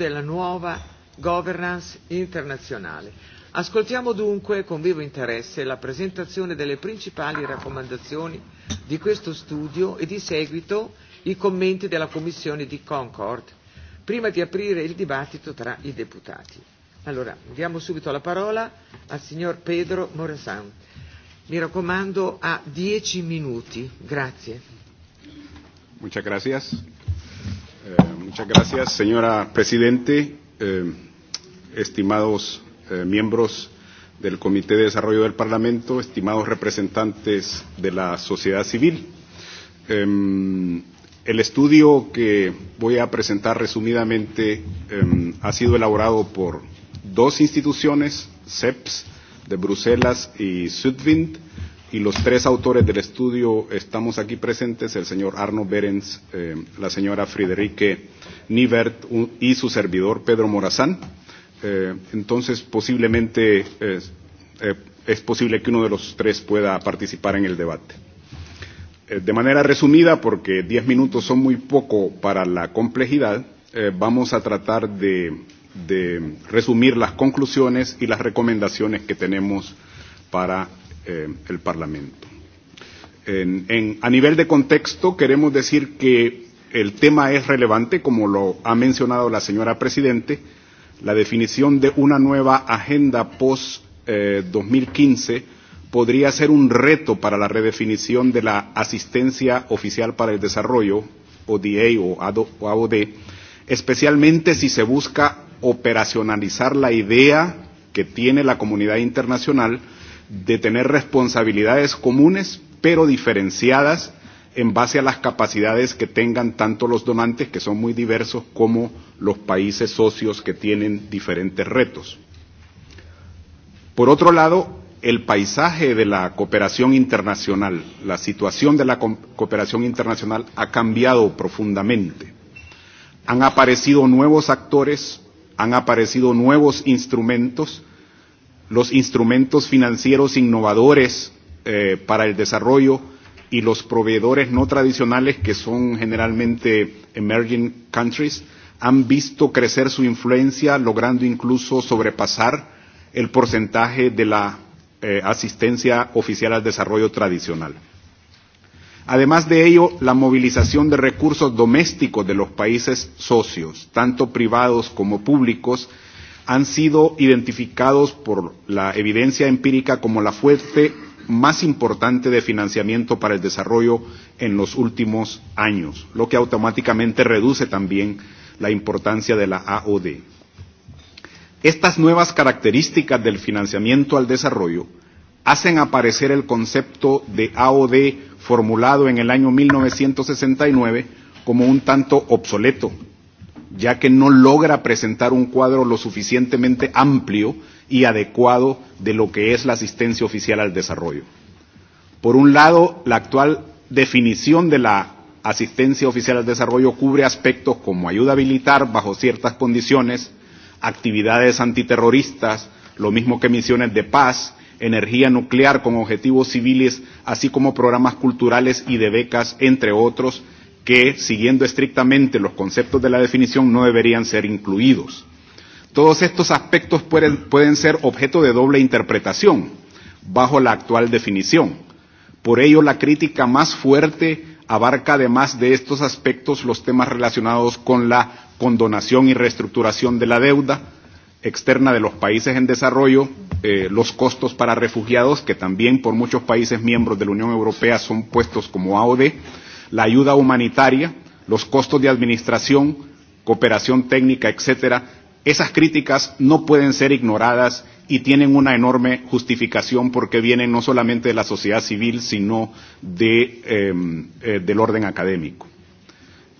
della nuova governance internazionale. Ascoltiamo dunque con vivo interesse la presentazione delle principali raccomandazioni di questo studio e di seguito i commenti della Commissione di Concord, prima di aprire il dibattito tra i deputati. Allora, diamo subito la parola al signor Pedro Moresan. Mi raccomando, a dieci minuti. Grazie. Muchas gracias. Eh, muchas gracias, señora Presidente, eh, estimados eh, miembros del Comité de Desarrollo del Parlamento, estimados representantes de la sociedad civil. Eh, el estudio que voy a presentar resumidamente eh, ha sido elaborado por dos instituciones, CEPS de Bruselas y Sudvind, y los tres autores del estudio estamos aquí presentes, el señor Arno Berens, eh, la señora Friederike Nivert un, y su servidor Pedro Morazán. Eh, entonces, posiblemente eh, eh, es posible que uno de los tres pueda participar en el debate. Eh, de manera resumida, porque diez minutos son muy poco para la complejidad, eh, vamos a tratar de, de resumir las conclusiones y las recomendaciones que tenemos para eh, el Parlamento. En, en, a nivel de contexto, queremos decir que el tema es relevante, como lo ha mencionado la señora Presidente, la definición de una nueva agenda post-2015 eh, podría ser un reto para la redefinición de la asistencia oficial para el desarrollo, ODA o AOD, especialmente si se busca operacionalizar la idea que tiene la comunidad internacional de tener responsabilidades comunes pero diferenciadas en base a las capacidades que tengan tanto los donantes, que son muy diversos, como los países socios que tienen diferentes retos. Por otro lado, el paisaje de la cooperación internacional, la situación de la cooperación internacional ha cambiado profundamente. Han aparecido nuevos actores, han aparecido nuevos instrumentos los instrumentos financieros innovadores eh, para el desarrollo y los proveedores no tradicionales, que son generalmente emerging countries, han visto crecer su influencia, logrando incluso sobrepasar el porcentaje de la eh, asistencia oficial al desarrollo tradicional. Además de ello, la movilización de recursos domésticos de los países socios, tanto privados como públicos, han sido identificados por la evidencia empírica como la fuente más importante de financiamiento para el desarrollo en los últimos años, lo que automáticamente reduce también la importancia de la AOD. Estas nuevas características del financiamiento al desarrollo hacen aparecer el concepto de AOD formulado en el año 1969 como un tanto obsoleto ya que no logra presentar un cuadro lo suficientemente amplio y adecuado de lo que es la asistencia oficial al desarrollo. Por un lado, la actual definición de la asistencia oficial al desarrollo cubre aspectos como ayuda a habilitar bajo ciertas condiciones, actividades antiterroristas, lo mismo que misiones de paz, energía nuclear con objetivos civiles, así como programas culturales y de becas, entre otros, que, siguiendo estrictamente los conceptos de la definición, no deberían ser incluidos. Todos estos aspectos pueden, pueden ser objeto de doble interpretación bajo la actual definición. Por ello, la crítica más fuerte abarca además de estos aspectos los temas relacionados con la condonación y reestructuración de la deuda externa de los países en desarrollo, eh, los costos para refugiados, que también por muchos países miembros de la Unión Europea son puestos como AOD, la ayuda humanitaria, los costos de administración, cooperación técnica, etcétera, esas críticas no pueden ser ignoradas y tienen una enorme justificación porque vienen no solamente de la sociedad civil, sino de, eh, eh, del orden académico.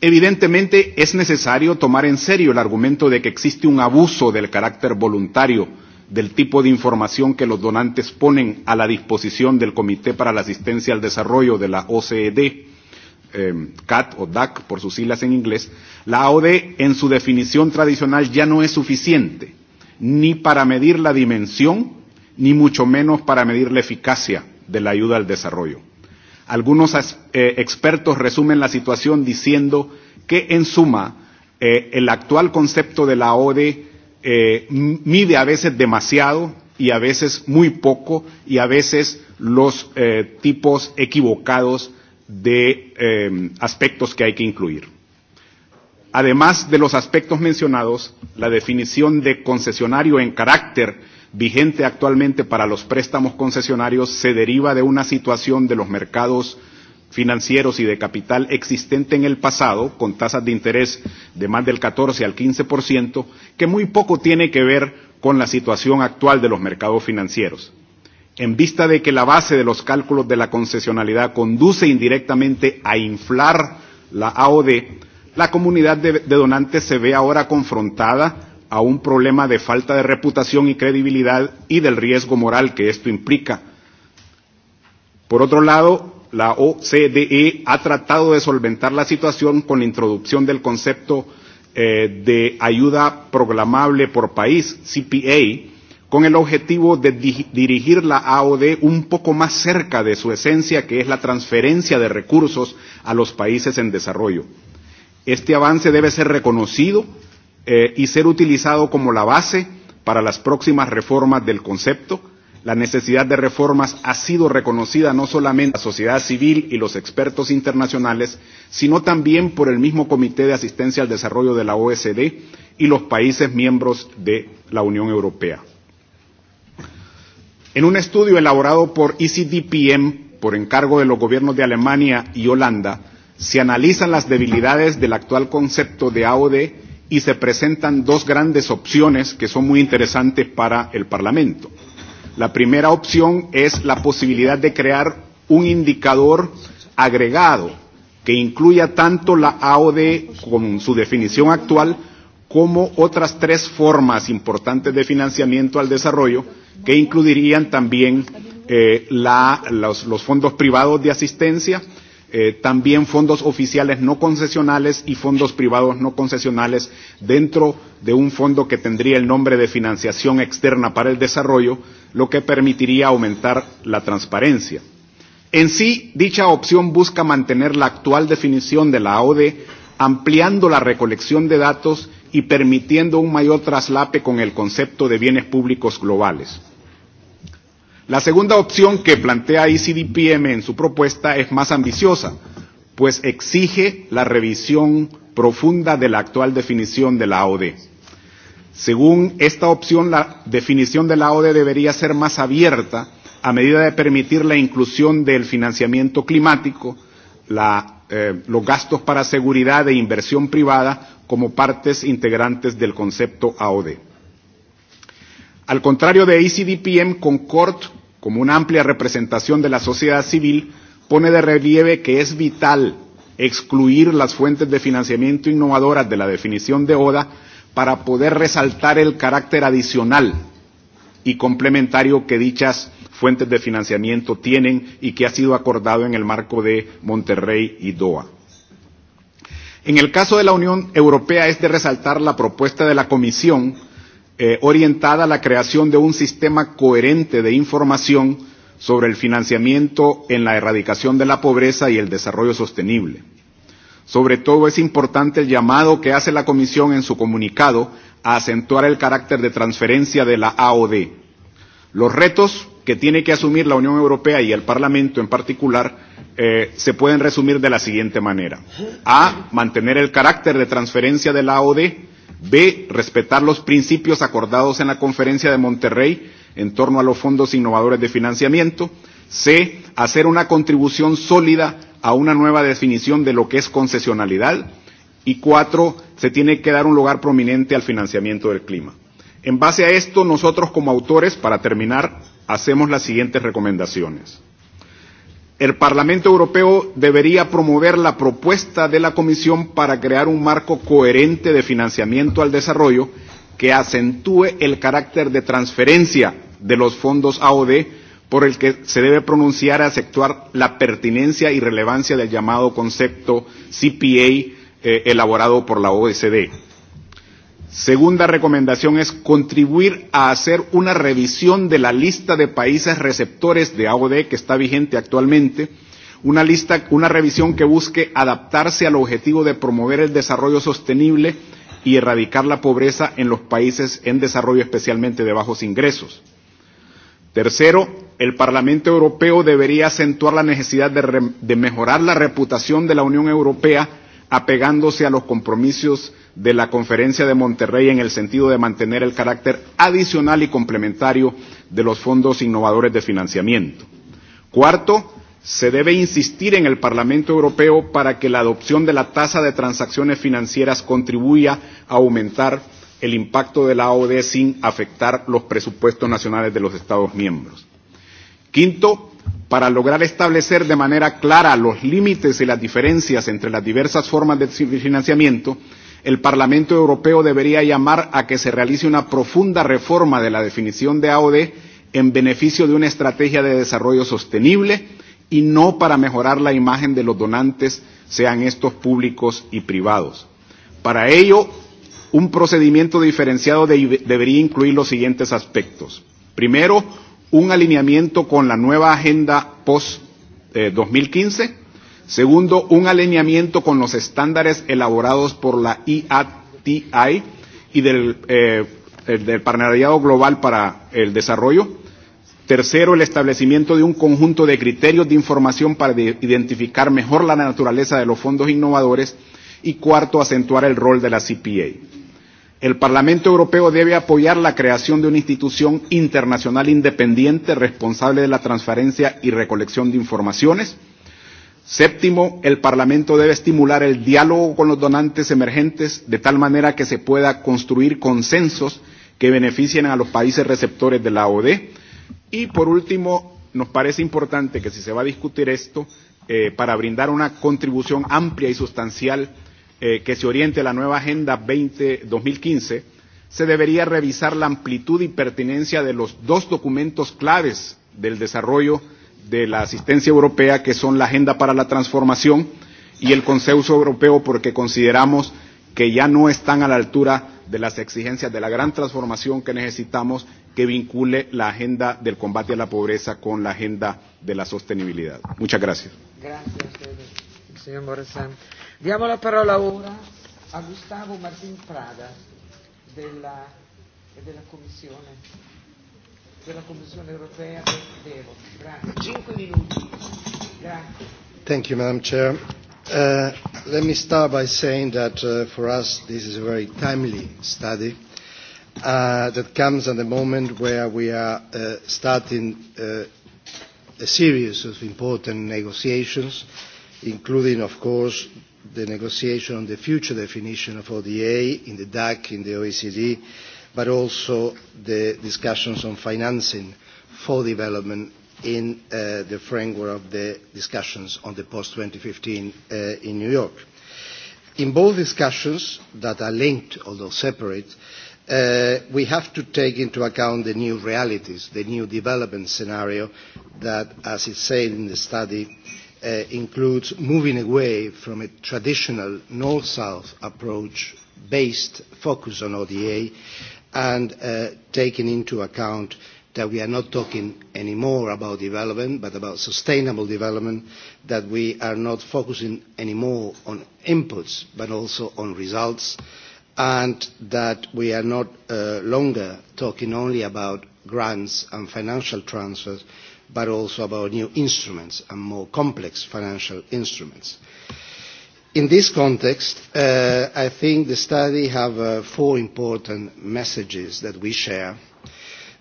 Evidentemente es necesario tomar en serio el argumento de que existe un abuso del carácter voluntario del tipo de información que los donantes ponen a la disposición del Comité para la Asistencia al Desarrollo de la OCDE eh, CAT o DAC por sus siglas en inglés, la AOD en su definición tradicional ya no es suficiente ni para medir la dimensión, ni mucho menos para medir la eficacia de la ayuda al desarrollo. Algunos eh, expertos resumen la situación diciendo que, en suma, eh, el actual concepto de la ODE eh, mide a veces demasiado y a veces muy poco y a veces los eh, tipos equivocados de eh, aspectos que hay que incluir. Además de los aspectos mencionados, la definición de concesionario en carácter vigente actualmente para los préstamos concesionarios se deriva de una situación de los mercados financieros y de capital existente en el pasado, con tasas de interés de más del 14 al 15%, que muy poco tiene que ver con la situación actual de los mercados financieros en vista de que la base de los cálculos de la concesionalidad conduce indirectamente a inflar la AOD, la comunidad de, de donantes se ve ahora confrontada a un problema de falta de reputación y credibilidad y del riesgo moral que esto implica. Por otro lado, la OCDE ha tratado de solventar la situación con la introducción del concepto eh, de ayuda programable por país, CPA, con el objetivo de di dirigir la AOD un poco más cerca de su esencia, que es la transferencia de recursos a los países en desarrollo. Este avance debe ser reconocido eh, y ser utilizado como la base para las próximas reformas del concepto. La necesidad de reformas ha sido reconocida no solamente por la sociedad civil y los expertos internacionales, sino también por el mismo Comité de Asistencia al Desarrollo de la OSD y los países miembros de la Unión Europea. En un estudio elaborado por ECDPM por encargo de los gobiernos de Alemania y Holanda, se analizan las debilidades del actual concepto de AOD y se presentan dos grandes opciones que son muy interesantes para el Parlamento. La primera opción es la posibilidad de crear un indicador agregado que incluya tanto la AOD con su definición actual como otras tres formas importantes de financiamiento al desarrollo que incluirían también eh, la, los, los fondos privados de asistencia, eh, también fondos oficiales no concesionales y fondos privados no concesionales dentro de un fondo que tendría el nombre de financiación externa para el desarrollo, lo que permitiría aumentar la transparencia. En sí, dicha opción busca mantener la actual definición de la AOD, ampliando la recolección de datos y permitiendo un mayor traslape con el concepto de bienes públicos globales. La segunda opción que plantea ICDPM en su propuesta es más ambiciosa, pues exige la revisión profunda de la actual definición de la OD. Según esta opción, la definición de la OD debería ser más abierta a medida de permitir la inclusión del financiamiento climático, la, eh, los gastos para seguridad e inversión privada como partes integrantes del concepto AOD. Al contrario de ICDPM, Concord como una amplia representación de la sociedad civil, pone de relieve que es vital excluir las fuentes de financiamiento innovadoras de la definición de ODA para poder resaltar el carácter adicional y complementario que dichas fuentes de financiamiento tienen y que ha sido acordado en el marco de Monterrey y Doha. En el caso de la Unión Europea es de resaltar la propuesta de la Comisión eh, orientada a la creación de un sistema coherente de información sobre el financiamiento en la erradicación de la pobreza y el desarrollo sostenible. Sobre todo es importante el llamado que hace la Comisión en su comunicado a acentuar el carácter de transferencia de la AOD. Los retos que tiene que asumir la Unión Europea y el Parlamento en particular eh, se pueden resumir de la siguiente manera. A. Mantener el carácter de transferencia de la AOD B. Respetar los principios acordados en la conferencia de Monterrey en torno a los fondos innovadores de financiamiento. C. Hacer una contribución sólida a una nueva definición de lo que es concesionalidad. Y cuatro, se tiene que dar un lugar prominente al financiamiento del clima. En base a esto, nosotros como autores, para terminar, hacemos las siguientes recomendaciones. El Parlamento Europeo debería promover la propuesta de la Comisión para crear un marco coherente de financiamiento al desarrollo que acentúe el carácter de transferencia de los fondos AOD por el que se debe pronunciar a aceptar la pertinencia y relevancia del llamado concepto CPA eh, elaborado por la OECD. Segunda recomendación es contribuir a hacer una revisión de la lista de países receptores de AOD que está vigente actualmente, una lista, una revisión que busque adaptarse al objetivo de promover el desarrollo sostenible y erradicar la pobreza en los países en desarrollo, especialmente de bajos ingresos. Tercero, el Parlamento Europeo debería acentuar la necesidad de, re, de mejorar la reputación de la Unión Europea apegándose a los compromisos de la Conferencia de Monterrey en el sentido de mantener el carácter adicional y complementario de los fondos innovadores de financiamiento. Cuarto, se debe insistir en el Parlamento Europeo para que la adopción de la tasa de transacciones financieras contribuya a aumentar el impacto de la OD sin afectar los presupuestos nacionales de los Estados miembros. Quinto, para lograr establecer de manera clara los límites y las diferencias entre las diversas formas de financiamiento, el Parlamento Europeo debería llamar a que se realice una profunda reforma de la definición de AOD en beneficio de una estrategia de desarrollo sostenible y no para mejorar la imagen de los donantes, sean estos públicos y privados. Para ello, un procedimiento diferenciado de, debería incluir los siguientes aspectos. Primero, un alineamiento con la nueva agenda post-2015. Eh, Segundo, un alineamiento con los estándares elaborados por la IATI y del, eh, el del Partenariado Global para el Desarrollo. Tercero, el establecimiento de un conjunto de criterios de información para de identificar mejor la naturaleza de los fondos innovadores. Y cuarto, acentuar el rol de la CPA. El Parlamento Europeo debe apoyar la creación de una institución internacional independiente responsable de la transferencia y recolección de informaciones. Séptimo, el Parlamento debe estimular el diálogo con los donantes emergentes de tal manera que se pueda construir consensos que beneficien a los países receptores de la OD. Y por último, nos parece importante que si se va a discutir esto, eh, para brindar una contribución amplia y sustancial eh, que se oriente la nueva Agenda 20, 2015, se debería revisar la amplitud y pertinencia de los dos documentos claves del desarrollo de la asistencia europea, que son la Agenda para la Transformación y el Consenso Europeo, porque consideramos que ya no están a la altura de las exigencias de la gran transformación que necesitamos que vincule la agenda del combate a la pobreza con la agenda de la sostenibilidad. Muchas gracias. Gracias signor Moresan. Diamo la parola ora a Gustavo Martin Prada della, della Commissione della Commissione europea devo. Grazie. Cinque minuti. Grazie. Thank you, Madam Chair. Uh, let me start by saying that uh, for us this is a very timely study uh, that comes at a moment where we are uh, starting uh, a series of important negotiations uh, including, of course, the negotiation on the future definition of ODA in the DAC, in the OECD, but also the discussions on financing for development in uh, the framework of the discussions on the post-2015 uh, in New York. In both discussions that are linked, although separate, uh, we have to take into account the new realities, the new development scenario that, as is said in the study, uh, includes moving away from a traditional north-south approach based focus on ODA and uh, taking into account that we are not talking anymore about development but about sustainable development, that we are not focusing anymore on inputs but also on results, and that we are not uh, longer talking only about grants and financial transfers but also about new instruments and more complex financial instruments. In this context, uh, I think the study have uh, four important messages that we share.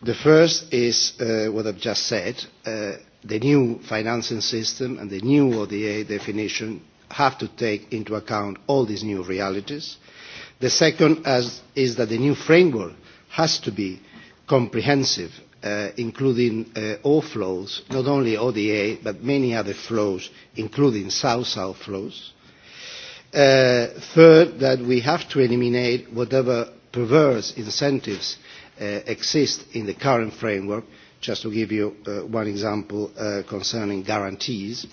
The first is uh, what I've just said. Uh, the new financing system and the new ODA definition have to take into account all these new realities. The second as, is that the new framework has to be comprehensive uh, including uh, all flows, not only ODA, but many other flows, including south-south flows. Uh, third, that we have to eliminate whatever perverse incentives uh, exist in the current framework, just to give you uh, one example uh, concerning guarantees.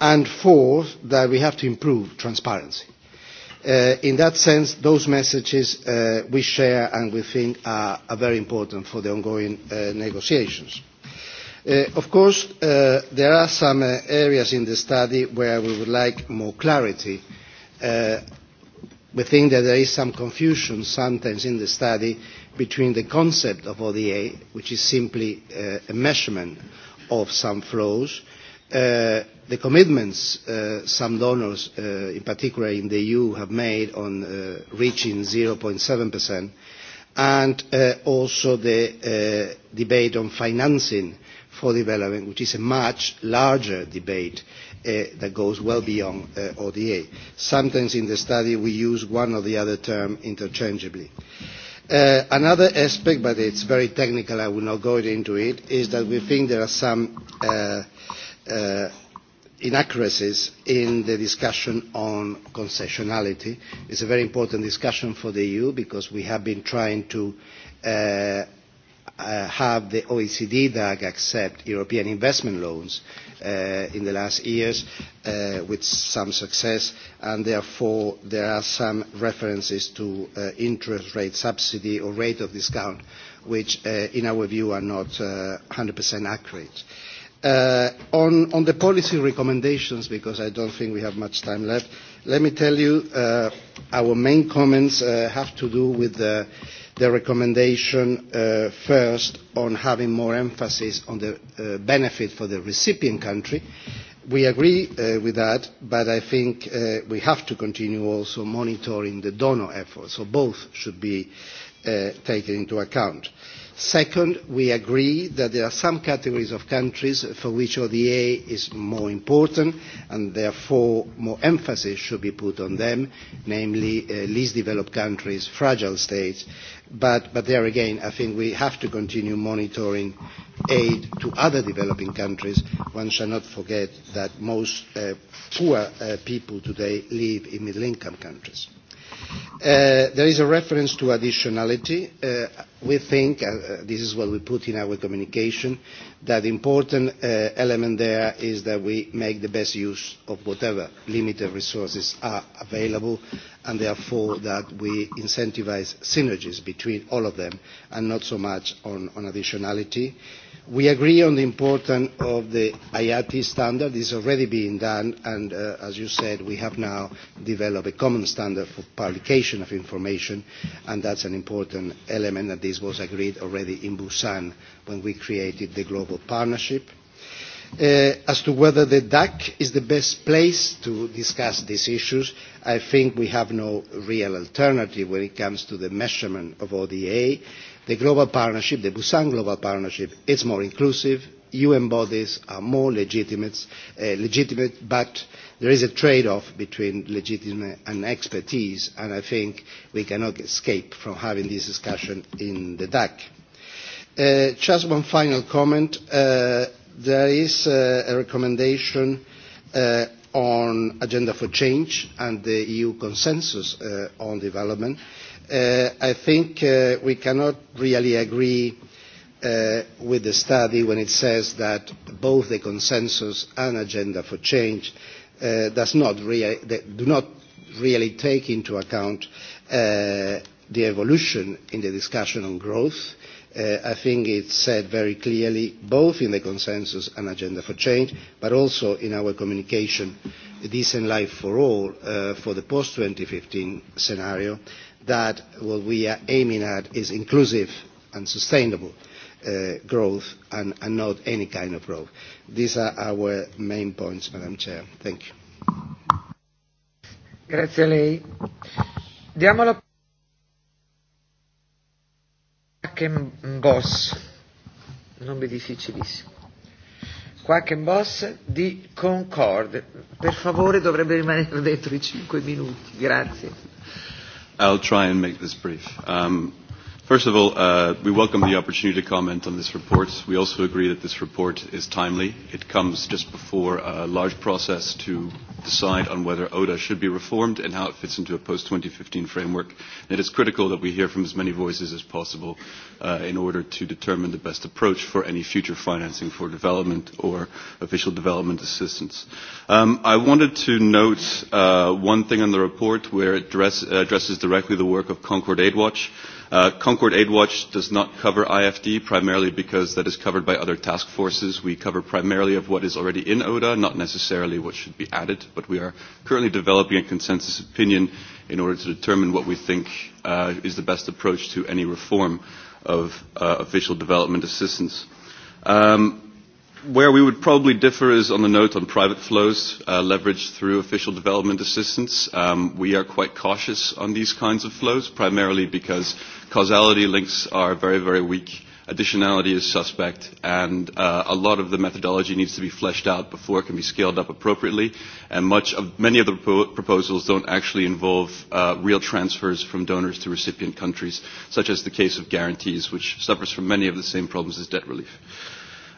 And fourth, that we have to improve transparency Uh, in that sense, those messages uh, we share and we think are, are very important for the ongoing uh, negotiations. Uh, of course, uh, there are some uh, areas in the study where we would like more clarity. Uh, we think that there is some confusion sometimes in the study between the concept of ODA, which is simply uh, a measurement of some flows, uh, the commitments uh, some donors, uh, in particular in the EU, have made on uh, reaching 0.7%, and uh, also the uh, debate on financing for development, which is a much larger debate uh, that goes well beyond uh, ODA. Sometimes in the study we use one or the other term interchangeably. Uh, another aspect, but it's very technical, I will not go into it, is that we think there are some uh, uh, inaccuracies in the discussion on concessionality. It's a very important discussion for the EU because we have been trying to uh, uh have the OECD DAG accept European investment loans uh, in the last years uh, with some success and therefore there are some references to uh, interest rate subsidy or rate of discount which uh, in our view are not uh, 100% accurate. Uh, Uh, on, on the policy recommendations, because I don't think we have much time left, let me tell you uh, our main comments uh, have to do with the, the recommendation uh, first on having more emphasis on the uh, benefit for the recipient country. We agree uh, with that, but I think uh, we have to continue also monitoring the donor efforts, so both should be uh, taken into account. Uh, Second, we agree that there are some categories of countries for which ODA is more important and therefore more emphasis should be put on them, namely uh, least developed countries, fragile states. But, but there again, I think we have to continue monitoring aid to other developing countries. One shall not forget that most uh, poor uh, people today live in middle-income countries. Uh, there is a reference to additionality. Uh, we think, uh, uh this is what we put in our communication, that the important uh, element there is that we make the best use of whatever limited resources are available and therefore that we incentivize synergies between all of them and not so much on, on additionality. Uh, We agree on the importance of the IATI standard. This is already being done, and uh, as you said, we have now developed a common standard for publication of information, and that's an important element, and this was agreed already in Busan when we created the global partnership. Uh, as to whether the DAC is the best place to discuss these issues, I think we have no real alternative when it comes to the measurement of ODA. The global partnership, the Busan Global Partnership, is more inclusive. UN bodies are more legitimate, uh, legitimate but there is a trade-off between legitimacy and expertise, and I think we cannot escape from having this discussion in the DAC. Uh, just one final comment. Uh, there is uh, a recommendation uh, on Agenda for Change and the EU consensus uh, on development. Uh, Uh, I think uh, we cannot really agree uh, with the study when it says that both the consensus and agenda for change uh, does not do not really take into account uh, the evolution in the discussion on growth. Uh, I think it's said very clearly both in the consensus and agenda for change, but also in our communication, Decent Life for All, uh, for the post-2015 scenario, that what we are aiming at is inclusive and sustainable uh, growth and, and not any kind of growth. These are our main points, Madam Chair. Thank you. Grazie a lei. Diamo la Quackenboss, nome difficilissimo. Boss di Concord. Per favore dovrebbe rimanere dentro i cinque minuti. Grazie. I'll try and make this brief. Um, First of all, uh, we welcome the opportunity to comment on this report. We also agree that this report is timely. It comes just before a large process to decide on whether ODA should be reformed and how it fits into a post-2015 framework. And it is critical that we hear from as many voices as possible uh, in order to determine the best approach for any future financing for development or official development assistance. Um, I wanted to note uh, one thing on the report where it address, uh, addresses directly the work of Concord Aid Watch. Uh, Concord Aid Watch does not cover IFD primarily because that is covered by other task forces. We cover primarily of what is already in ODA, not necessarily what should be added, but we are currently developing a consensus opinion in order to determine what we think uh, is the best approach to any reform of uh, official development assistance. Um, Where we would probably differ is on the note on private flows uh, leveraged through official development assistance. Um, we are quite cautious on these kinds of flows, primarily because causality links are very, very weak. Additionality is suspect, and uh, a lot of the methodology needs to be fleshed out before it can be scaled up appropriately. And much of, many of the propo proposals don't actually involve uh, real transfers from donors to recipient countries, such as the case of guarantees, which suffers from many of the same problems as debt relief.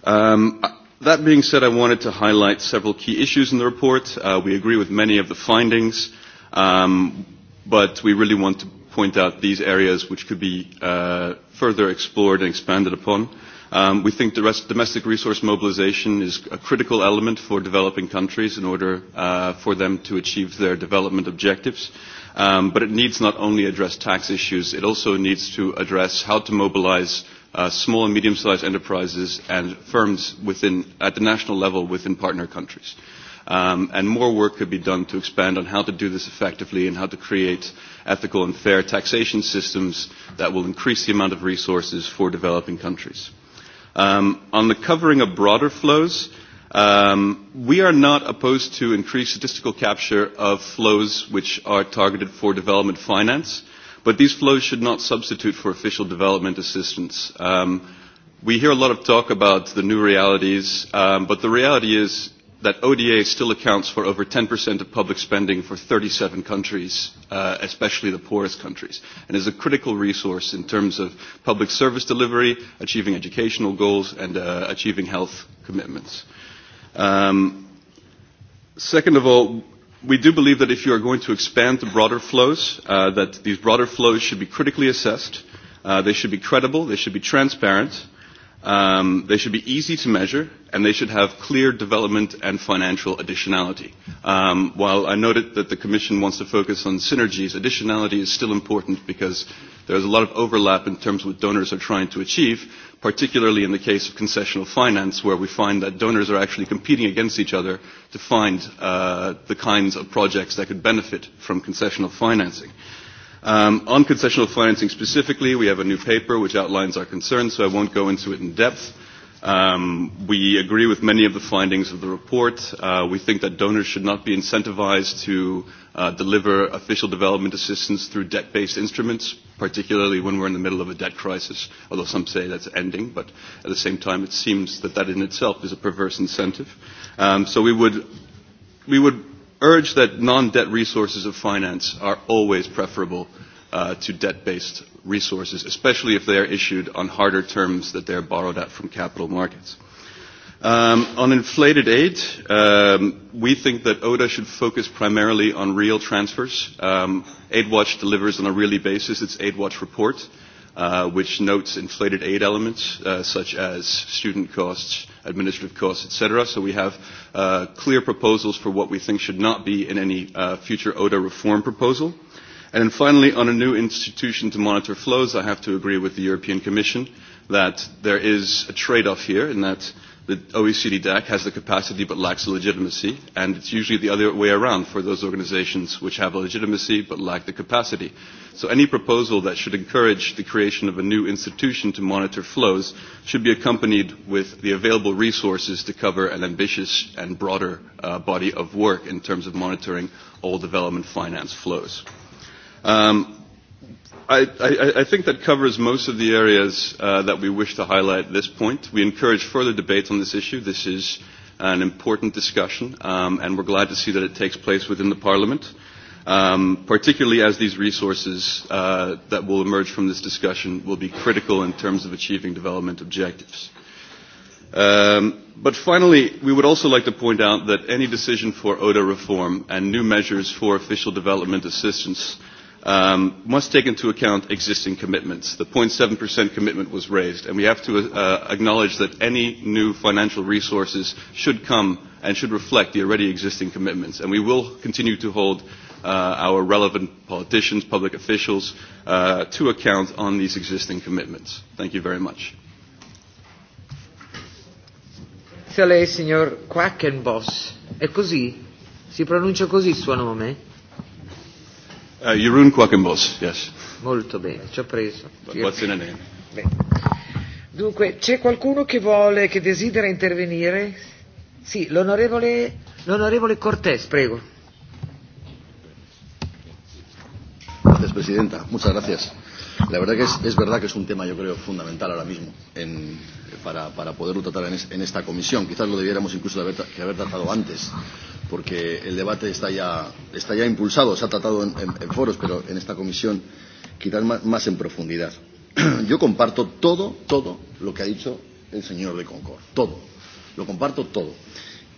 Um, uh, that being said, I wanted to highlight several key issues in the report. Uh, we agree with many of the findings, um, but we really want to point out these areas which could be uh, further explored and expanded upon. Um, we think domestic resource mobilization is a critical element for developing countries in order uh, for them to achieve their development objectives. Um, but it needs not only address tax issues, it also needs to address how to mobilize uh, small and medium-sized enterprises and firms within, at the national level within partner countries. Um, and more work could be done to expand on how to do this effectively and how to create ethical and fair taxation systems that will increase the amount of resources for developing countries. Um, on the covering of broader flows, um, we are not opposed to increased statistical capture of flows which are targeted for development finance. But these flows should not substitute for official development assistance. Um, we hear a lot of talk about the new realities, um, but the reality is that ODA still accounts for over 10% of public spending for 37 countries, uh, especially the poorest countries, and is a critical resource in terms of public service delivery, achieving educational goals, and uh, achieving health commitments. Um, second of all, we do believe that if you are going to expand the broader flows, uh, that these broader flows should be critically assessed. Uh, they should be credible. They should be transparent. Um, they should be easy to measure, and they should have clear development and financial additionality. Um, while I noted that the Commission wants to focus on synergies, additionality is still important because there is a lot of overlap in terms of what donors are trying to achieve, particularly in the case of concessional finance, where we find that donors are actually competing against each other to find uh, the kinds of projects that could benefit from concessional financing. Um, on concessional financing specifically, we have a new paper which outlines our concerns, so I won't go into it in depth. Um, we agree with many of the findings of the report. Uh, we think that donors should not be incentivized to uh, deliver official development assistance through debt-based instruments, particularly when we're in the middle of a debt crisis, although some say that's ending, but at the same time it seems that that in itself is a perverse incentive. Um, so we would, we would urge that non-debt resources of finance are always preferable uh, to debt-based resources, especially if they are issued on harder terms that they are borrowed at from capital markets. Um, on inflated aid, um, we think that ODA should focus primarily on real transfers. Um, AidWatch delivers on a really basis its AidWatch report, uh, which notes inflated aid elements uh, such as student costs, administrative costs, etc. So we have uh, clear proposals for what we think should not be in any uh, future ODA reform proposal. Uh, And finally, on a new institution to monitor flows, I have to agree with the European Commission that there is a trade-off here in that the OECD DAC has the capacity but lacks legitimacy, and it's usually the other way around for those organizations which have a legitimacy but lack the capacity. So any proposal that should encourage the creation of a new institution to monitor flows should be accompanied with the available resources to cover an ambitious and broader uh, body of work in terms of monitoring all development finance flows. Um, I, I, I think that covers most of the areas uh, that we wish to highlight at this point. We encourage further debate on this issue. This is an important discussion, um, and we're glad to see that it takes place within the Parliament, um, particularly as these resources uh, that will emerge from this discussion will be critical in terms of achieving development objectives. Um, but finally, we would also like to point out that any decision for ODA reform and new measures for official development assistance – um, must take into account existing commitments. The 0.7% commitment was raised, and we have to uh, acknowledge that any new financial resources should come and should reflect the already existing commitments. And we will continue to hold uh, our relevant politicians, public officials, uh, to account on these existing commitments. Thank you very much. Grazie a lei, signor Quackenboss. È così? Si pronuncia così il suo nome? Uh, Jeroen Quackenbos, yes. Molto bene, ci ho preso. What's in a name? Dunque, c'è qualcuno che vuole, che desidera intervenire? Sì, l'onorevole, l'onorevole Cortés, prego. Gracias, Presidenta. Muchas gracias. La verdad que es, es verdad que es un tema, yo creo, fundamental ahora mismo en, para, para poderlo tratar en, es, en esta comisión. Quizás lo debiéramos incluso de haber, de haber tratado antes, porque el debate está ya, está ya impulsado, se ha tratado en, en, en foros, pero en esta comisión quizás más, más en profundidad. Yo comparto todo, todo lo que ha dicho el señor de Concord, todo. Lo comparto todo.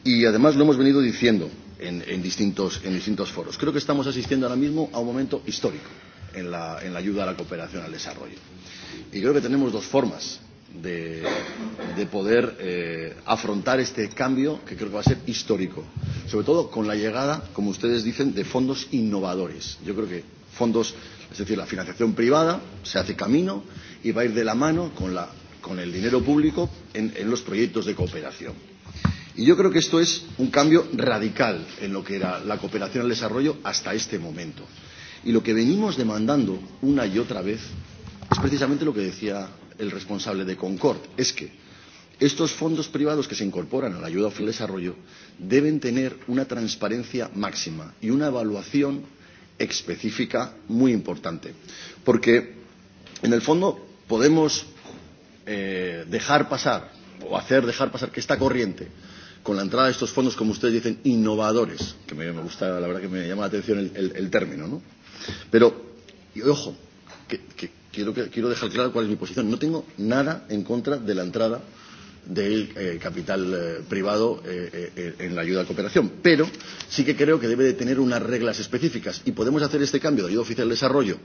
Y además lo hemos venido diciendo en, en, distintos, en distintos foros. Creo que estamos asistiendo ahora mismo a un momento histórico en la, en la ayuda a la cooperación al desarrollo. Y creo que tenemos dos formas de, de poder eh, afrontar este cambio que creo que va a ser histórico. Sobre todo con la llegada, como ustedes dicen, de fondos innovadores. Yo creo que fondos, es decir, la financiación privada se hace camino y va a ir de la mano con, la, con el dinero público en, en los proyectos de cooperación. Y yo creo que esto es un cambio radical en lo que era la cooperación al desarrollo hasta este momento. Y lo que venimos demandando una y otra vez es precisamente lo que decía el responsable de Concord, es que estos fondos privados que se incorporan a la ayuda al desarrollo deben tener una transparencia máxima y una evaluación específica muy importante. Porque, en el fondo, podemos eh, dejar pasar o hacer dejar pasar que esta corriente con la entrada de estos fondos, como ustedes dicen, innovadores, que me, me gusta, la verdad que me llama la atención el, el, el término, ¿no? Pero, y ojo, que, que, quiero, quiero dejar claro cuál es mi posición. No tengo nada en contra de la entrada del eh, capital eh, privado eh, eh, eh, en la ayuda a cooperación. Pero sí que creo que debe de tener unas reglas específicas y podemos hacer este cambio de ayuda oficial al de desarrollo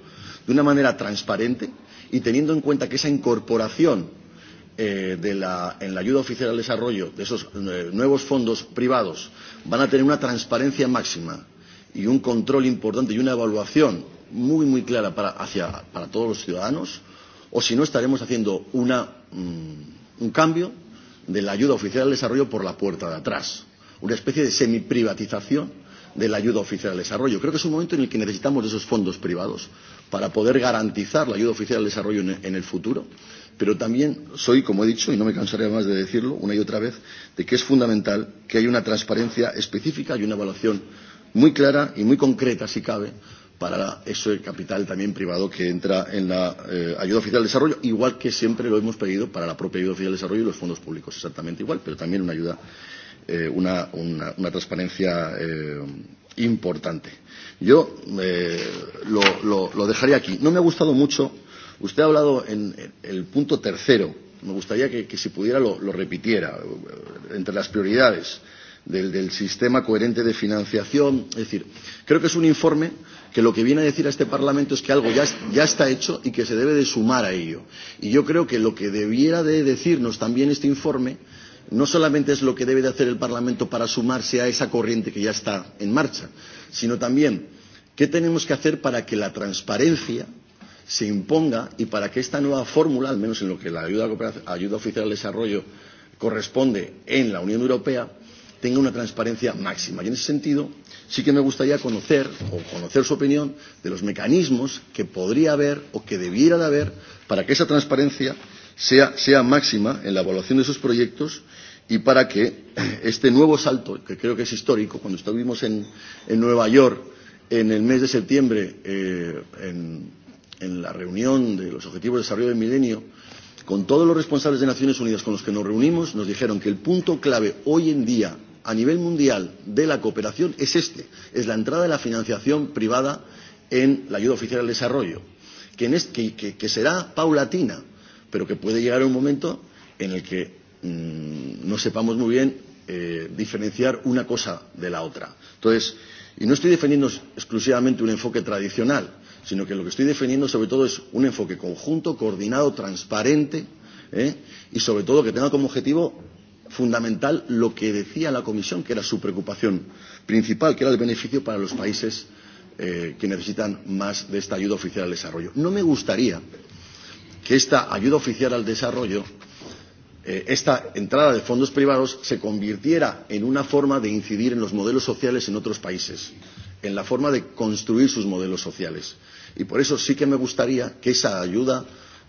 de una manera transparente y teniendo en cuenta que esa incorporación eh, de la, en la ayuda oficial al desarrollo de esos eh, nuevos fondos privados van a tener una transparencia máxima y un control importante y una evaluación muy, muy clara para, hacia, para todos los ciudadanos, o si no estaremos haciendo una, mmm, un cambio de la ayuda oficial al desarrollo por la puerta de atrás, una especie de semiprivatización de la ayuda oficial al desarrollo. Creo que es un momento en el que necesitamos de esos fondos privados para poder garantizar la ayuda oficial al desarrollo en, en el futuro, pero también soy, como he dicho, y no me cansaré más de decirlo una y otra vez, de que es fundamental que haya una transparencia específica y una evaluación muy clara y muy concreta, si cabe, para eso el capital también privado que entra en la eh, ayuda oficial de desarrollo, igual que siempre lo hemos pedido para la propia ayuda oficial de desarrollo y los fondos públicos, exactamente igual, pero también una ayuda, eh, una, una, una transparencia eh, importante. Yo eh, lo, lo, lo dejaría aquí. No me ha gustado mucho, usted ha hablado en el punto tercero, me gustaría que, que si pudiera lo, lo repitiera, eh, entre las prioridades del, del sistema coherente de financiación, es decir, creo que es un informe que lo que viene a decir a este Parlamento es que algo ya, ya está hecho y que se debe de sumar a ello. Y yo creo que lo que debiera de decirnos también este informe no solamente es lo que debe de hacer el Parlamento para sumarse a esa corriente que ya está en marcha, sino también qué tenemos que hacer para que la transparencia se imponga y para que esta nueva fórmula, al menos en lo que la ayuda, ayuda oficial al desarrollo corresponde en la Unión Europea, tenga una transparencia máxima. Y en ese sentido, sí que me gustaría conocer o conocer su opinión de los mecanismos que podría haber o que debiera de haber para que esa transparencia sea, sea máxima en la evaluación de esos proyectos y para que este nuevo salto, que creo que es histórico, cuando estuvimos en, en Nueva York en el mes de septiembre eh, en, en la reunión de los Objetivos de Desarrollo del Milenio, con todos los responsables de Naciones Unidas con los que nos reunimos, nos dijeron que el punto clave hoy en día a nivel mundial de la cooperación es este, es la entrada de la financiación privada en la ayuda oficial al desarrollo, que, en este, que, que será paulatina, pero que puede llegar a un momento en el que mmm, no sepamos muy bien eh, diferenciar una cosa de la otra. Entonces, y no estoy defendiendo exclusivamente un enfoque tradicional, sino que lo que estoy defendiendo sobre todo es un enfoque conjunto, coordinado, transparente ¿eh? y sobre todo que tenga como objetivo fundamental lo que decía la Comisión, que era su preocupación principal, que era el beneficio para los países eh, que necesitan más de esta ayuda oficial al desarrollo. No me gustaría que esta ayuda oficial al desarrollo, eh, esta entrada de fondos privados, se convirtiera en una forma de incidir en los modelos sociales en otros países, en la forma de construir sus modelos sociales. Y por eso sí que me gustaría que esa ayuda,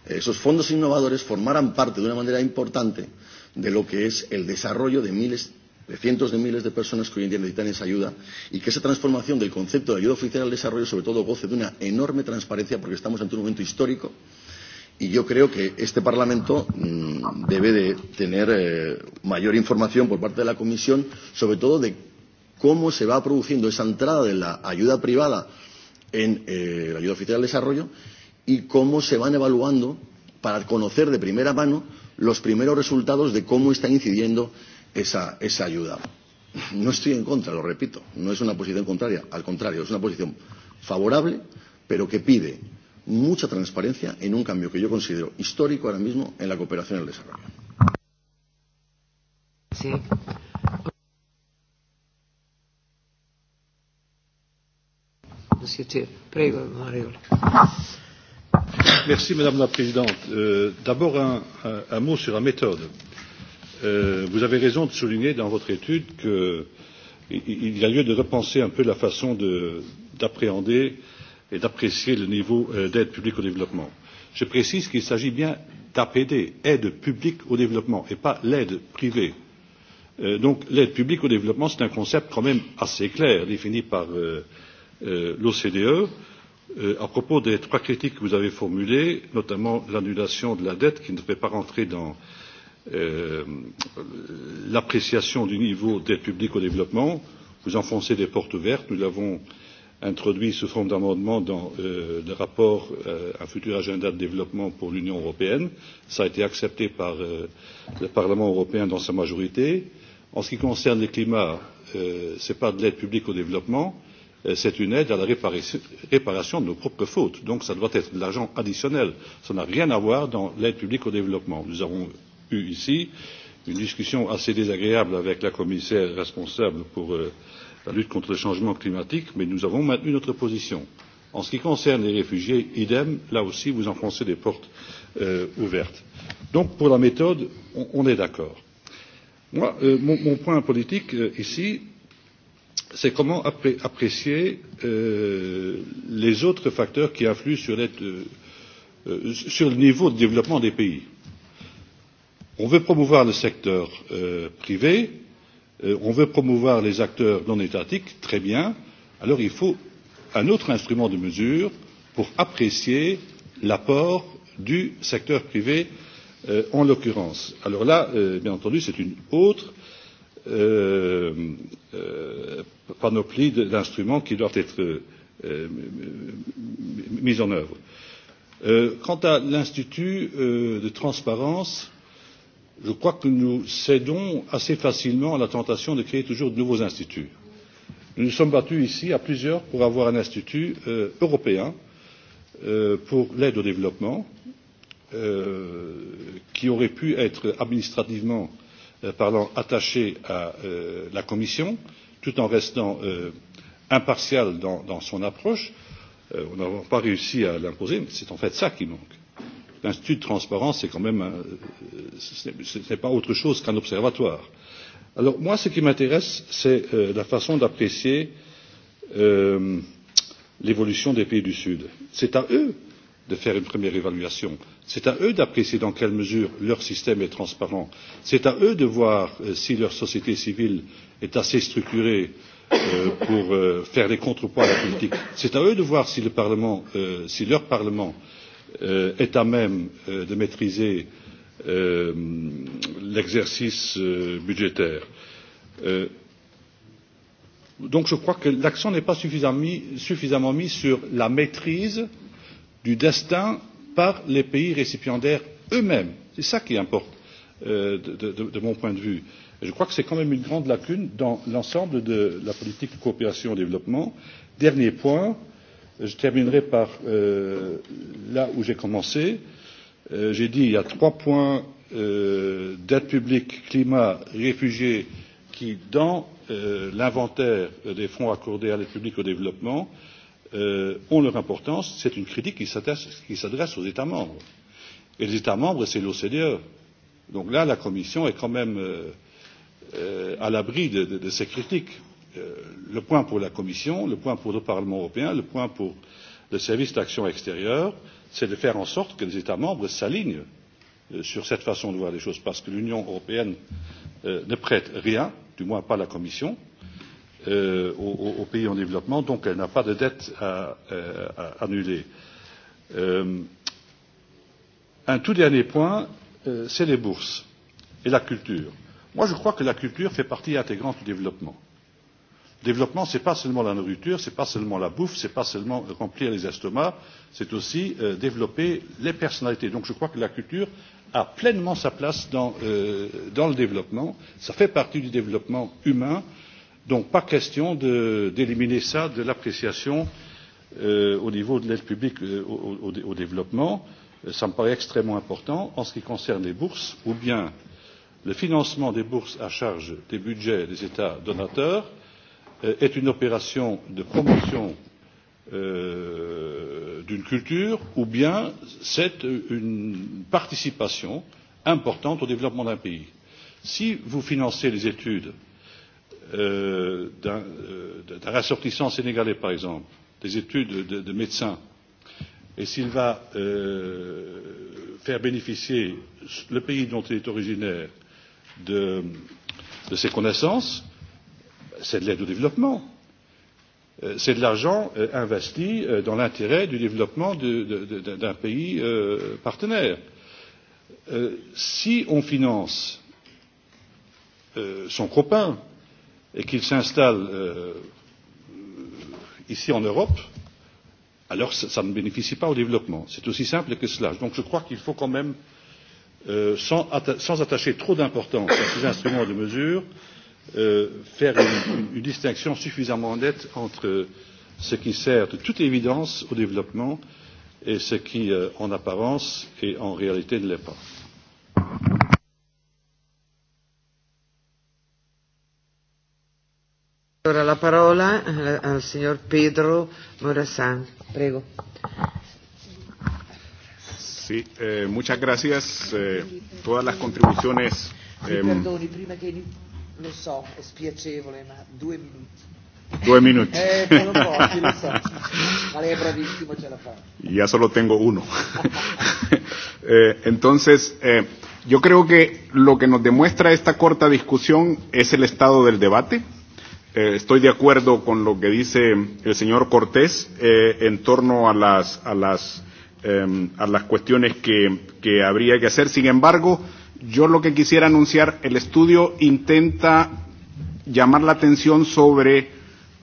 eh, esos fondos innovadores, formaran parte de una manera importante de lo que es el desarrollo de miles de cientos de miles de personas que hoy en día necesitan esa ayuda y que esa transformación del concepto de ayuda oficial al desarrollo sobre todo goce de una enorme transparencia porque estamos ante un momento histórico y yo creo que este Parlamento mmm, debe de tener eh, mayor información por parte de la Comisión sobre todo de cómo se va produciendo esa entrada de la ayuda privada en eh, la ayuda oficial al desarrollo y cómo se van evaluando para conocer de primera mano los primeros resultados de cómo está incidiendo esa, esa ayuda. No estoy en contra, lo repito, no es una posición contraria, al contrario, es una posición favorable, pero que pide mucha transparencia en un cambio que yo considero histórico ahora mismo en la cooperación al desarrollo. Sí. Prego, Mario. Merci, Madame la Présidente. Euh, d'abord, un, un, un mot sur la méthode. Euh, vous avez raison de souligner dans votre étude qu'il y a lieu de repenser un peu la façon d'appréhender et d'apprécier le niveau euh, d'aide publique au développement. Je précise qu'il s'agit bien d'APD, aide publique au développement, et pas l'aide privée. donc l'aide publique au développement, c'est un concept quand même assez clair, défini par l'OCDE. Euh, à propos des trois critiques que vous avez formulées notamment l'annulation de la dette qui ne fait pas rentrer dans euh, l'appréciation du niveau d'aide publique au développement vous enfoncez des portes ouvertes nous l'avons introduit sous forme d'amendement dans euh, le rapport euh, un futur agenda de développement pour l'union européenne cela a été accepté par euh, le parlement européen dans sa majorité. en ce qui concerne le climat ce n'est pas de l'aide publique au développement Euh, c'est une aide à la réparation, de nos propres fautes. Donc cela doit être de l'argent additionnel. cela n'a rien à voir avec l'aide publique au développement. Nous avons eu ici une discussion assez désagréable avec la commissaire responsable pour euh, la lutte contre le changement climatique, mais nous avons maintenu notre position. En ce qui concerne les réfugiés, idem, là aussi vous enfoncez des portes euh, ouvertes. Donc pour la méthode, on, on est d'accord. Moi, euh, mon, mon point politique euh, ici, c'est comment appré apprécier euh, les autres facteurs qui influent sur, euh, sur le niveau de développement des pays. On veut promouvoir le secteur euh, privé, euh, on veut promouvoir les acteurs non étatiques, très bien. Alors il faut un autre instrument de mesure pour apprécier l'apport du secteur privé euh, en l'occurrence. Alors là, euh, bien entendu, c'est une autre euh, Euh, euh, panoplie d'instruments qui doivent être euh, mis en œuvre. quant à l'Institut de transparence, je crois que nous cédons assez facilement à la tentation de créer toujours de nouveaux instituts. Nous nous sommes battus ici à plusieurs pour avoir un institut euh, européen euh, pour l'aide au développement euh, qui aurait pu être administrativement euh, Euh, parlant attaché à euh, la commission tout en restant euh, impartial dans, son approche nous n'avons pas réussi à l'imposer mais c'est en fait cela qui manque. l'institut de transparence c'est quand même ce n'est pas autre chose qu'un observatoire. alors moi ce qui m'intéresse c'est la façon d'apprécier l'évolution des pays du sud. c'est à eux de faire une première évaluation c'est à eux d'apprécier dans quelle mesure leur système est transparent c'est à eux de voir euh, si leur société civile est assez structurée euh, pour euh, faire des contrepoids à la politique c'est à eux de voir si, le parlement, si leur parlement est à même de maîtriser l'exercice budgétaire. donc je crois que l'accent n'est pas suffisamment mis, suffisamment mis sur la maîtrise du destin par les pays récipiendaires eux mêmes. c'est cela qui importe euh, de, mon point de vue. Et je crois que c'est quand même une grande lacune dans l'ensemble de la politique de coopération au développement. dernier point je terminerai par euh, là où j'ai commencé. Euh, j'ai dit il y a trois points euh, dette publique climat réfugiés qui dans l'inventaire des fonds accordés à l'aide publique au développement euh, ont leur importance, c'est une critique qui s'adresse aux États membres. Et les États membres, c'est l'OCDE. Donc là, la Commission est quand même euh, euh, à l'abri de, de, de ces critiques. Euh, le point pour la Commission, le point pour le Parlement européen, le point pour le service d'action extérieure, c'est de faire en sorte que les États membres s'alignent euh, sur cette façon de voir les choses, parce que l'Union européenne euh, ne prête rien, du moins pas la Commission, Euh, aux, pays en développement, donc elle n'a pas de dette à, euh, annuler. Euh, un tout dernier point, c'est les bourses et la culture. Moi, je crois que la culture fait partie intégrante du développement. Le développement, ce n'est pas seulement la nourriture, ce n'est pas seulement la bouffe, ce n'est pas seulement remplir les estomacs, c'est aussi développer les personnalités. Donc je crois que la culture a pleinement sa place dans, euh, dans le développement, ça fait partie du développement humain, euh, donc pas question d'éliminer cela de, l'appréciation euh, au niveau de l'aide publique euh, au, développement cela euh, me paraît extrêmement important. en ce qui concerne les bourses ou bien le financement des bourses à charge des budgets des états donateurs est une opération de promotion d'une culture ou bien c'est une participation importante au développement d'un pays. si vous financez les études euh, d'un euh, rassortissant sénégalais, par exemple, des études de, de médecin, et s'il va euh, faire bénéficier le pays dont il est originaire de, de ses connaissances, c'est de l'aide au développement. Euh, c'est de l'argent euh, investi euh, dans l'intérêt du développement d'un pays partenaire. si on finance son copain, et qu'ils s'installent euh, ici en Europe, alors ça, ça ne bénéficie pas au développement. C'est aussi simple que cela. Donc je crois qu'il faut quand même, euh, sans, atta sans attacher trop d'importance à ces instruments de mesure, euh, faire une, une, une distinction suffisamment nette entre ce qui sert de toute évidence au développement et ce qui, euh, en apparence et en réalité, ne l'est pas. Allora la parola eh, al signor Pedro Morazán. Prego. Sí, eh, muchas gracias. Eh, todas las contribuciones. Eh, Mi perdoni, prima che lo so, è spiacevole, ma due minuti. Due minuti. Eh, sono lo so. Ma lei è bravissimo, ce la fa. Ya solo tengo uno. eh, entonces, eh, yo creo que lo que nos demuestra esta corta discusión es el estado del debate. Eh, estoy de acuerdo con lo que dice el señor Cortés eh, en torno a las, a las, eh, a las cuestiones que, que habría que hacer. Sin embargo, yo lo que quisiera anunciar, el estudio intenta llamar la atención sobre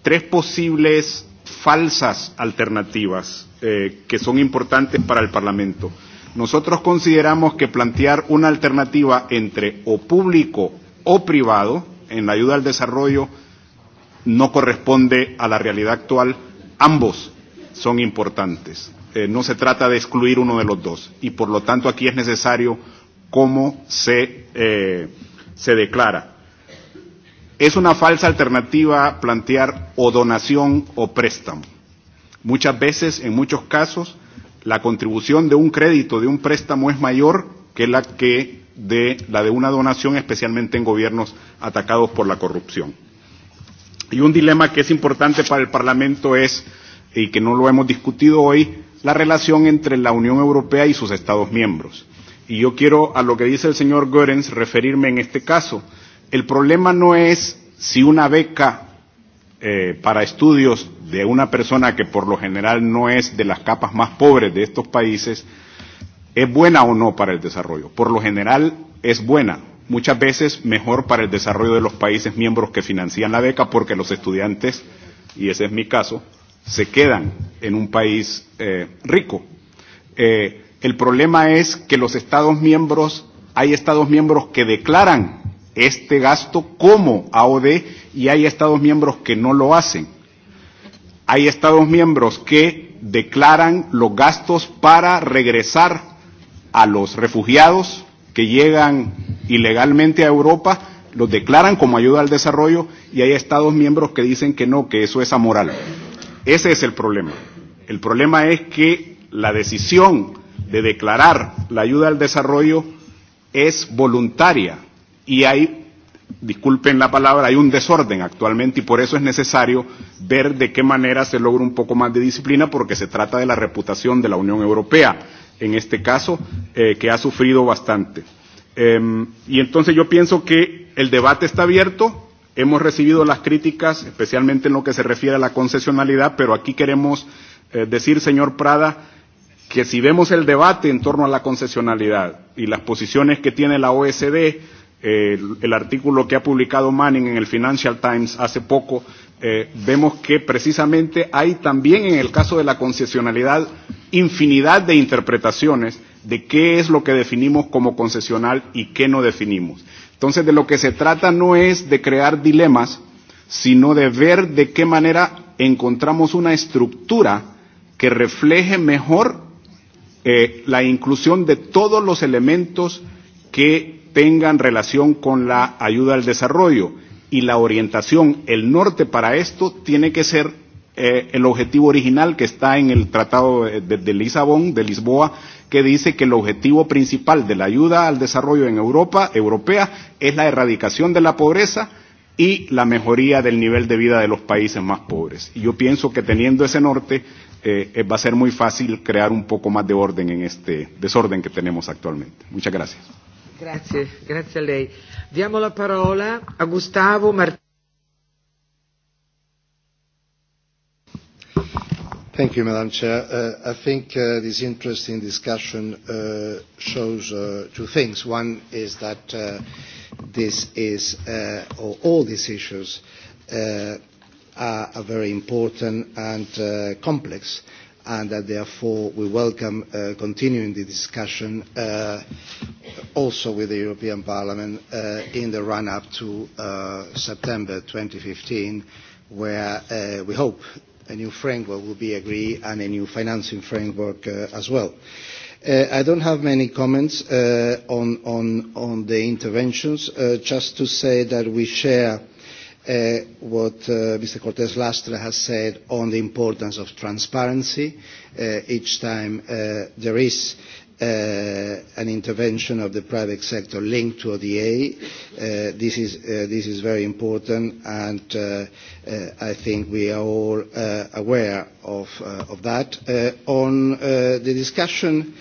tres posibles falsas alternativas eh, que son importantes para el Parlamento. Nosotros consideramos que plantear una alternativa entre o público o privado en la ayuda al desarrollo no corresponde a la realidad actual. Ambos son importantes. Eh, no se trata de excluir uno de los dos y por lo tanto aquí es necesario cómo se, eh, se declara. Es una falsa alternativa plantear o donación o préstamo. Muchas veces, en muchos casos, la contribución de un crédito, de un préstamo, es mayor que la que de la de una donación, especialmente en gobiernos atacados por la corrupción. Y un dilema que es importante para el Parlamento es, y que no lo hemos discutido hoy, la relación entre la Unión Europea y sus Estados miembros. Y yo quiero, a lo que dice el señor Goerens, referirme en este caso. El problema no es si una beca eh, para estudios de una persona que por lo general no es de las capas más pobres de estos países es buena o no para el desarrollo. Por lo general es buena, muchas veces mejor para el desarrollo de los países miembros que financian la beca porque los estudiantes, y ese es mi caso, se quedan en un país eh, rico. Eh, el problema es que los Estados miembros, hay Estados miembros que declaran este gasto como AOD y hay Estados miembros que no lo hacen. Hay Estados miembros que declaran los gastos para regresar a los refugiados que llegan ilegalmente a Europa, los declaran como ayuda al desarrollo y hay Estados miembros que dicen que no, que eso es amoral. Ese es el problema. El problema es que la decisión de declarar la ayuda al desarrollo es voluntaria y hay, disculpen la palabra, hay un desorden actualmente y por eso es necesario ver de qué manera se logra un poco más de disciplina porque se trata de la reputación de la Unión Europea, en este caso, eh, que ha sufrido bastante. Eh, y entonces yo pienso que el debate está abierto. Hemos recibido las críticas, especialmente en lo que se refiere a la concesionalidad, pero aquí queremos eh, decir, señor Prada, que si vemos el debate en torno a la concesionalidad y las posiciones que tiene la OSD, eh, el, el artículo que ha publicado Manning en el Financial Times hace poco, eh, vemos que precisamente hay también en el caso de la concesionalidad infinidad de interpretaciones de qué es lo que definimos como concesional y qué no definimos. Entonces, de lo que se trata no es de crear dilemas, sino de ver de qué manera encontramos una estructura que refleje mejor eh, la inclusión de todos los elementos que tengan relación con la ayuda al desarrollo y la orientación, el norte para esto tiene que ser eh, el objetivo original que está en el Tratado de, de, de Lisabón, de Lisboa, que dice que el objetivo principal de la ayuda al desarrollo en Europa europea es la erradicación de la pobreza y la mejoría del nivel de vida de los países más pobres. Y yo pienso que teniendo ese norte eh, va a ser muy fácil crear un poco más de orden en este desorden que tenemos actualmente. Muchas gracias. gracias gracias a lei. Diamo la parola a Gustavo Martínez. Thank you, Madam Chair. Uh, I think uh, this interesting discussion uh, shows uh, two things. One is that uh, this is, uh, or all these issues uh, are, are very important and uh, complex, and that therefore we welcome uh, continuing the discussion uh, also with the European Parliament uh, in the run-up to uh, September 2015 where uh, we hope a new framework will be agreed and a new financing framework uh, as well. Uh, I don't have many comments uh, on, on, on the interventions, uh, just to say that we share uh, what uh, Mr. Cortés Lastra has said on the importance of transparency uh, each time uh, there is uh, uh, an intervention of the private sector linked to ODA. Uh, this, is, uh, this is very important, and uh, uh, I think we are all uh, aware of, uh, of that. Uh, on uh, the discussion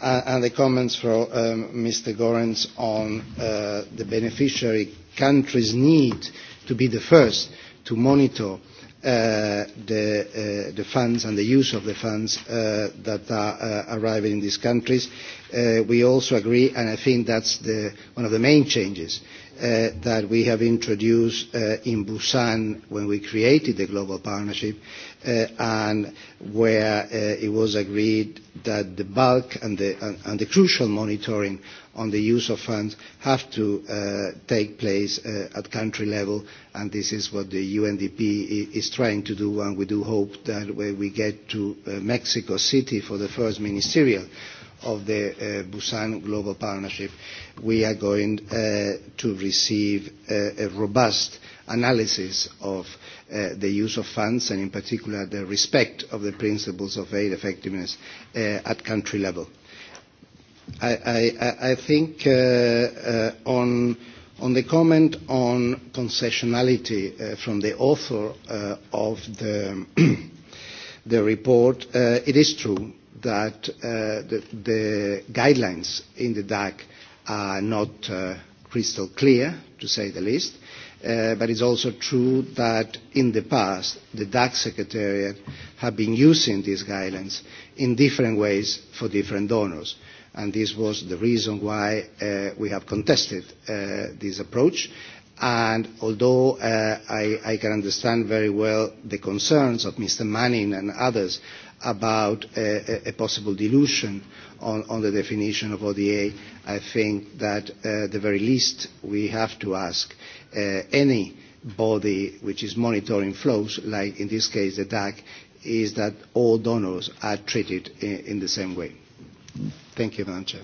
uh, and the comments from um, Mr. Gorenz on uh, the beneficiary countries' need to be the first to monitor Uh, the, uh, the funds and the use of the funds uh, that are uh, arriving in these countries. Uh, we also agree, and I think that's the, one of the main changes uh, that we have introduced uh, in Busan when we created the global partnership, uh, and where uh, it was agreed that the bulk and the, and, and the crucial monitoring on the use of funds have to uh, take place uh, at country level, and this is what the UNDP is trying to do, and we do hope that when we get to uh, Mexico City for the first ministerial of the uh, Busan Global Partnership, we are going uh, to receive uh, a robust analysis of uh, the use of funds and in particular the respect of the principles of aid effectiveness uh, at country level. I, I, I think uh, uh, on, on the comment on concessionality uh, from the author uh, of the, the report, uh, it is true that uh, the, the guidelines in the DAC are not uh, crystal clear, to say the least. Uh, but it's also true that in the past, the DAC Secretariat have been using these guidelines in different ways for different donors and this was the reason why uh, we have contested uh, this approach. And although uh, I, I can understand very well the concerns of Mr. Manning and others about a, a possible dilution on, on the definition of ODA, I think that uh, the very least we have to ask uh, any body which is monitoring flows, like in this case the DAC, is that all donors are treated in, in the same way. Thank you, Madam Chair.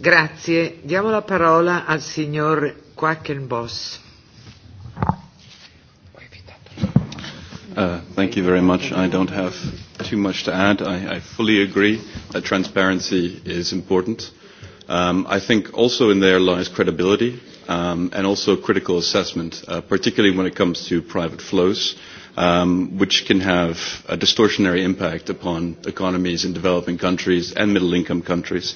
Grazie. Diamo la parola al signor Quackenboss. Uh, thank you very much. I don't have too much to add. I, I fully agree that transparency is important. Um, I think also in there lies credibility um, and also critical assessment, uh, particularly when it comes to private flows. Uh, um, which can have a distortionary impact upon economies in developing countries and middle income countries.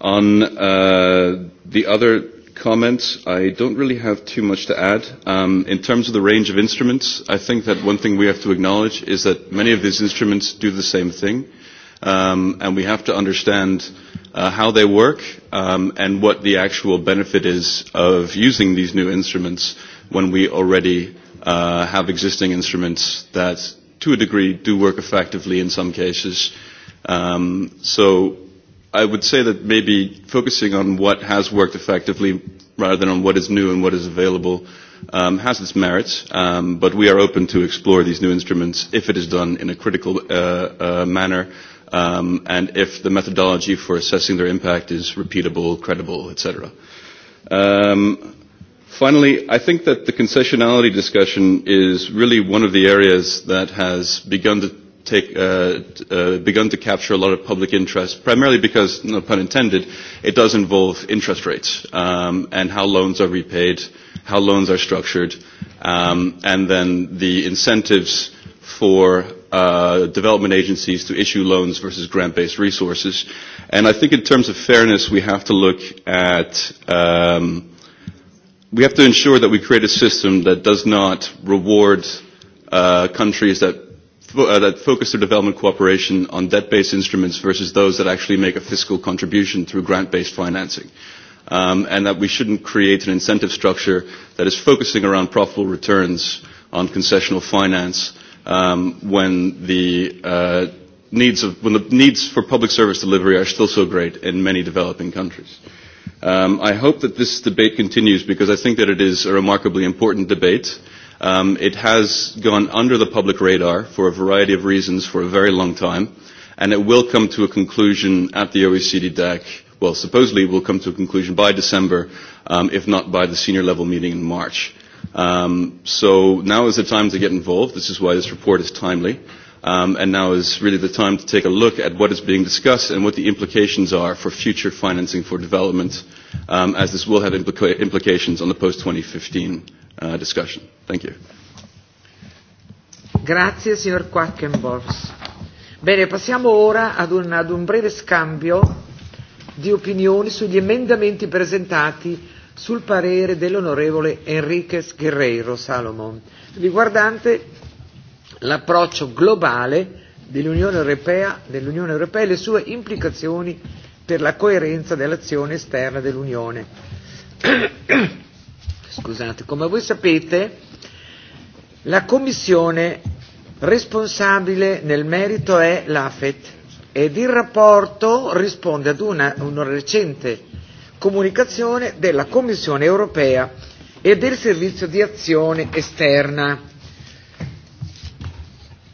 On uh, the other comments, I don't really have too much to add. Um, in terms of the range of instruments, I think that one thing we have to acknowledge is that many of these instruments do the same thing, um, and we have to understand uh, how they work um, and what the actual benefit is of using these new instruments when we already uh, have existing instruments that, to a degree, do work effectively in some cases. Um, so I would say that maybe focusing on what has worked effectively rather than on what is new and what is available um, has its merits, um, but we are open to explore these new instruments if it is done in a critical uh, uh, manner um, and if the methodology for assessing their impact is repeatable, credible, etc. Um, Finally, I think that the concessionality discussion is really one of the areas that has begun to take, uh, uh, begun to capture a lot of public interest, primarily because, no pun intended, it does involve interest rates um, and how loans are repaid, how loans are structured, um, and then the incentives for uh, development agencies to issue loans versus grant-based resources. And I think in terms of fairness, we have to look at um, we have to ensure that we create a system that does not reward uh, countries that, fo uh, that focus their development cooperation on debt-based instruments versus those that actually make a fiscal contribution through grant-based financing. Um, and that we shouldn't create an incentive structure that is focusing around profitable returns on concessional finance um, when the uh, needs of when the needs for public service delivery are still so great in many developing countries. Um, I hope that this debate continues because I think that it is a remarkably important debate. Um, it has gone under the public radar for a variety of reasons for a very long time, and it will come to a conclusion at the OECD DAC. Well, supposedly it will come to a conclusion by December, um, if not by the senior level meeting in March. Um, so now is the time to get involved. This is why this report is timely um, and now is really the time to take a look at what is being discussed and what the implications are for future financing for development, um, as this will have implica implications on the post-2015 uh, discussion. Thank you. Grazie, signor Quackenbos. Bene, passiamo ora ad un, ad un breve scambio di opinioni sugli emendamenti presentati sul parere dell'onorevole Enriquez Guerreiro Salomon riguardante l'approccio globale dell'Unione Europea, dell'Unione Europea e le sue implicazioni per la coerenza dell'azione esterna dell'Unione. Scusate, come voi sapete, la Commissione responsabile nel merito è l'AFET ed il rapporto risponde ad una, una recente comunicazione della Commissione europea e del Servizio di azione esterna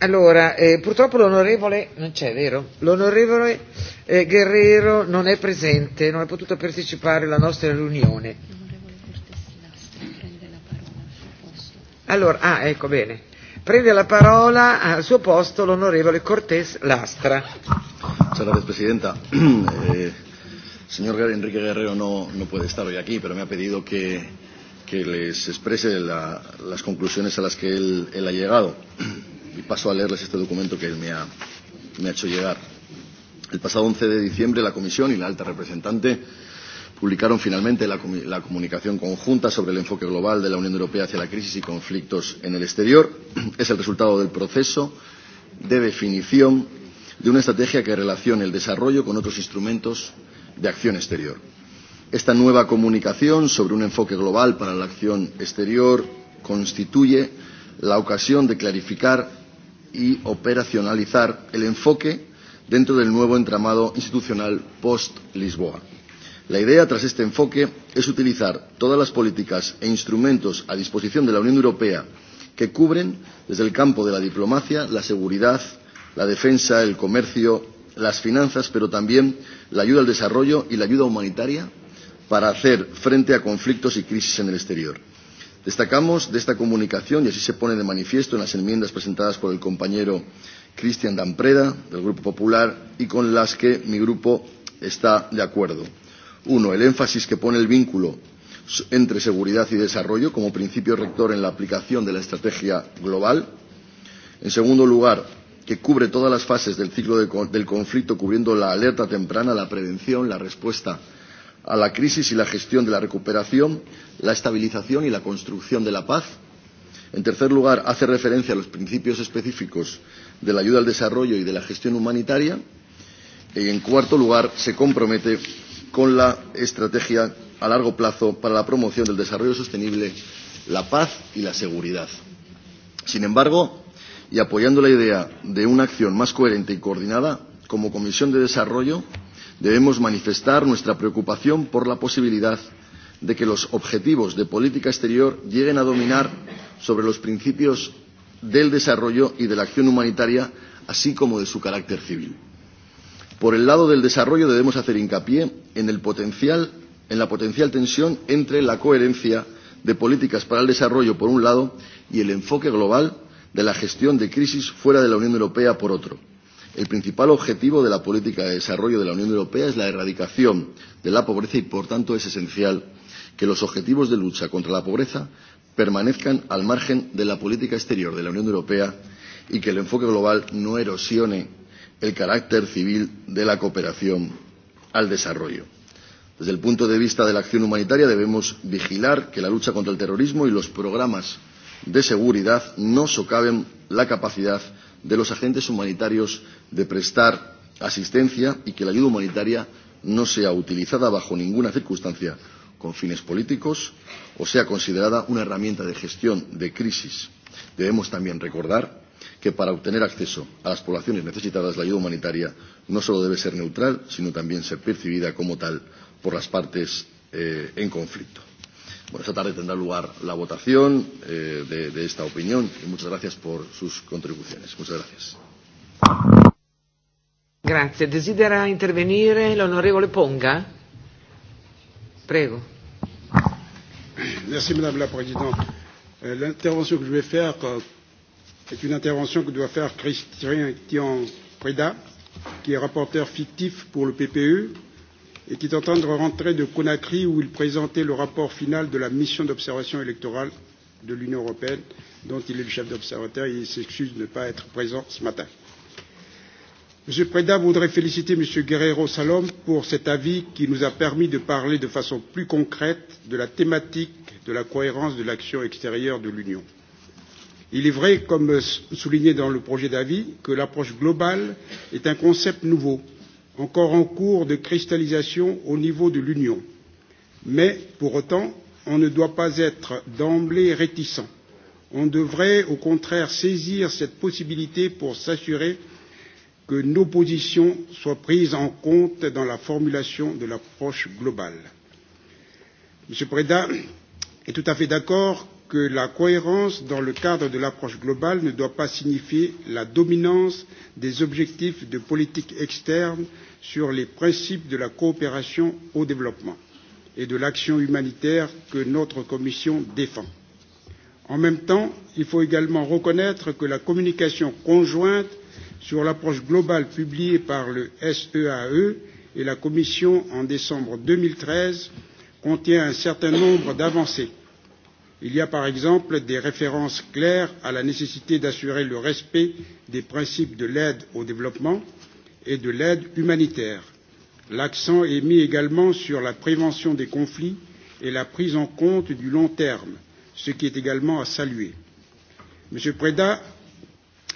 Allora, eh, purtroppo l'onorevole non c'è, vero? L'onorevole eh, Guerrero non è presente, non ha potuto partecipare alla nostra riunione. Allora, ah, ecco bene. Prende la parola al suo posto l'onorevole Cortés Lastra. Grazie Presidenta. Eh, señor Enrique Guerrero non no può stare hoy aquí, pero me ha pedito che que les exprese la, las conclusiones a las que él, él ha llegado. y paso a leerles este documento que él me ha, me ha hecho llegar. El pasado 11 de diciembre la Comisión y la alta representante publicaron finalmente la, la comunicación conjunta sobre el enfoque global de la Unión Europea hacia la crisis y conflictos en el exterior. Es el resultado del proceso de definición de una estrategia que relacione el desarrollo con otros instrumentos de acción exterior. Esta nueva comunicación sobre un enfoque global para la acción exterior constituye la ocasión de clarificar y operacionalizar el enfoque dentro del nuevo entramado institucional post-Lisboa. La idea tras este enfoque es utilizar todas las políticas e instrumentos a disposición de la Unión Europea que cubren desde el campo de la diplomacia, la seguridad, la defensa, el comercio, las finanzas, pero también la ayuda al desarrollo y la ayuda humanitaria para hacer frente a conflictos y crisis en el exterior. Destacamos de esta comunicación, y así se pone de manifiesto en las enmiendas presentadas por el compañero Cristian Dampreda, del Grupo Popular, y con las que mi grupo está de acuerdo. Uno, el énfasis que pone el vínculo entre seguridad y desarrollo como principio rector en la aplicación de la estrategia global. En segundo lugar, que cubre todas las fases del ciclo de, del conflicto, cubriendo la alerta temprana, la prevención, la respuesta a la crisis y la gestión de la recuperación, la estabilización y la construcción de la paz. En tercer lugar, hace referencia a los principios específicos de la ayuda al desarrollo y de la gestión humanitaria. Y, en cuarto lugar, se compromete con la estrategia a largo plazo para la promoción del desarrollo sostenible, la paz y la seguridad. Sin embargo, y apoyando la idea de una acción más coherente y coordinada, como Comisión de Desarrollo debemos manifestar nuestra preocupación por la posibilidad de que los objetivos de política exterior lleguen a dominar sobre los principios del desarrollo y de la acción humanitaria, así como de su carácter civil. Por el lado del desarrollo debemos hacer hincapié en, el potencial, en la potencial tensión entre la coherencia de políticas para el desarrollo, por un lado, y el enfoque global de la gestión de crisis fuera de la Unión Europea, por otro. El principal objetivo de la política de desarrollo de la Unión Europea es la erradicación de la pobreza y, por tanto, es esencial que los objetivos de lucha contra la pobreza permanezcan al margen de la política exterior de la Unión Europea y que el enfoque global no erosione el carácter civil de la cooperación al desarrollo. Desde el punto de vista de la acción humanitaria debemos vigilar que la lucha contra el terrorismo y los programas de seguridad no socaven la capacidad de los agentes humanitarios de prestar asistencia y que la ayuda humanitaria no sea utilizada bajo ninguna circunstancia con fines políticos o sea considerada una herramienta de gestión de crisis. Debemos también recordar que para obtener acceso a las poblaciones necesitadas la ayuda humanitaria no solo debe ser neutral, sino también ser percibida como tal por las partes eh, en conflicto. Bueno, esta tarde tendrá lugar la votación eh, de, de esta opinión y muchas gracias por sus contribuciones. Muchas gracias. Gracias. Desidera intervenir el honorable Ponga? Prego. Gracias, señora presidenta. la euh, intervención que voy a hacer euh, es una intervención que debe hacer Cristian Preda, que es rapporteur fictif para el PPE et qui est en train de rentrer de Conakry où il présentait le rapport final de la mission d'observation électorale de l'Union européenne dont il est le chef d'observateur et il s'excuse de ne pas être présent ce matin. M. Preda voudrait féliciter M. Guerrero Salom pour cet avis qui nous a permis de parler de façon plus concrète de la thématique de la cohérence de l'action extérieure de l'Union. Il est vrai, comme souligné dans le projet d'avis, que l'approche globale est un concept nouveau encore en cours de cristallisation au niveau de l'Union. Mais, pour autant, on ne doit pas être d'emblée réticent. On devrait, au contraire, saisir cette possibilité pour s'assurer que nos positions soient prises en compte dans la formulation de l'approche globale. M. Preda est tout à fait d'accord que la cohérence dans le cadre de l'approche globale ne doit pas signifier la dominance des objectifs de politique externe sur les principes de la coopération au développement et de l'action humanitaire que notre commission défend. En même temps, il faut également reconnaître que la communication conjointe sur l'approche globale publiée par le SEAE et la Commission en décembre 2013 contient un certain nombre d'avancées. Il y a par exemple des références claires à la nécessité d'assurer le respect des principes de l'aide au développement, et de l'aide humanitaire. L'accent est mis également sur la prévention des conflits et la prise en compte du long terme, ce qui est également à saluer. Monsieur Preda,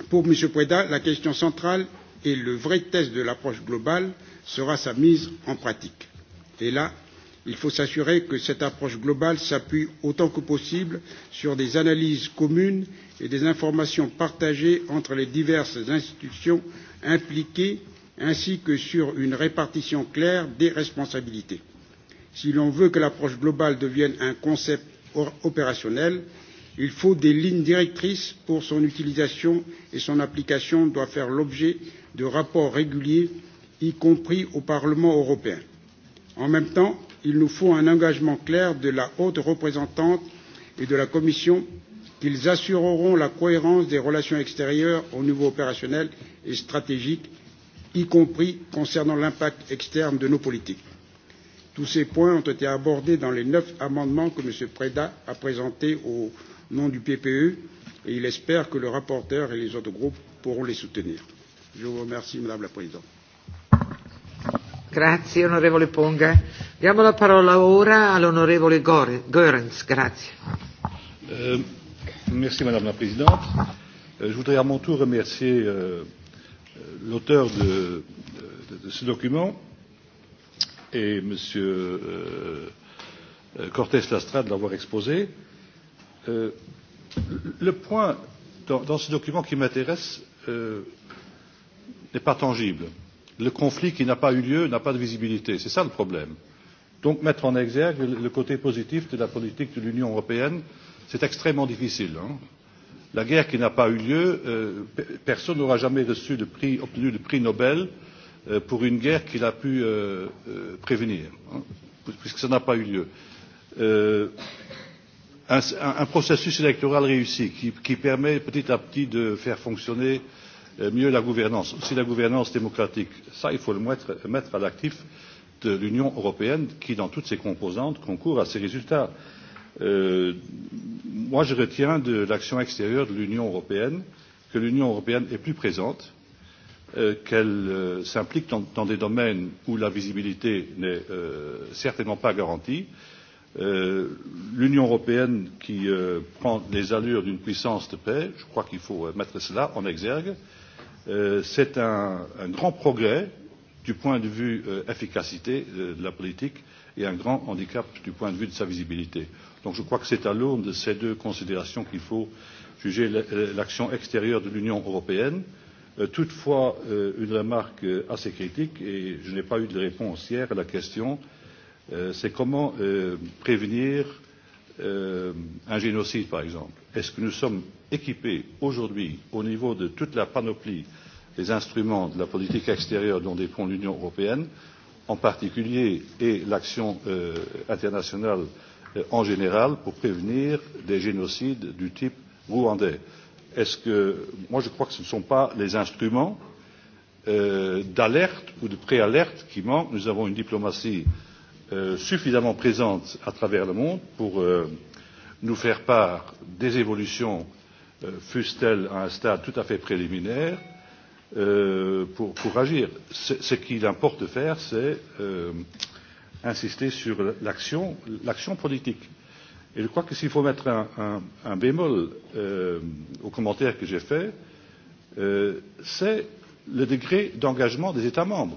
pour M. Preda, la question centrale et le vrai test de l'approche globale sera sa mise en pratique. Et là, il faut s'assurer que cette approche globale s'appuie autant que possible sur des analyses communes et des informations partagées entre les diverses institutions impliquées ainsi que sur une répartition claire des responsabilités. Si l'on veut que l'approche globale devienne un concept opérationnel, il faut des lignes directrices pour son utilisation et son application doit faire l'objet de rapports réguliers, y compris au Parlement européen. En même temps, il nous faut un engagement clair de la haute représentante et de la Commission qu'ils assureront la cohérence des relations extérieures au niveau opérationnel et stratégique y compris concernant l'impact externe de nos politiques. Tous ces points ont été abordés dans les neuf amendements que M. Preda a présentés au nom du PPE et il espère que le rapporteur et les autres groupes pourront les soutenir. Je vous remercie, Madame la Présidente. Grazie onorevole Ponga. Diamo la parola ora all'onorevole Goerens. Grazie. Euh, merci Madame la Présidente. Euh, je voudrais à mon tour remercier euh, l'auteur de, de, de ce document et M. Euh, euh Cortés Lastrade l'avoir exposé. Euh, le point dans, dans ce document qui m'intéresse euh, n'est pas tangible. Le conflit qui n'a pas eu lieu n'a pas de visibilité. C'est ça le problème. Donc mettre en exergue le, le côté positif de la politique de l'Union européenne, c'est extrêmement difficile. Hein la guerre qui n'a pas eu lieu euh, personne n'aura jamais reçu le prix, obtenu le prix nobel euh, pour une guerre qu'il a pu euh, euh prévenir hein, puisque ça n'a pas eu lieu. Euh, un, un processus électoral réussi qui, qui permet petit à petit de faire fonctionner euh, mieux la gouvernance aussi la gouvernance démocratique ça il faut le mettre, mettre à l'actif de l'union européenne qui dans toutes ses composantes concourt à ces résultats. Euh, moi, je retiens de l'action extérieure de l'Union européenne que l'Union européenne est plus présente, euh, qu'elle euh, s'implique dans, dans des domaines où la visibilité n'est euh, certainement pas garantie. Euh, L'Union européenne qui euh, prend les allures d'une puissance de paix, je crois qu'il faut euh, mettre cela en exergue, euh, c'est un, un grand progrès du point de vue euh, efficacité euh, de la politique et un grand handicap du point de vue de sa visibilité. Donc je crois que c'est à l'aune de ces deux considérations qu'il faut juger l'action extérieure de l'Union européenne. Euh, toutefois, euh, une remarque euh, assez critique, et je n'ai pas eu de réponse hier à la question, c'est comment prévenir un génocide, par exemple. Est-ce que nous sommes équipés aujourd'hui, au niveau de toute la panoplie des instruments de la politique extérieure dont dépend l'Union européenne, en particulier et l'action internationale euh, Euh, en général pour prévenir des génocides du type rwandais. moi, je crois que ce ne sont pas les instruments euh, d'alerte ou de préalerte qui manquent. Nous avons une diplomatie euh, suffisamment présente à travers le monde pour nous faire part des évolutions, fussent-elles à un stade tout à fait préliminaire, pour, agir. ce qu'il importe de faire, c'est insister sur l'action politique. Et je crois que s'il faut mettre un, un, un bémol euh, aux commentaires que j'ai fait euh, c'est le degré d'engagement des États membres.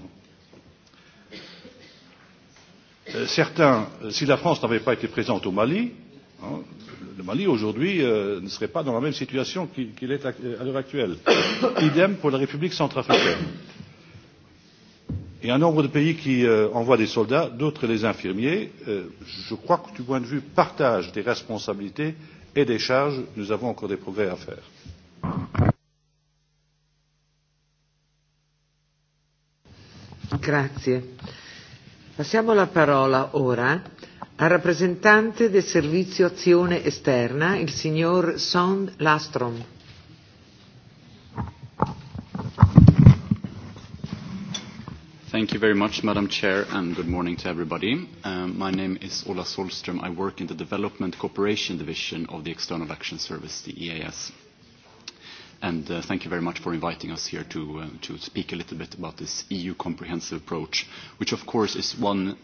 Euh, certains, si la France n'avait pas été présente au Mali, hein, le Mali aujourd'hui euh, ne serait pas dans la même situation qu'il qu est à, à l'heure actuelle. Idem pour la République centrafricaine et un nombre de pays qui euh, envoient des soldats, d'autres les infirmiers. Euh, je crois que du point de vue partage des responsabilités et des charges, nous avons encore des progrès à faire. Grazie. Passiamo la parola ora al rappresentante del Servizio Azione Esterna, il signor Sond Lastrom. Thank you very much, Madam Chair, and good morning to everybody. Um, my name is Ola Solström. I work in the Development Cooperation Division of the External Action Service, the EAS. And uh, thank you very much for inviting us here to, uh, to speak a little bit about this EU comprehensive approach, which of course is one,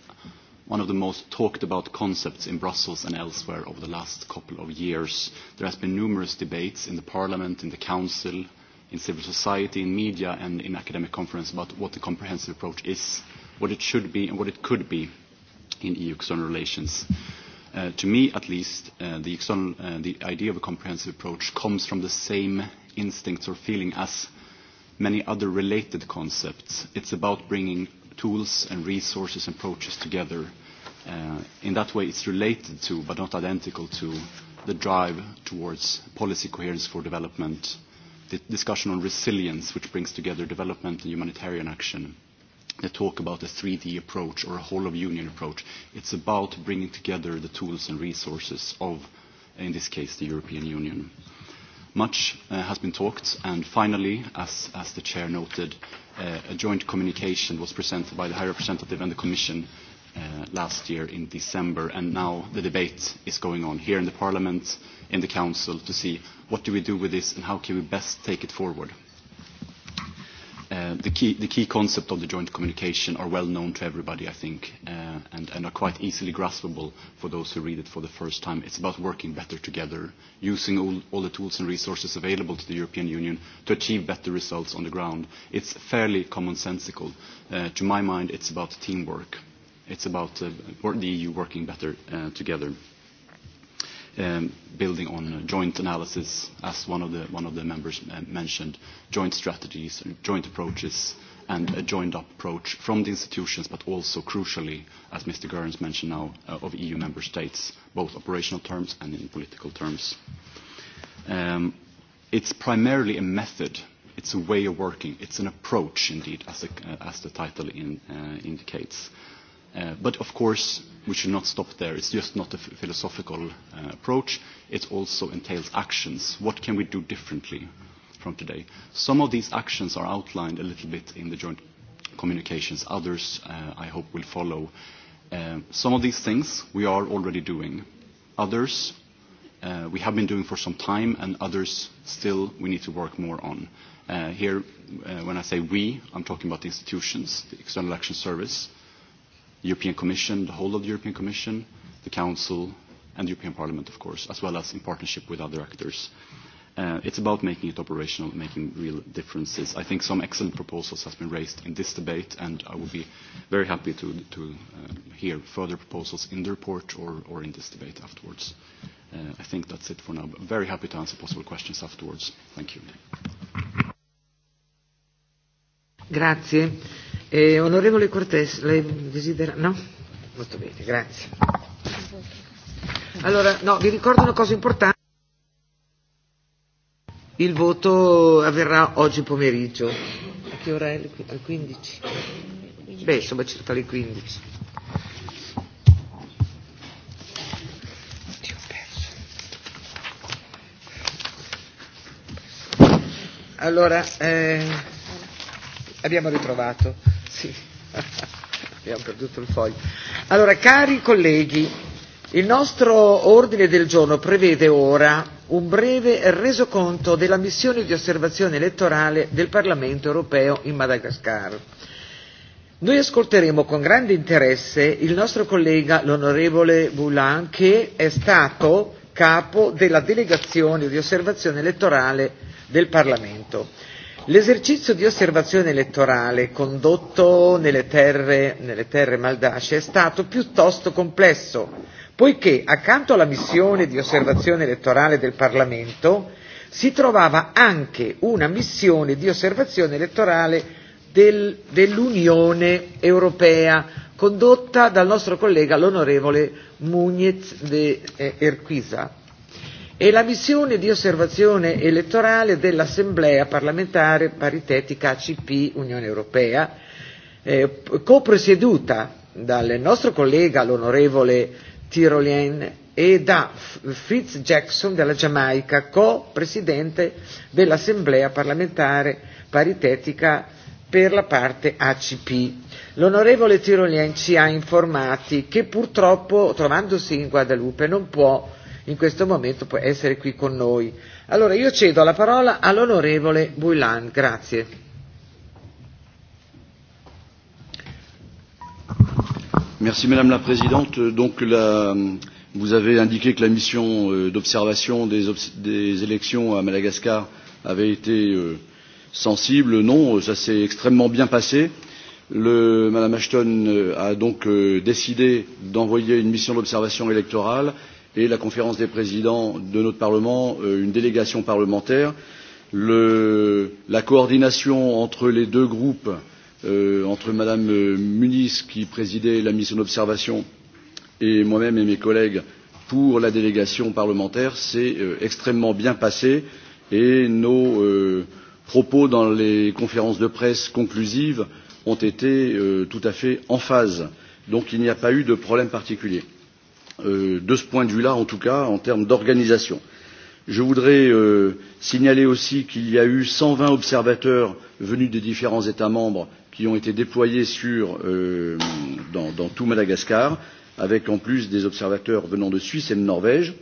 one of the most talked about concepts in Brussels and elsewhere over the last couple of years. There has been numerous debates in the Parliament, in the Council, in civil society, in media, and in academic conference about what the comprehensive approach is, what it should be, and what it could be in EU external relations. Uh, to me, at least, uh, the, external, uh, the idea of a comprehensive approach comes from the same instincts or feeling as many other related concepts. It's about bringing tools and resources and approaches together. Uh, in that way, it's related to, but not identical to, the drive towards policy coherence for development, uh, the discussion on resilience, which brings together development and humanitarian action. the talk about a 3D approach or a whole-of-union approach. It's about bringing together the tools and resources of, in this case, the European Union. Much uh, has been talked, and finally, as, as the chair noted, uh, a joint communication was presented by the High Representative and the Commission uh, last year in December, and now the debate is going on here in the Parliament, in the Council, to see what do we do with this and how can we best take it forward. Uh, the, key, the key concept of the joint communication are well known to everybody, I think, uh, and, and are quite easily graspable for those who read it for the first time. It's about working better together, using all, all the tools and resources available to the European Union to achieve better results on the ground. It's fairly commonsensical. Uh, to my mind, it's about teamwork. It's about uh, the EU working better uh, together, um, building on uh, joint analysis, as one of the, one of the members uh, mentioned, joint strategies, joint approaches, and a joined-up approach from the institutions, but also, crucially, as Mr. Gerns mentioned now, uh, of EU member states, both operational terms and in political terms. Um, it's primarily a method it's a way of working. It's an approach, indeed, as, a, uh, as the title in, uh, indicates. Uh, but of course, we should not stop there. It's just not a philosophical uh, approach. It also entails actions. What can we do differently from today? Some of these actions are outlined a little bit in the joint communications. Others, uh, I hope, will follow. Uh, some of these things we are already doing. Others uh, we have been doing for some time, and others still we need to work more on. Uh, here, uh, when I say we, I'm talking about the institutions, the External Action Service, European Commission, the whole of the European Commission, the Council, and the European Parliament, of course, as well as in partnership with other actors. Uh, it's about making it operational, making real differences. I think some excellent proposals have been raised in this debate, and I would be very happy to, to uh, hear further proposals in the report or, or in this debate afterwards. Uh, I think that's it for now. But very happy to answer possible questions afterwards. Thank you. Grazie. Eh, onorevole Cortes, lei desidera? No? Molto bene, grazie. Allora, no, vi ricordo una cosa importante. Il voto avverrà oggi pomeriggio. A che ora è? Al 15? Beh, insomma, circa le 15. Allora, eh, abbiamo ritrovato. Sì, abbiamo perduto il foglio. Allora, cari colleghi, il nostro ordine del giorno prevede ora un breve resoconto della missione di osservazione elettorale del Parlamento europeo in Madagascar. Noi ascolteremo con grande interesse il nostro collega l'onorevole Boulan che è stato capo della delegazione di osservazione elettorale del Parlamento. L'esercizio di osservazione elettorale condotto nelle terre, nelle terre maldacie è stato piuttosto complesso, poiché accanto alla missione di osservazione elettorale del Parlamento si trovava anche una missione di osservazione elettorale del, dell'Unione Europea, condotta dal nostro collega l'onorevole Mugnez de eh, Erquisa e la missione di osservazione elettorale dell'Assemblea parlamentare paritetica ACP Unione Europea, eh, copresieduta dal nostro collega l'onorevole Tirolien e da Fritz Jackson della Giamaica, co-presidente dell'Assemblea parlamentare paritetica per la parte ACP. L'onorevole Tirolien ci ha informati che purtroppo, trovandosi in Guadalupe, non può in questo momento può essere qui con noi. Allora io cedo la parola all'onorevole Boulan, grazie. Merci Madame la Présidente. Donc la, vous avez indiqué que la mission euh, d'observation des, obs, des élections à Madagascar avait été euh, sensible. Non, euh, ça s'est extrêmement bien passé. Le, Madame Ashton a donc décidé d'envoyer une mission d'observation électorale et la conférence des présidents de notre Parlement euh, une délégation parlementaire. Le, la coordination entre les deux groupes, euh, entre Madame euh, Muniz qui présidait la mission d'observation et moi-même et mes collègues pour la délégation parlementaire s'est euh, extrêmement bien passée et nos euh, propos dans les conférences de presse conclusives ont été euh, tout à fait en phase. Donc il n'y a pas eu de problème particulier. Euh, de ce point de vue là en tout cas en termes d'organisation. je voudrais euh, signaler aussi qu'il y a eu cent vingt observateurs venus des différents états membres qui ont été déployés sur, euh, dans, dans tout madagascar avec en plus des observateurs venant de suisse et de norvège.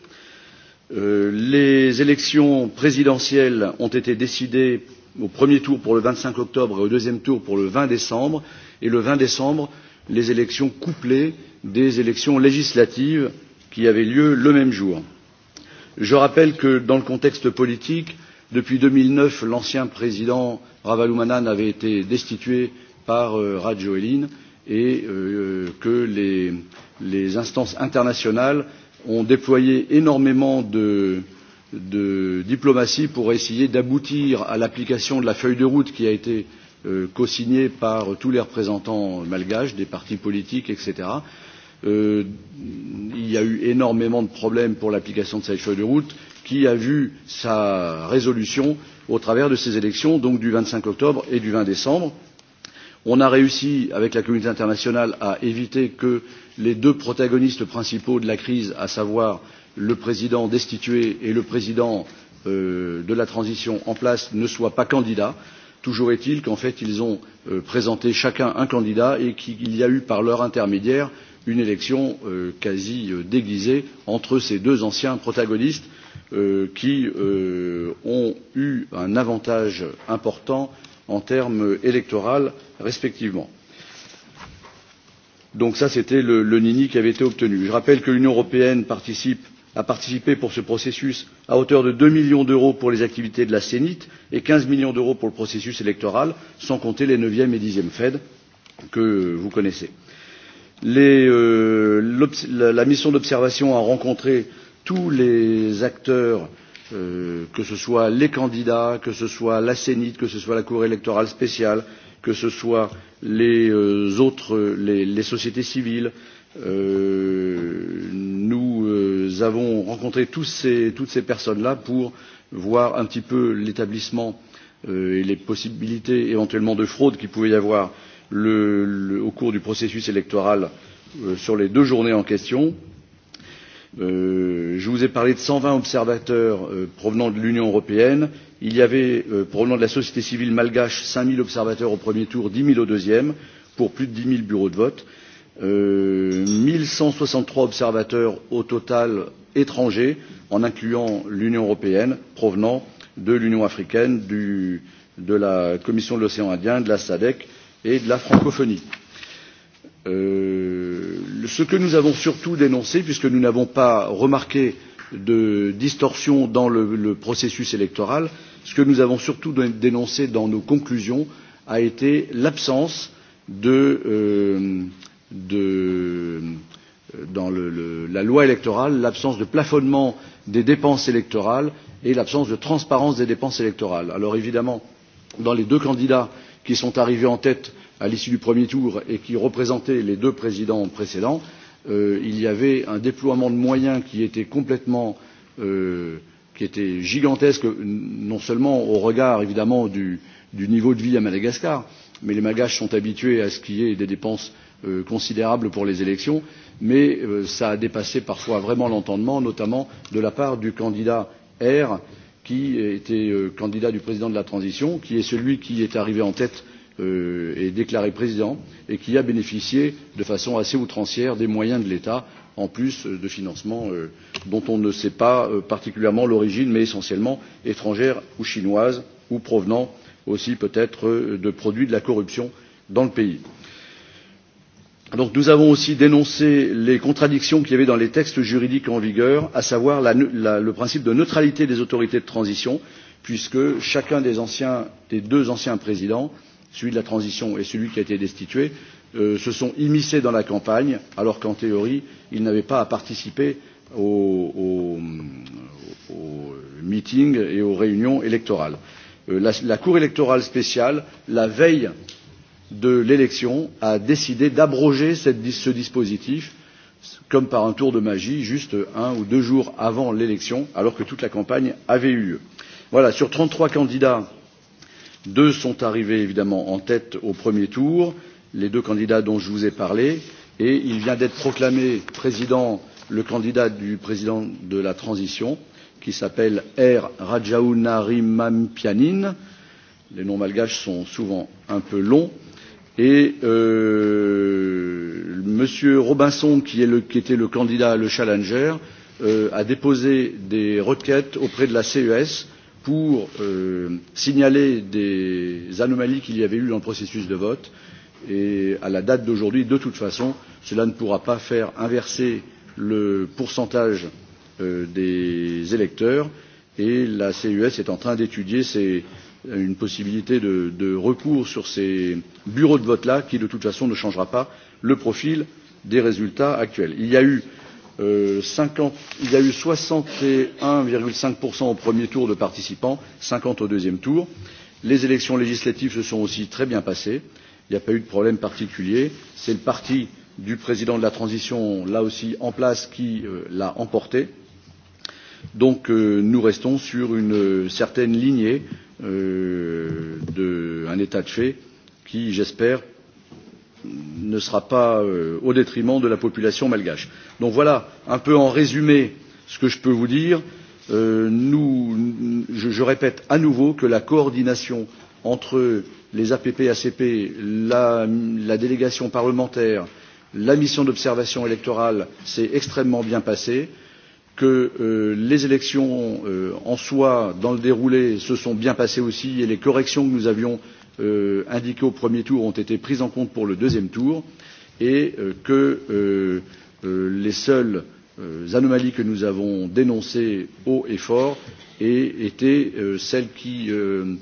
Euh, les élections présidentielles ont été décidées au premier tour pour le vingt cinq octobre et au deuxième tour pour le vingt décembre et le vingt décembre les élections couplées des élections législatives qui avaient lieu le même jour. je rappelle que dans le contexte politique depuis deux mille neuf l'ancien président Ravalumanan avait été destitué par euh, rajoelina et euh, que les, les instances internationales ont déployé énormément de, de diplomatie pour essayer d'aboutir à l'application de la feuille de route qui a été euh, Euh, cosigné par tous les représentants malgaches, des partis politiques, etc. Euh, il y a eu énormément de problèmes pour l'application de cette feuille de route qui a vu sa résolution au travers de ces élections, donc du 25 octobre et du 20 décembre. On a réussi, avec la communauté internationale, à éviter que les deux protagonistes principaux de la crise, à savoir le président destitué et le président euh, de la transition en place, ne soient pas candidats. Euh, toujours est il qu'en fait ils ont euh, présenté chacun un candidat et qu'il y a eu par leur intermédiaire une élection euh, quasi euh, déguisée entre ces deux anciens protagonistes qui ont eu un avantage important en termes électoraux respectivement. donc ça c'était le nini qui avait été obtenu. je rappelle que l'union européenne participe a participé pour ce processus à hauteur de deux millions d'euros pour les activités de la cénit et quinze millions d'euros pour le processus électoral sans compter les neuvième et dixième fed que vous connaissez. Les, euh, la, mission d'observation a rencontré tous les acteurs euh, que ce soit les candidats que ce soit la cénit que ce soit la cour électorale spéciale que ce soit les euh, autres les, les sociétés civiles euh, nous euh, nous avons rencontré tous ces, toutes ces personnes là pour voir un petit peu l'établissement euh, et les possibilités éventuellement de fraude qu'il pouvait y avoir le, le, au cours du processus électoral euh, sur les deux journées en question. Euh, je vous ai parlé de 120 observateurs euh, provenant de l'Union européenne. Il y avait, euh, provenant de la société civile malgache, 5000 observateurs au premier tour, 10 000 au deuxième, pour plus de 10 000 bureaux de vote. Euh, Euh, cent soixante trois observateurs au total étrangers, en incluant l'Union européenne, provenant de l'Union africaine, de la Commission de l'océan Indien, de la SADC et de la francophonie. Euh, ce que nous avons surtout dénoncé, puisque nous n'avons pas remarqué de distorsion dans le, processus électoral, ce que nous avons surtout dénoncé dans nos conclusions a été l'absence de, euh, de, dans le, le, la loi électorale l'absence de plafonnement des dépenses électorales et l'absence de transparence des dépenses électorales. alors évidemment dans les deux candidats qui sont arrivés en tête à l'issue du premier tour et qui représentaient les deux présidents précédents euh, il y avait un déploiement de moyens qui était complètement euh, qui était gigantesque non seulement au regard évidemment du, du niveau de vie à Madagascar mais les Malgaches sont habitués à ce qu'il y ait des dépenses Euh, considérable pour les élections, mais cela euh, a dépassé parfois vraiment l'entendement, notamment de la part du candidat R, qui était euh, candidat du président de la transition, qui est celui qui est arrivé en tête euh, et déclaré président, et qui a bénéficié de façon assez outrancière des moyens de l'État, en plus de financements euh, dont on ne sait pas euh, particulièrement l'origine, mais essentiellement étrangères ou chinoises, ou provenant aussi peut-être de produits de la corruption dans le pays nous avons aussi dénoncé les contradictions qu'il y avait dans les textes juridiques en vigueur, à savoir la, la, le principe de neutralité des autorités de transition, puisque chacun des, anciens, des deux anciens présidents, celui de la transition et celui qui a été destitué, euh, se sont immiscés dans la campagne, alors qu'en théorie, ils n'avaient pas à participer aux, aux, aux meetings et aux réunions électorales. Euh, la, la Cour électorale spéciale, la veille de l'élection a décidé d'abroger ce dispositif comme par un tour de magie juste un ou deux jours avant l'élection alors que toute la campagne avait eu lieu. Voilà, sur 33 candidats, deux sont arrivés évidemment en tête au premier tour, les deux candidats dont je vous ai parlé, et il vient d'être proclamé président le candidat du président de la transition, qui s'appelle R. Rajaounariamampianine. Les noms malgaches sont souvent un peu longs et euh, M. Robinson, qui, est le, qui était le candidat, le challenger, euh, a déposé des requêtes auprès de la CES pour euh, signaler des anomalies qu'il y avait eu dans le processus de vote. Et à la date d'aujourd'hui, de toute façon, cela ne pourra pas faire inverser le pourcentage euh, des électeurs. Et la CES est en train d'étudier ces, une possibilité de, recours sur ces bureaux de vote là qui de toute façon ne changera pas le profil des résultats actuels. il y a eu euh, soixante et un cinq au premier tour de participants cinquante au deuxième tour. les élections législatives se sont aussi très bien passées il n'y a pas eu de problème particulier c'est le parti du président de la transition là aussi en place qui euh, l'a emporté. donc euh, nous restons sur une certaine lignée Euh, d'un état de fait qui, j'espère, ne sera pas euh, au détriment de la population malgache. voilà un peu en résumé ce que je peux vous dire. Euh, je, répète à nouveau que la coordination entre les APP, ACP, la, la délégation parlementaire, la mission d'observation électorale s'est extrêmement bien passée que euh, les élections euh, en soi, dans le déroulé, se sont bien passées aussi et les corrections que nous avions euh, indiquées au premier tour ont été prises en compte pour le deuxième tour et que les seules anomalies que nous avons dénoncées haut et fort étaient celles qui euh,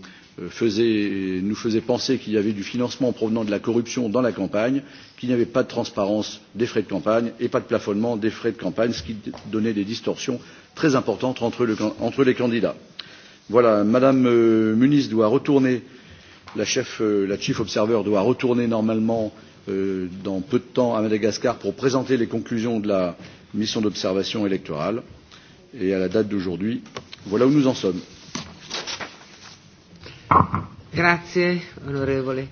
faisait, nous faisait penser qu'il y avait du financement provenant de la corruption dans la campagne, qu'il n'y avait pas de transparence des frais de campagne et pas de plafonnement des frais de campagne, ce qui donnait des distorsions très importantes entre, le, entre les candidats. Voilà, Madame euh, Muniz doit retourner, la chef, euh, la chief observer doit retourner normalement euh, dans peu de temps à Madagascar pour présenter les conclusions de la mission d'observation électorale. Et à la date d'aujourd'hui, voilà où nous en sommes. Grazie, onorevole.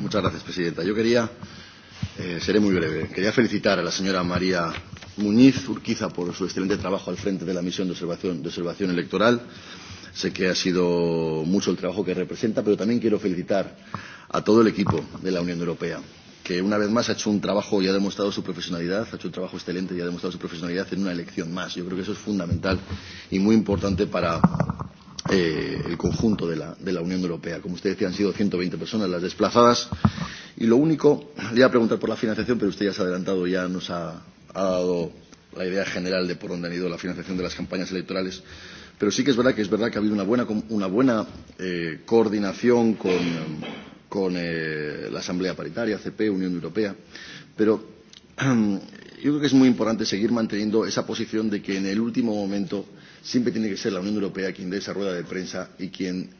Muchas gracias, presidenta. Yo quería, eh, seré muy breve, quería felicitar a la señora María Muñiz Urquiza por su excelente trabajo al frente de la misión de observación, de observación electoral. Sé que ha sido mucho el trabajo que representa, pero también quiero felicitar a todo el equipo de la Unión Europea que una vez más ha hecho un trabajo y ha demostrado su profesionalidad, ha hecho un trabajo excelente y ha demostrado su profesionalidad en una elección más. Yo creo que eso es fundamental y muy importante para eh, el conjunto de la, de la Unión Europea. Como usted decía, han sido 120 personas las desplazadas y lo único, le iba a preguntar por la financiación, pero usted ya se ha adelantado, ya nos ha, ha dado la idea general de por dónde han ido la financiación de las campañas electorales. Pero sí que es verdad que es verdad que ha habido una buena, una buena eh, coordinación con con eh, la Asamblea Paritaria, CP, Unión Europea, pero yo creo que es muy importante seguir manteniendo esa posición de que en el último momento siempre tiene que ser la Unión Europea quien dé esa rueda de prensa y quien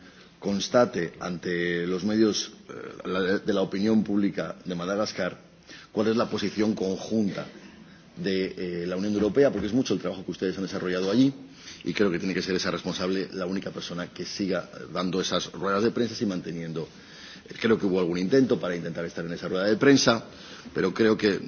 constate ante los medios eh, de la opinión pública de Madagascar cuál es la posición conjunta de eh, la Unión Europea, porque es mucho el trabajo que ustedes han desarrollado allí y creo que tiene que ser esa responsable la única persona que siga dando esas ruedas de prensa y manteniendo Creo que hubo algún intento para intentar estar en esa rueda de prensa, pero creo que eh,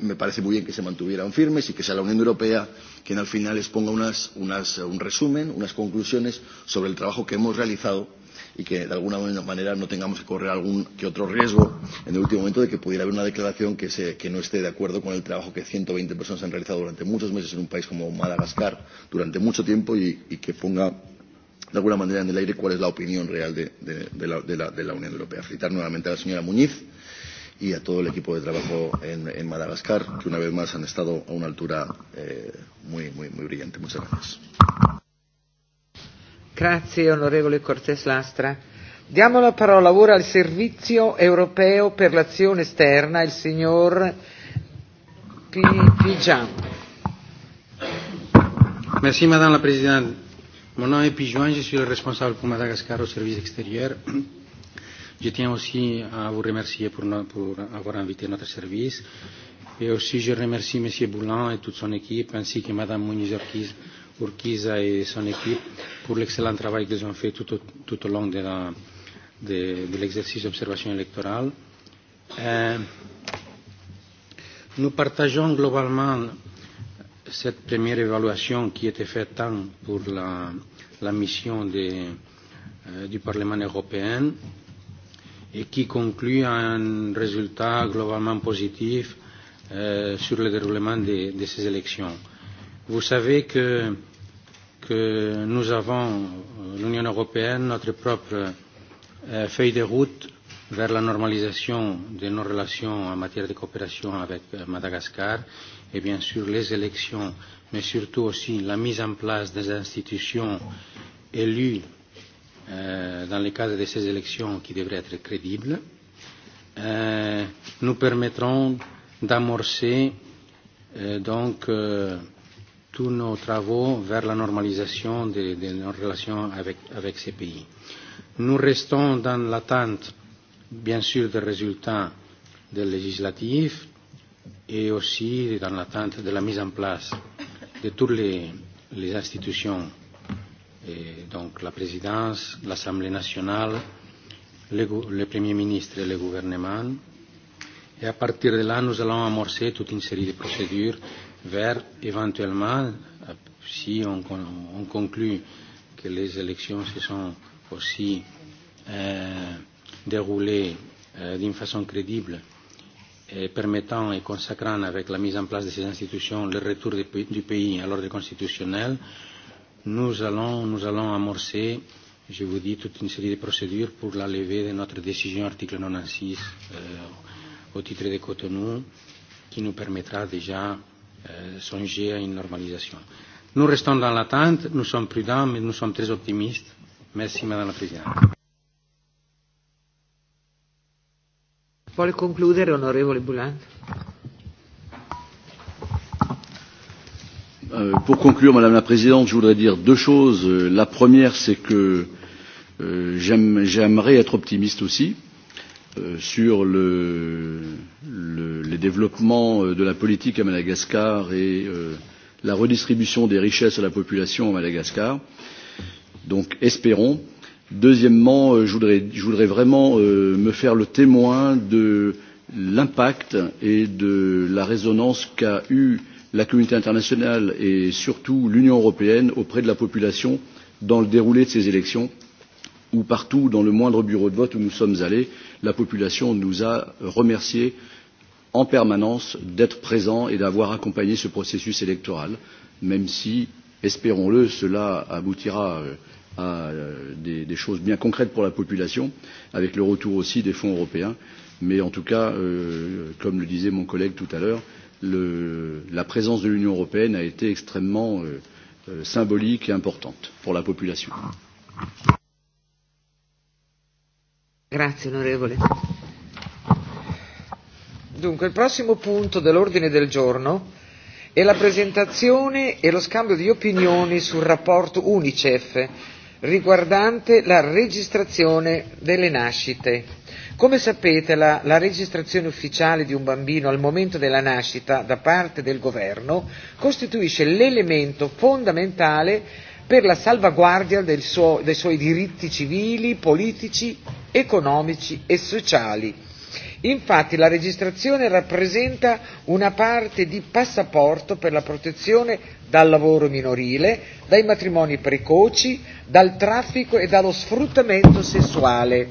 me parece muy bien que se mantuvieran firmes y que sea la Unión Europea quien al final exponga unas, unas, eh, un resumen, unas conclusiones sobre el trabajo que hemos realizado y que de alguna manera no tengamos que correr algún que otro riesgo en el último momento de que pudiera haber una declaración que, se, que no esté de acuerdo con el trabajo que 120 personas han realizado durante muchos meses en un país como Madagascar durante mucho tiempo y, y que ponga de alguna manera en el aire cuál es la opinión real de, de, de, la, de, la, de la Unión Europea. Felicitar nuevamente a la señora Muñiz y a todo el equipo de trabajo en, en Madagascar, que una vez más han estado a una altura eh, muy, muy, muy brillante. Muchas gracias. Grazie onorevole Cortés Lastra. Diamo la parola ora al Servizio europeo per l'azione esterna, il signor Pijan. Merci Madame la Présidente Mon nom est Pijouan, je suis le responsable pour Madagascar au service extérieur. Je tiens aussi à vous remercier pour, no, pour avoir invité notre service. Et aussi, je remercie M. Boulan et toute son équipe, ainsi que Mme Muniz Urquiza et son équipe pour l'excellent travail qu'ils ont fait tout au, tout au long de, l'exercice de, de d'observation électorale. Euh, nous partageons globalement cette première évaluation qui était faite tant pour la, la mission de, euh, du Parlement européen et qui conclut à un résultat globalement positif euh, sur le déroulement de, de ces élections. Vous savez que, que nous avons, euh, l'Union européenne, notre propre euh, feuille de route vers la normalisation de nos relations en matière de coopération avec euh, Madagascar et bien sûr les élections, mais surtout aussi la mise en place des institutions élues euh, dans le cadre de ces élections qui devraient être crédibles, euh, nous permettront d'amorcer euh, donc euh, tous nos travaux vers la normalisation de, de nos relations avec, avec ces pays. Nous restons dans l'attente, bien sûr, des résultats des législatives, et aussi dans l'attente de la mise en place de toutes les, les institutions, et donc la présidence, l'Assemblée nationale, le, le Premier ministre et le gouvernement. Et à partir de là, nous allons amorcer toute une série de procédures vers éventuellement, si on, on conclut que les élections se sont aussi euh, déroulées euh, d'une façon crédible eh, permettant et consacrant avec la mise en place de ces institutions le retour de, du pays à l'ordre constitutionnel, nous allons, nous allons amorcer, je vous dis, toute une série de procédures pour la levée de notre décision article 96 euh, au titre de Cotonou, qui nous permettra déjà euh, songer à une normalisation. Nous restons dans l'attente, nous sommes prudents, mais nous sommes très optimistes. Merci, Madame la Présidente. Vuole concludere, onorevole Bouland? Euh, pour conclure, Madame la Présidente, je voudrais dire deux choses. Euh, la première, c'est que euh, j'aimerais être optimiste aussi euh, sur le, le, les développements euh, de la politique à Madagascar et euh, la redistribution des richesses à la population à Madagascar. Donc espérons Deuxièmement, euh, je voudrais, je voudrais vraiment euh, me faire le témoin de l'impact et de la résonance qu'a eu la communauté internationale et surtout l'Union européenne auprès de la population dans le déroulé de ces élections où partout dans le moindre bureau de vote où nous sommes allés, la population nous a remerciés en permanence d'être présents et d'avoir accompagné ce processus électoral, même si, espérons-le, cela aboutira euh, à euh, des, des choses bien concrètes pour la population, avec le retour aussi des fonds européens. Mais en tout cas, euh, comme le disait mon collègue tout à l'heure, la présence de l'Union européenne a été extrêmement euh, euh, symbolique et importante pour la population. Grazie, onorevole. Dunque, il prossimo punto dell'ordine del giorno è la presentazione e lo scambio di opinioni sul rapporto UNICEF riguardante la registrazione delle nascite. Come sapete la, la registrazione ufficiale di un bambino al momento della nascita da parte del governo costituisce l'elemento fondamentale per la salvaguardia del suo, dei suoi diritti civili, politici, economici e sociali Infatti la registrazione rappresenta una parte di passaporto per la protezione dal lavoro minorile, dai matrimoni precoci, dal traffico e dallo sfruttamento sessuale,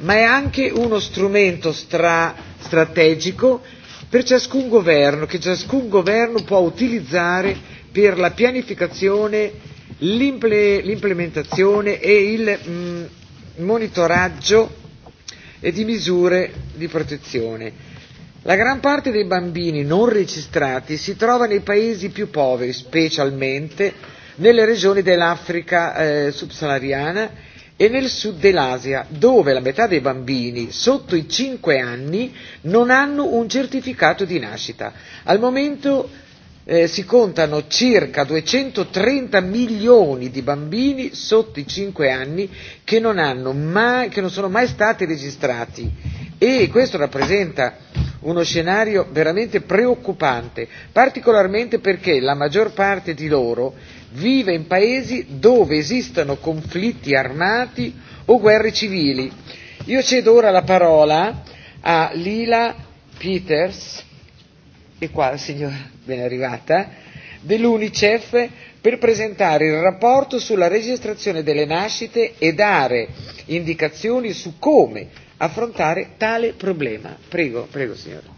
ma è anche uno strumento stra- strategico per ciascun governo, che ciascun governo può utilizzare per la pianificazione, l'imple- l'implementazione e il mh, mm, monitoraggio e di misure di protezione. La gran parte dei bambini non registrati si trova nei paesi più poveri, specialmente nelle regioni dell'Africa eh, subsahariana e nel sud dell'Asia, dove la metà dei bambini sotto i 5 anni non hanno un certificato di nascita. Al momento eh, si contano circa 230 milioni di bambini sotto i 5 anni che non, hanno mai, che non sono mai stati registrati e questo rappresenta uno scenario veramente preoccupante, particolarmente perché la maggior parte di loro vive in paesi dove esistono conflitti armati o guerre civili. Io cedo ora la parola a Lila Peters e qua la signora ben arrivata, dell'Unicef per presentare il rapporto sulla registrazione delle nascite e dare indicazioni su come affrontare tale problema. Prego, prego signora.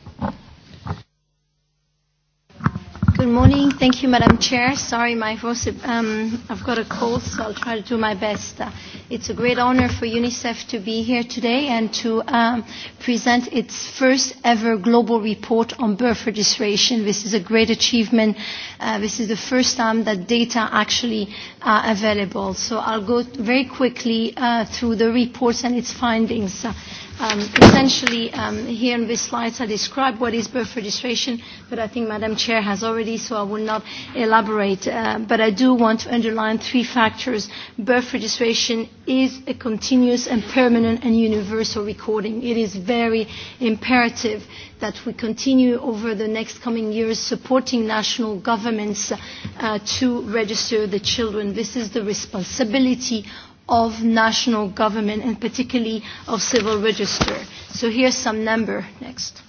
Good morning. Thank you, Madam Chair. Sorry, my voice, um, I've got a cold, so I'll try to do my best. Uh, it's a great honor for UNICEF to be here today and to um, present its first ever global report on birth registration. This is a great achievement. Uh, this is the first time that data actually are available. So I'll go very quickly uh, through the reports and its findings. Uh, Um, essentially, um, here in these slides, I describe what is birth registration, but I think Madam Chair has already, so I will not elaborate. Uh, but I do want to underline three factors. Birth registration is a continuous and permanent and universal recording. It is very imperative that we continue over the next coming years supporting national governments uh, to register the children. This is the responsibility of national government and particularly of civil register. So here's some number next.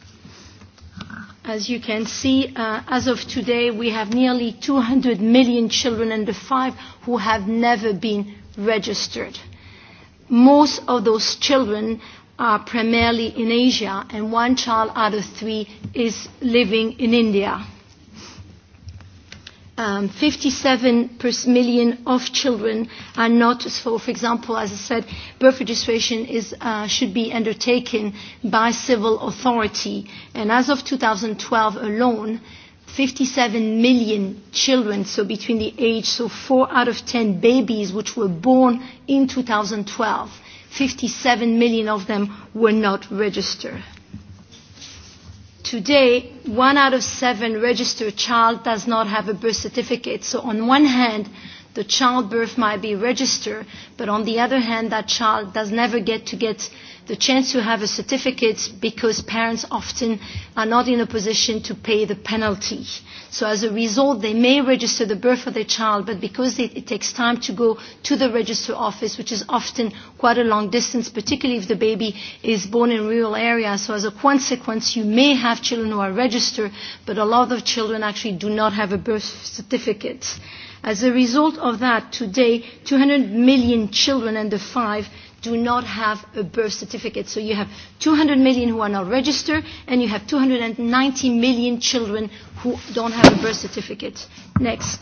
As you can see, uh, as of today, we have nearly 200 million children under five who have never been registered. Most of those children are primarily in Asia, and one child out of three is living in India um, 57 million of children are not, so for example, as I said, birth registration is, uh, should be undertaken by civil authority. And as of 2012 alone, 57 million children, so between the age, so 4 out of 10 babies which were born in 2012, 57 million of them were not registered. Today, one out of seven registered child does not have a birth certificate. So on one hand, the childbirth might be registered, but on the other hand, that child does never get to get the chance to have a certificate because parents often are not in a position to pay the penalty. Uh, So as a result, they may register the birth of their child, but because it, it takes time to go to the register office, which is often quite a long distance, particularly if the baby is born in rural areas. So as a consequence, you may have children who are registered, but a lot of children actually do not have a birth certificate. Uh, As a result of that, today, 200 million children under five do not have a birth certificate. So you have 200 million who are not registered, and you have 290 million children who don't have a birth certificate. Next.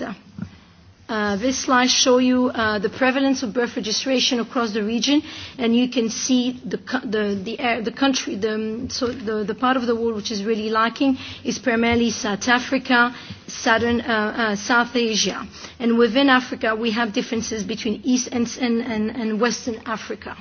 Uh, this slide shows you uh, the prevalence of birth registration across the region, and you can see the, the, the, air, the country, the, um, so the, the part of the world which is really lacking is primarily South Africa, Southern, uh, uh, South Asia. And within Africa, we have differences between East and, and, and, and Western Africa.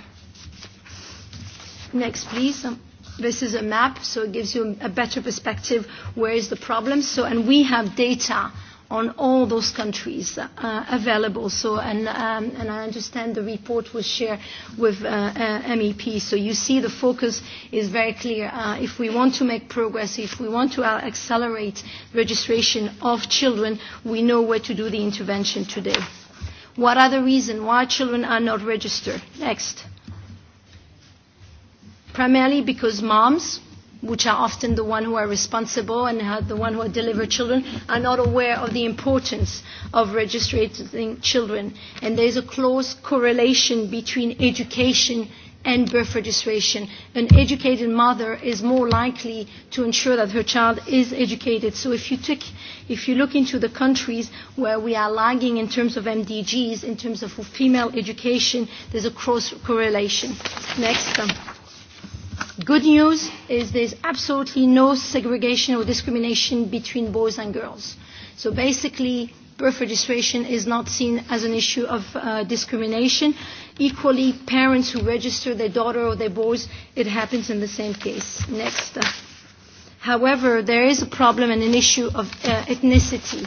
Next, please. Um, this is a map, so it gives you a better perspective where is the problem. So, and we have data on all those countries uh, available. So, and, um, and I understand the report was shared with uh, uh, MEPs. So you see the focus is very clear. Uh, if we want to make progress, if we want to uh, accelerate registration of children, we know where to do the intervention today. What are the reasons why children are not registered? Next. Primarily because moms, which are often the one who are responsible and are the one who deliver children, are not aware of the importance of registering children. And there is a close correlation between education and birth registration. An educated mother is more likely to ensure that her child is educated. So if you, take, if you look into the countries where we are lagging in terms of MDGs, in terms of female education, there's a cross correlation. Next. Um, Good news is there's absolutely no segregation or discrimination between boys and girls. So basically, birth registration is not seen as an issue of uh, discrimination. Equally, parents who register their daughter or their boys, it happens in the same case. Next. Uh, however, there is a problem and an issue of uh, ethnicity.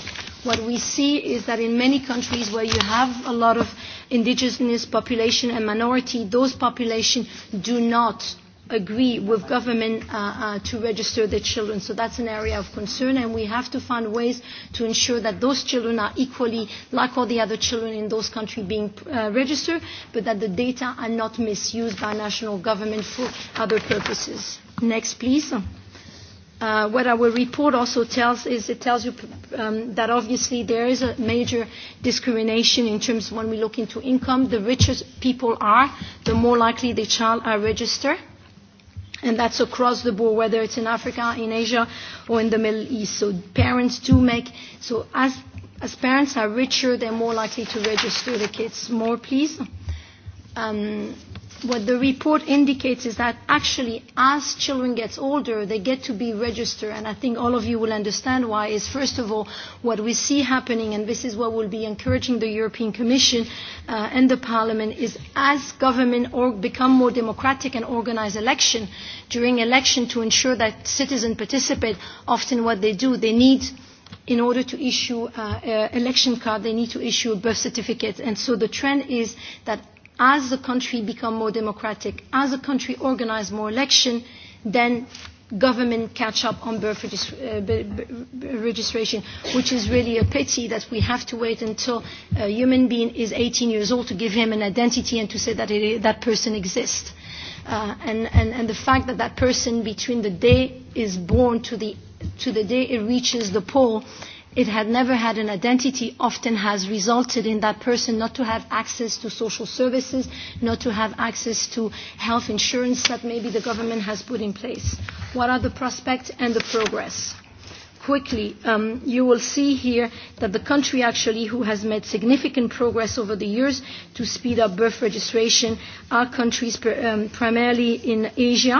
What we see is that in many countries where you have a lot of indigenous population and minority, those population do not agree with government uh, uh, to register their children. So that's an area of concern, and we have to find ways to ensure that those children are equally, like all the other children in those countries, being uh, registered, but that the data are not misused by national government for other purposes. Next, please. Uh, what our report also tells is it tells you um, that obviously there is a major discrimination in terms when we look into income. The richer people are, the more likely the child are registered And that's across the board, whether it's in Africa, in Asia, or in the Middle East. So parents do make, so as, as parents are richer, they're more likely to register the kids. More, please. Um, what the report indicates is that actually as children get older they get to be registered and i think all of you will understand why is first of all what we see happening and this is what will be encouraging the european commission uh, and the parliament is as government or become more democratic and organize election during election to ensure that citizens participate often what they do they need in order to issue an uh, uh, election card, they need to issue a birth certificate. And so the trend is that as the country become more democratic, as the country organize more election, then government catch up on birth uh, registration, which is really a pity that we have to wait until a human being is 18 years old to give him an identity and to say that it, that person exists. Uh, and, and, and the fact that that person between the day is born to the, to the day it reaches the pole it had never had an identity often has resulted in that person not to have access to social services, not to have access to health insurance that maybe the government has put in place. What are the prospects and the progress? Quickly, um, you will see here that the country actually who has made significant progress over the years to speed up birth registration are countries per, um, primarily in Asia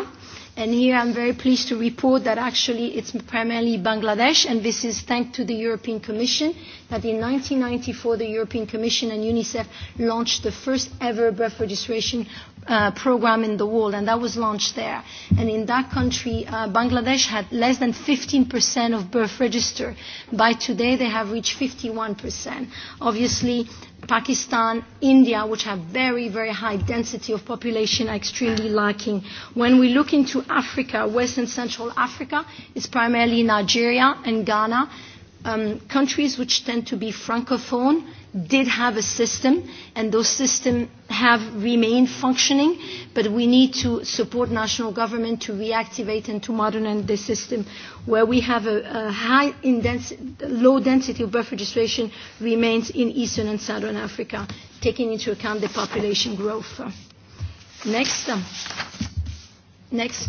And here I'm very pleased to report that actually it's primarily Bangladesh, and this is thanks to the European Commission, that in 1994 the European Commission and UNICEF launched the first ever birth registration Uh, program in the world, and that was launched there. And in that country, uh, Bangladesh had less than 15% of birth register. By today, they have reached 51%. Obviously, Pakistan, India, which have very, very high density of population, are extremely lacking. When we look into Africa, West and Central Africa, it's primarily Nigeria and Ghana, um, countries which tend to be francophone did have a system, and those systems have remained functioning, but we need to support national government to reactivate and to modernize the system where we have a, a high in densi- low density of birth registration remains in Eastern and Southern Africa, taking into account the population growth. Next. Um, next.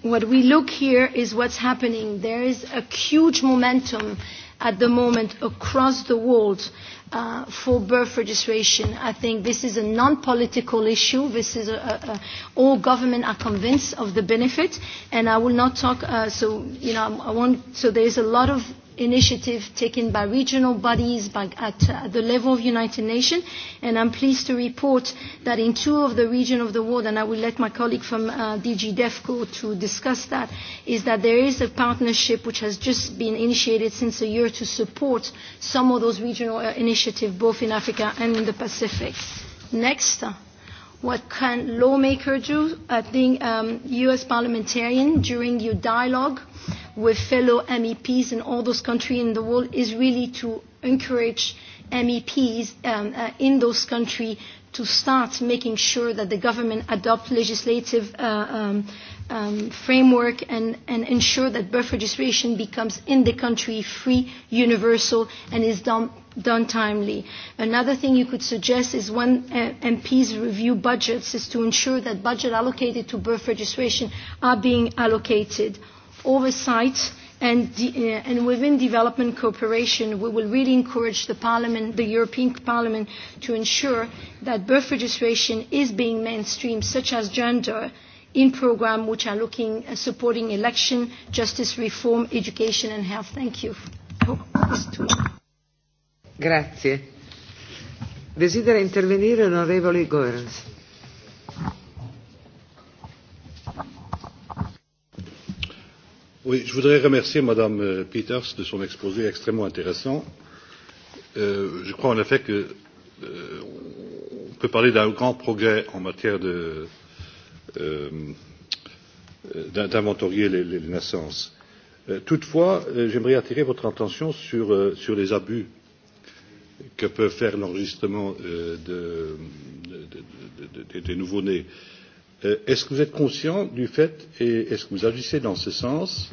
What we look here is what's happening. There is a huge momentum at the moment across the world uh, for birth registration. I think this is a non-political issue. This is a, a, a, all government are convinced of the benefit, and I will not talk. Uh, so you know, I won't. So there is a lot of initiative taken by regional bodies by, at uh, the level of United Nations. And I'm pleased to report that in two of the regions of the world, and I will let my colleague from uh, DG DEFCO to discuss that, is that there is a partnership which has just been initiated since a year to support some of those regional uh, initiatives, both in Africa and in the Pacific. Next. Uh, what can lawmakers do? I think um, U.S. parliamentarian during your dialogue with fellow MEPs in all those countries in the world is really to encourage MEPs um, uh, in those countries to start making sure that the government adopt legislative uh, um, um, framework and, and ensure that birth registration becomes in the country free, universal, and is done, done timely. Another thing you could suggest is when uh, MPs review budgets is to ensure that budget allocated to birth registration are being allocated oversight and, de, uh, and within development cooperation, we will really encourage the Parliament, the European Parliament, to ensure that birth registration is being mainstreamed, such as gender, in programs which are looking at uh, supporting election, justice reform, education and health. Thank you. Grazie. Desidera intervenire l'onorevole Goerns. Oui, je voudrais remercier mme euh, Peters de son exposé extrêmement intéressant. Euh, je crois en effet qu'on euh, peut parler d'un grand progrès en matière de euh, euh d'inventorier les, les naissances. Euh, toutefois, euh, j'aimerais attirer votre attention sur, euh, sur les abus que peut faire l'enregistrement euh, de, de, de, de, de, des de nouveaux nés. Euh, Euh, est ce que vous êtes conscient du fait et est ce que vous agissez dans ce sens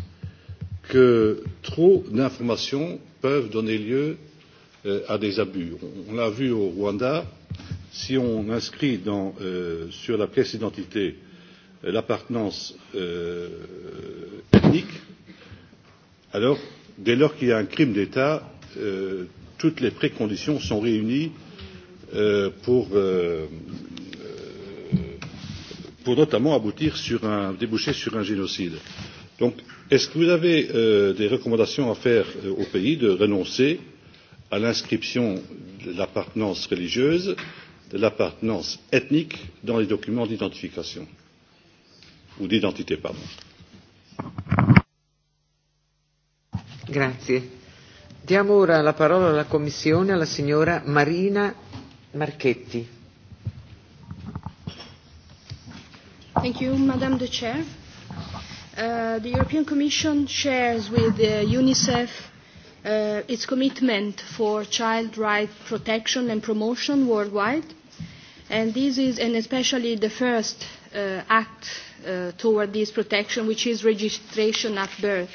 que trop d'informations peuvent donner lieu euh, à des abus? on, l'a vu au rwanda si on inscrit dans, euh, sur la pièce d'identité euh, l'appartenance euh, ethnique alors dès lors qu'il y a un crime d'état euh, toutes les préconditions sont réunies euh, pour euh, pour notamment aboutir sur un, déboucher sur un génocide. Donc, est-ce que vous avez euh, des recommandations à faire euh, au pays de renoncer à l'inscription de l'appartenance religieuse, de l'appartenance ethnique dans les documents d'identification ou d'identité, pardon Grazie. Diamo ora la parola alla Commissione alla signora Marina Marchetti. Thank you, Madam the Chair. Uh, the European Commission shares with uh, UNICEF uh, its commitment for child rights protection and promotion worldwide. And this is, and especially the first uh, act uh, toward this protection, which is registration at birth.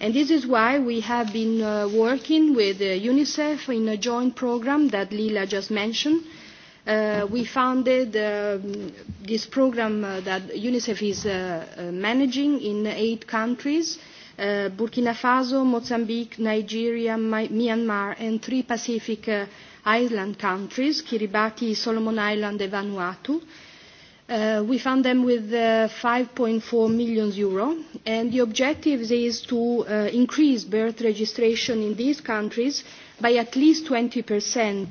And this is why we have been uh, working with uh, UNICEF in a joint program that Lila just mentioned, uh, Uh, we founded uh, this program uh, that UNICEF is uh, uh, managing in eight countries, uh, Burkina Faso, Mozambique, Nigeria, My Myanmar, and three Pacific uh, island countries, Kiribati, Solomon Island, and Vanuatu. Uh, we fund them with uh, 5.4 million euro, and the objective is to uh, increase birth registration in these countries by at least 20 percent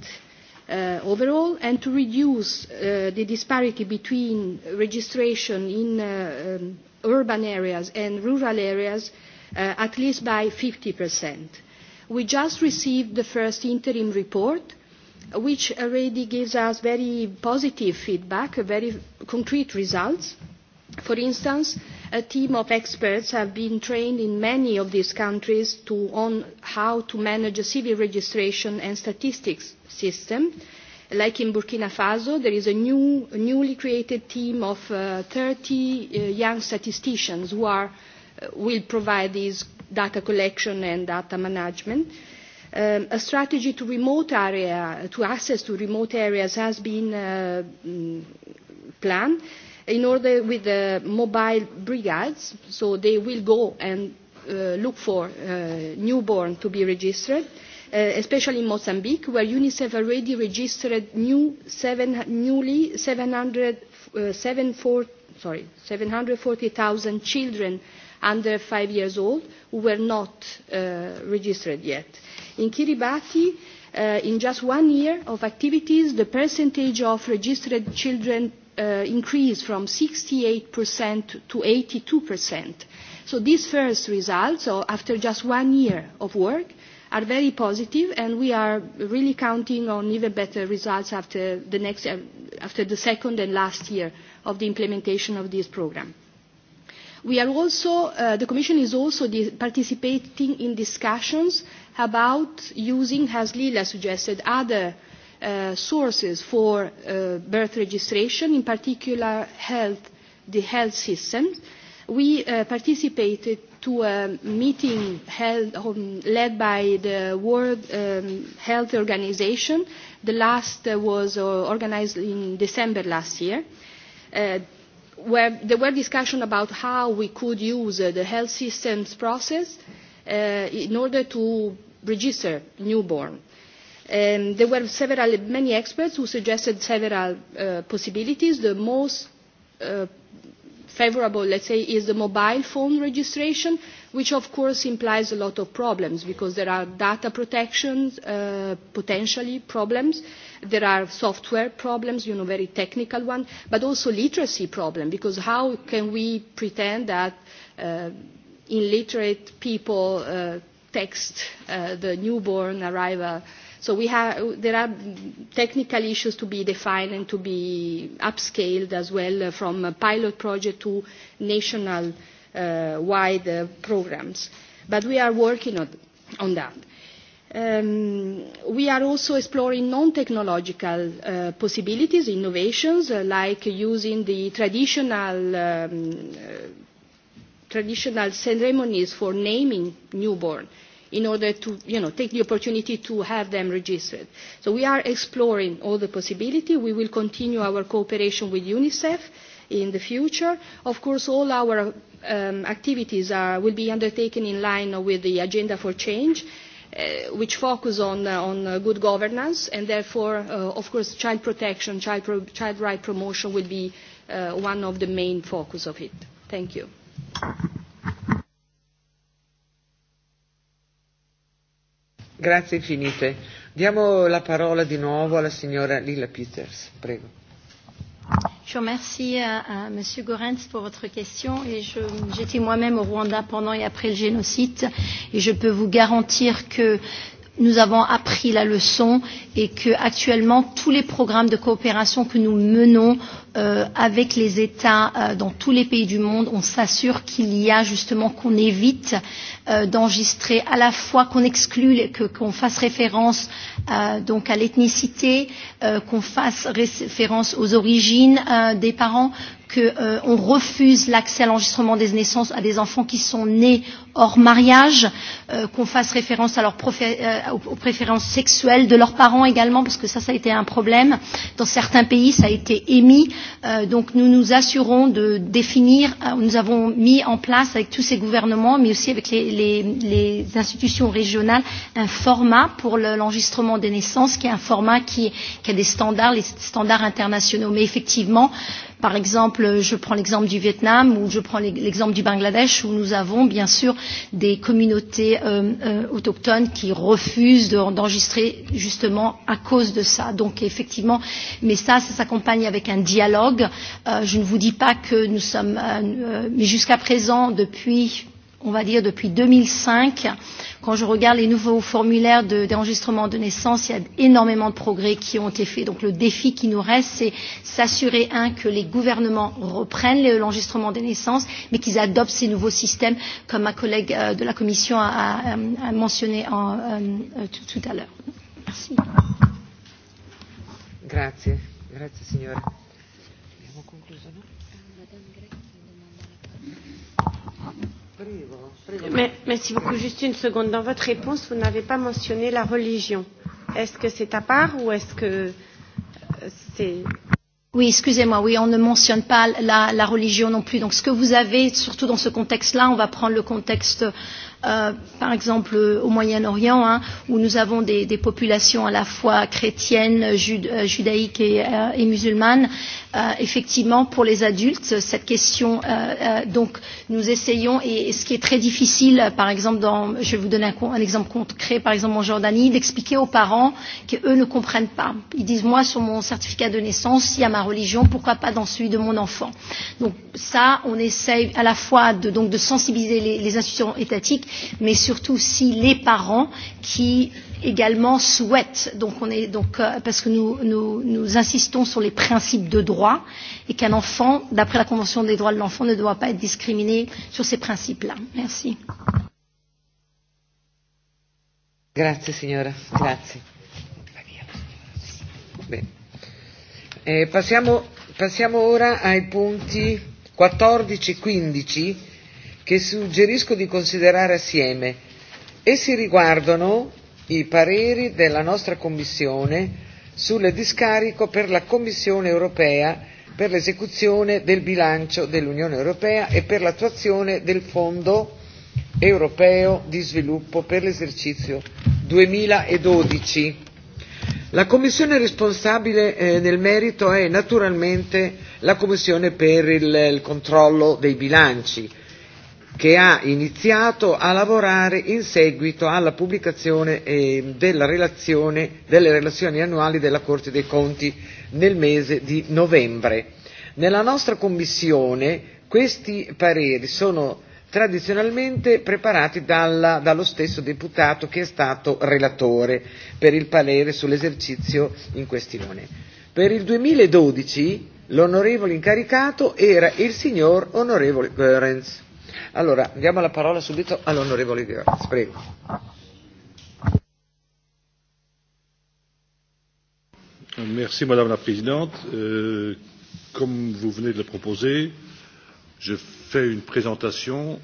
uh, overall and to reduce uh, the disparity between registration in uh, um, urban areas and rural areas uh, at least by 50%. We just received the first interim report which already gives us very positive feedback, very concrete results. For instance, a team of experts have been trained in many of these countries to, on how to manage a civil registration and statistics system. Like in Burkina Faso, there is a new, a newly created team of uh, 30 uh, young statisticians who are, uh, will provide this data collection and data management. Um, a strategy to remote area, to access to remote areas has been uh, mm, planned in order with the mobile brigades, so they will go and uh, look for uh, newborn to be registered, uh, especially in Mozambique, where UNICEF already registered new seven, newly 700, uh, 740, 740,000 children under five years old who were not uh, registered yet. In Kiribati, uh, in just one year of activities, the percentage of registered children uh, increase from 68% to 82%. So these first results, so after just one year of work, are very positive, and we are really counting on even better results after the, next, uh, after the second and last year of the implementation of this program. We are also, uh, the Commission is also participating in discussions about using, as Lila suggested, other uh, Uh, sources for uh, birth registration, in particular health, the health systems. We uh, participated to a meeting held, um, led by the World um, Health Organization. The last uh, was uh, organized in December last year. Uh, where there were discussions about how we could use uh, the health systems process uh, in order to register newborn. Um, there were several, many experts who suggested several uh, possibilities. The most uh, favorable, let's say, is the mobile phone registration, which of course implies a lot of problems because there are data protection, uh, potentially problems, there are software problems, you know, very technical ones, but also literacy problem because how can we pretend that uh, illiterate people uh, text uh, the newborn arrival uh, So we have, there are technical issues to be defined and to be upscaled as well uh, from a pilot project to national uh, wide uh, programs. But we are working on, on that. Um, we are also exploring non-technological uh, possibilities, innovations, uh, like using the traditional, um, uh, traditional ceremonies for naming newborn in order to you know, take the opportunity to have them registered. So we are exploring all the possibility. We will continue our cooperation with UNICEF in the future. Of course, all our um, activities are, will be undertaken in line with the Agenda for Change, uh, which focus on, uh, on uh, good governance, and therefore, uh, of course, child protection, child, pro child right promotion will be uh, one of the main focus of it. Thank you. Grazie infinite. Diamo la parola di nuovo alla signora Lila Peters. Prego. Je remercie à, euh, à Monsieur Gorenz pour votre question et j'étais moi-même au Rwanda pendant et après le génocide et je peux vous garantir que nous avons appris la leçon et que actuellement tous les programmes de coopération que nous menons euh, avec les États euh, dans tous les pays du monde, on s'assure qu'il y a justement qu'on évite euh, d'enregistrer à la fois qu'on exclue, que qu'on fasse référence euh, donc à l'ethnicité, euh, qu'on fasse référence aux origines euh, des parents, qu'on euh, refuse l'accès à l'enregistrement des naissances à des enfants qui sont nés hors mariage, euh, qu'on fasse référence à leur préfé euh, aux préférences sexuelles de leurs parents également, parce que ça, ça a été un problème. Dans certains pays, ça a été émis. Euh, donc nous nous assurons de définir, euh, nous avons mis en place avec tous ces gouvernements, mais aussi avec les, les, les institutions régionales, un format pour l'enregistrement le, des naissances, qui est un format qui, qui a des standards, les standards internationaux. Mais effectivement, euh, Par exemple, je prends l'exemple du Vietnam ou je prends l'exemple du Bangladesh où nous avons bien sûr des communautés euh, euh, autochtones qui refusent d'enregistrer justement à cause de ça. Donc effectivement, mais ça, ça s'accompagne avec un dialogue. Euh, je ne vous dis pas que nous sommes, euh, mais jusqu'à présent, depuis on va dire depuis 2005. Quand je regarde les nouveaux formulaires d'enregistrement de, de naissance, il y a énormément de progrès qui ont été faits. Donc le défi qui nous reste, c'est s'assurer, un, que les gouvernements reprennent l'enregistrement des naissances, mais qu'ils adoptent ces nouveaux systèmes, comme ma collègue euh, de la Commission a, a, a mentionné en, euh, tout, tout à l'heure. Merci. Grazie. Grazie, signora. Merci beaucoup. Juste une seconde. Dans votre réponse, vous n'avez pas mentionné la religion. Est-ce que c'est à part ou est-ce que euh, c'est... Oui, excusez-moi, oui, on ne mentionne pas la, la religion non plus. Donc ce que vous avez, surtout dans ce contexte-là, on va prendre le contexte, euh, par exemple, au Moyen-Orient, hein, où nous avons des, des populations à la fois chrétiennes, jud, euh, judaïques et, euh, et musulmanes, euh, effectivement pour les adultes cette question euh, euh, donc nous essayons et, et ce qui est très difficile euh, par exemple dans je vais vous donner un, un exemple concret par exemple en Jordanie d'expliquer aux parents qu'eux ne comprennent pas ils disent moi sur mon certificat de naissance il y a ma religion pourquoi pas dans celui de mon enfant donc ça on essaye à la fois de donc de sensibiliser les, les institutions étatiques mais surtout aussi les parents qui également souhaite, donc on est, donc, euh, parce que nous, nous, nous insistons sur les principes de droit et qu'un enfant, d'après la Convention des droits de l'enfant, ne doit pas être discriminé sur ces principes-là. Merci. Grazie signora, grazie. Bene. Eh, passiamo, passiamo ora ai punti 14 e 15 che suggerisco di considerare assieme. Essi riguardano i pareri della nostra Commissione sul discarico per la Commissione europea per l'esecuzione del bilancio dell'Unione europea e per l'attuazione del Fondo europeo di sviluppo per l'esercizio 2012. La commissione responsabile eh, nel merito è naturalmente la commissione per il, il controllo dei bilanci che ha iniziato a lavorare in seguito alla pubblicazione eh, della relazione, delle relazioni annuali della Corte dei Conti nel mese di novembre. Nella nostra Commissione questi pareri sono tradizionalmente preparati dalla, dallo stesso deputato che è stato relatore per il parere sull'esercizio in questione. Per il 2012 l'onorevole incaricato era il signor onorevole Goerens Allora, diamo la parola subito all'onorevole Gheorghe. Prego. Merci, Madame la Présidente. Euh, comme vous venez de le proposer, je fais une présentation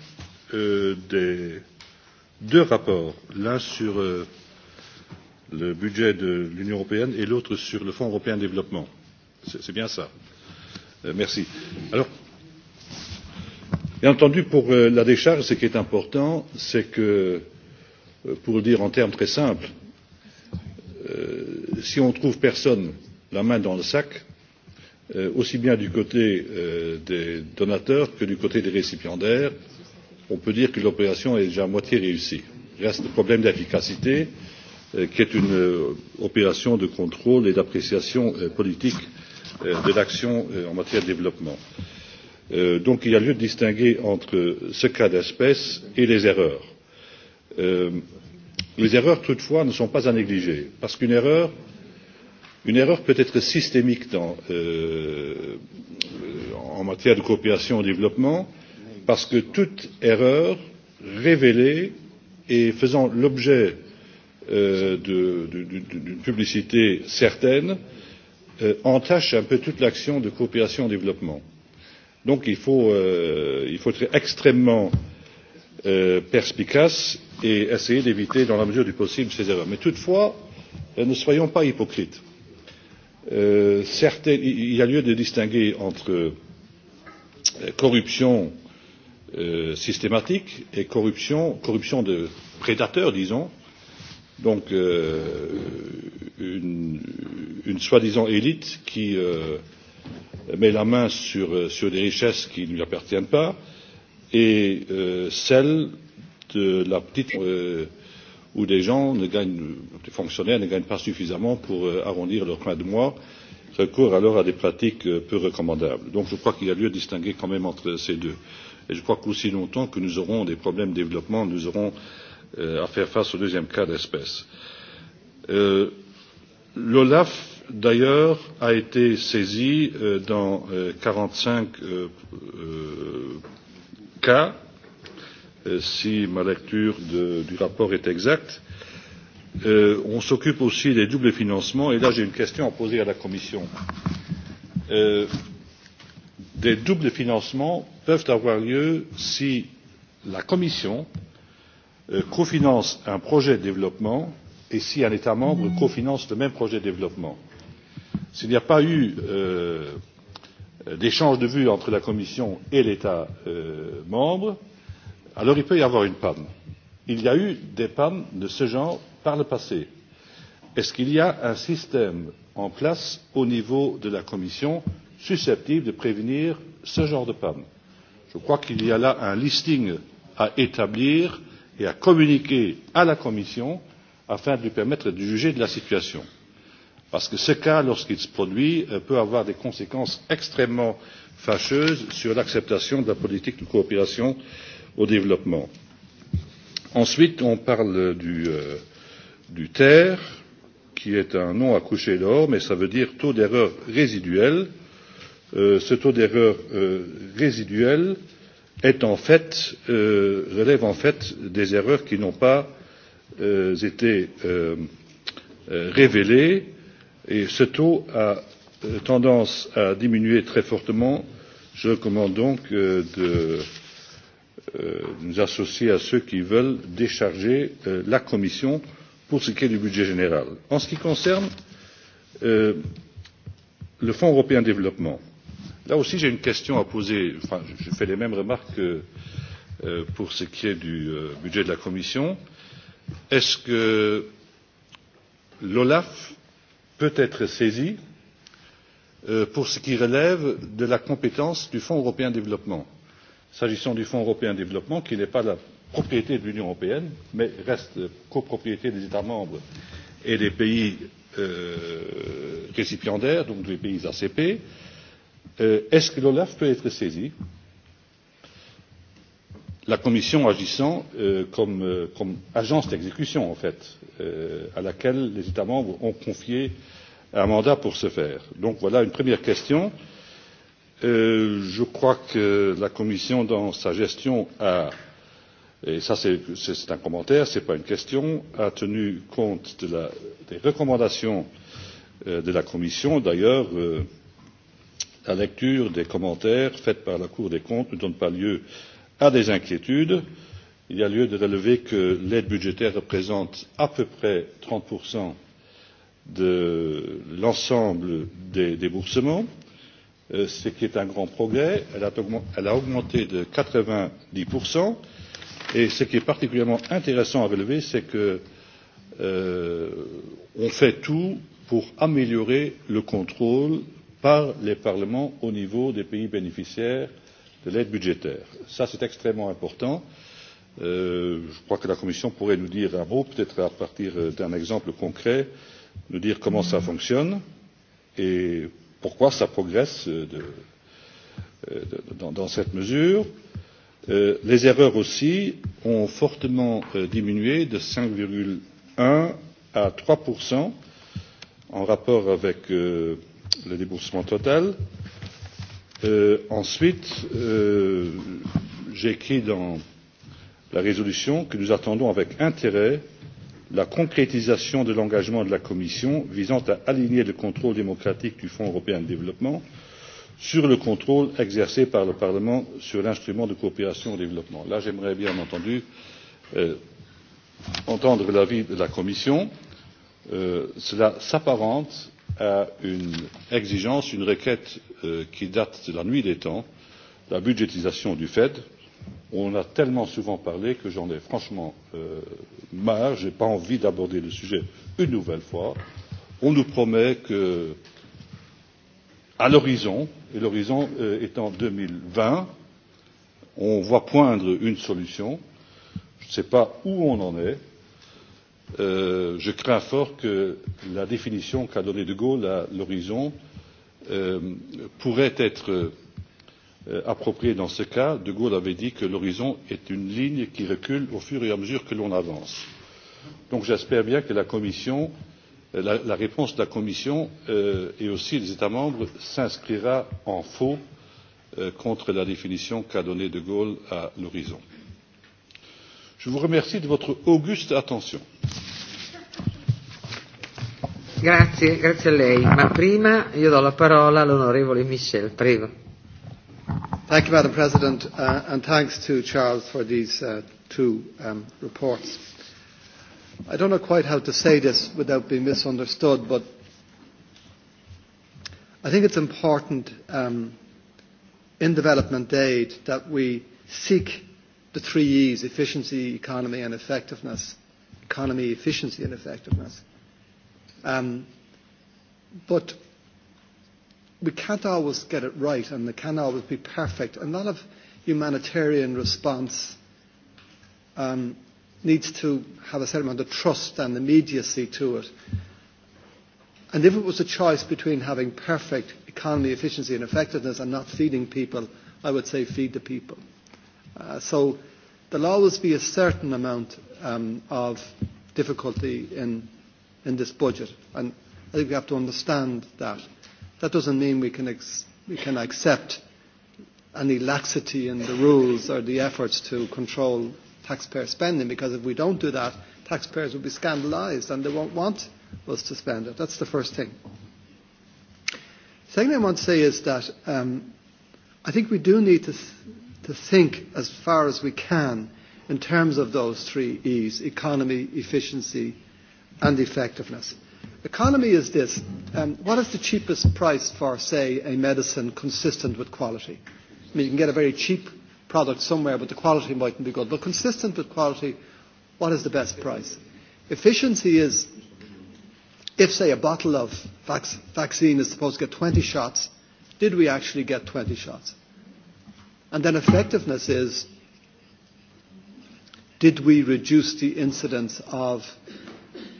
euh, des deux rapports, l'un sur euh, le budget de l'Union européenne et l'autre sur le Fonds européen de développement. C'est bien ça. Euh, merci. Alors, bien entendu pour euh, la décharge ce qui est important c'est que euh, pour le dire en termes très simples euh, si on ne trouve personne la main dans le sac aussi bien du côté des donateurs que du côté des récipiendaires on peut dire que l'opération est déjà à moitié réussie. Il reste le problème d'efficacité qui est une opération de contrôle et d'appréciation politique de l'action en matière de développement. Euh, donc il y a lieu de distinguer entre ce cas d'espèce et les erreurs. Euh, les erreurs toutefois ne sont pas à négliger parce qu'une erreur, une erreur peut être systémique dans, euh, en matière de coopération au développement parce que toute erreur révélée et faisant l'objet euh, d'une publicité certaine euh, entache un peu toute l'action de coopération au développement donc il faut, euh, il faut être extrêmement euh, perspicace et essayer d'éviter dans la mesure du possible ces erreurs. mais toutefois euh, ne soyons pas hypocrites. Euh, certaines, il y a lieu de distinguer entre euh, corruption euh, systématique et corruption, corruption de prédateurs, disons, donc euh, une, une soi-disant élite qui euh, met la main euh, sur, des richesses qui ne lui appartiennent pas et euh, celle de la petite euh, où des gens ne gagnent, des fonctionnaires ne gagnent pas suffisamment pour euh, arrondir leur fin de mois, recourent alors à des pratiques peu recommandables. Donc je crois qu'il y a lieu de distinguer quand même entre ces deux. Et je crois qu'aussi longtemps que nous aurons des problèmes de développement, nous aurons euh, à faire face au deuxième cas d'espèce. Euh, L'OLAF d'ailleurs a été saisi euh, dans euh, quarante cinq euh, cas si ma lecture du rapport est exacte. on s'occupe aussi des doubles financements et là j'ai une question à poser à la commission. des doubles financements peuvent avoir lieu si la commission cofinance un projet de développement et si un état membre cofinance le même projet de développement s'il n'y a pas eu euh, d'échange de vues entre la commission et l'état euh, membre alors il peut y avoir une panne. il y a eu des pannes de ce genre par le passé. est ce qu'il y a un système en place au niveau de la commission susceptible de prévenir ce genre de panne? je crois qu'il y a là un listing à établir et à communiquer à la commission afin de lui permettre de juger de la situation parce que ce cas lorsqu'il se produit euh, peut avoir des conséquences extrêmement fâcheuses sur l'acceptation de la politique de coopération au développement. ensuite on parle du, euh, ter qui est un nom à coucher dehors mais cela veut dire taux d'erreur résiduel. Euh, ce taux d'erreur résiduel est en fait, relève en fait des erreurs qui n'ont pas été révélées et ce taux a euh, tendance à diminuer très fortement je recommande donc euh, de euh, nous associer à ceux qui veulent décharger la commission pour ce qui est du budget général. en ce qui concerne le fonds européen de développement là aussi j'ai une question à poser enfin je fais les mêmes remarques que pour ce qui est du budget de la commission est ce que l'olaf peut être saisie euh, pour ce qui relève de la compétence du fonds européen de développement s'agissant du fonds européen de développement qui n'est pas la propriété de l'union européenne mais reste copropriété des états membres et des pays euh, récipiendaires donc des pays acp euh, est ce que l'olaf peut être saisi? la commission agissant euh, euh, comme, agence d'exécution en fait euh, à laquelle les états membres ont confié un mandat pour ce faire. donc voilà une première question. je crois que la commission dans sa gestion a et ça c'est un commentaire ce n'est pas une question a tenu compte de la, des recommandations de la commission. d'ailleurs la lecture des commentaires faits par la cour des comptes ne donne pas lieu à des inquiétudes il y a lieu de relever que l'aide budgétaire représente à peu près trente de l'ensemble des déboursements euh, ce qui est un grand progrès elle a augmenté de quatre vingt dix et ce qui est particulièrement intéressant à relever c'est que euh, on fait tout pour améliorer le contrôle par les parlements au niveau des pays bénéficiaires de l'aide budgétaire. c'est extrêmement important. Euh, je crois que la Commission pourrait nous dire un mot, peut-être à partir euh, d'un exemple concret, nous dire comment cela fonctionne et pourquoi cela progresse euh, dans, cette mesure. les erreurs aussi ont fortement diminué de cinq un à trois en rapport avec le déboursement total. Euh, ensuite, euh, j'écris dans la résolution que nous attendons avec intérêt la concrétisation de l'engagement de la Commission visant à aligner le contrôle démocratique du Fonds européen de développement sur le contrôle exercé par le Parlement sur l'instrument de coopération au développement. Là, j'aimerais bien entendu euh, entendre l'avis de la Commission. Euh, cela s'apparente à une exigence une requête euh, qui date de la nuit des temps la budgétisation du fed. on en a tellement souvent parlé que j'en ai franchement euh, marre je n'ai pas envie d'aborder le sujet une nouvelle fois. on nous promet que à l'horizon et l'horizon étant euh, deux mille vingt on voit poindre une solution. je ne sais pas où on en est Euh, je crains fort que la définition qu'a donnée de Gaulle à l'horizon euh, pourrait être euh, appropriée dans ce cas. De Gaulle avait dit que l'horizon est une ligne qui recule au fur et à mesure que l'on avance. Donc j'espère bien que la réponse de la Commission et aussi des États membres s'inscrira en faux contre la définition qu'a donnée de Gaulle à l'horizon je vous remercie de votre auguste attention. Grazie, grazie a lei. Ma prima io do la parola all'onorevole Michel, prego. Thank you, Madam President, uh, and thanks to Charles for these uh, two um, reports. I don't know quite how to say this without being misunderstood, but I think it's important um, in development aid that we seek the three E's, efficiency, economy and effectiveness, economy, efficiency and effectiveness. Um, but we can't always get it right and it can't always be perfect. And a lot of humanitarian response um, needs to have a certain amount of trust and immediacy to it. And if it was a choice between having perfect economy, efficiency and effectiveness and not feeding people, I would say feed the people. Uh, so there'll always be a certain amount um, of difficulty in, in this budget, and I think we have to understand that. That doesn't mean we can, ex- we can accept any laxity in the rules or the efforts to control taxpayer spending, because if we don't do that, taxpayers will be scandalised and they won't want us to spend it. That's the first thing. Second thing I want to say is that um, I think we do need to to think as far as we can in terms of those three E's economy, efficiency, and effectiveness. Economy is this um, what is the cheapest price for, say, a medicine consistent with quality? I mean, you can get a very cheap product somewhere, but the quality mightn't be good. But consistent with quality, what is the best price? Efficiency is if, say, a bottle of vac- vaccine is supposed to get 20 shots, did we actually get 20 shots? And then effectiveness is did we reduce the incidence of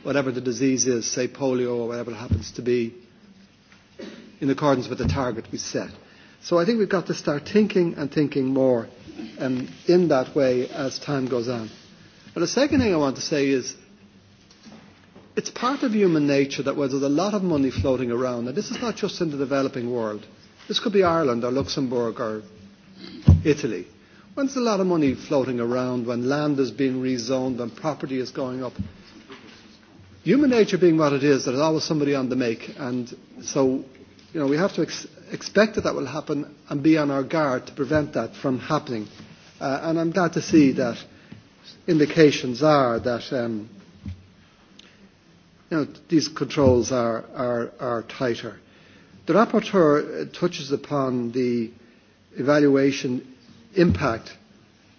whatever the disease is, say polio or whatever it happens to be, in accordance with the target we set? So I think we've got to start thinking and thinking more um, in that way as time goes on. But the second thing I want to say is it's part of human nature that where there's a lot of money floating around, and this is not just in the developing world, this could be Ireland or Luxembourg or Italy. When's a lot of money floating around when land is being rezoned, when property is going up? Human nature being what it is, there's always somebody on the make. And so, you know, we have to ex- expect that that will happen and be on our guard to prevent that from happening. Uh, and I'm glad to see that indications are that um, you know, these controls are, are, are tighter. The rapporteur touches upon the evaluation, impact,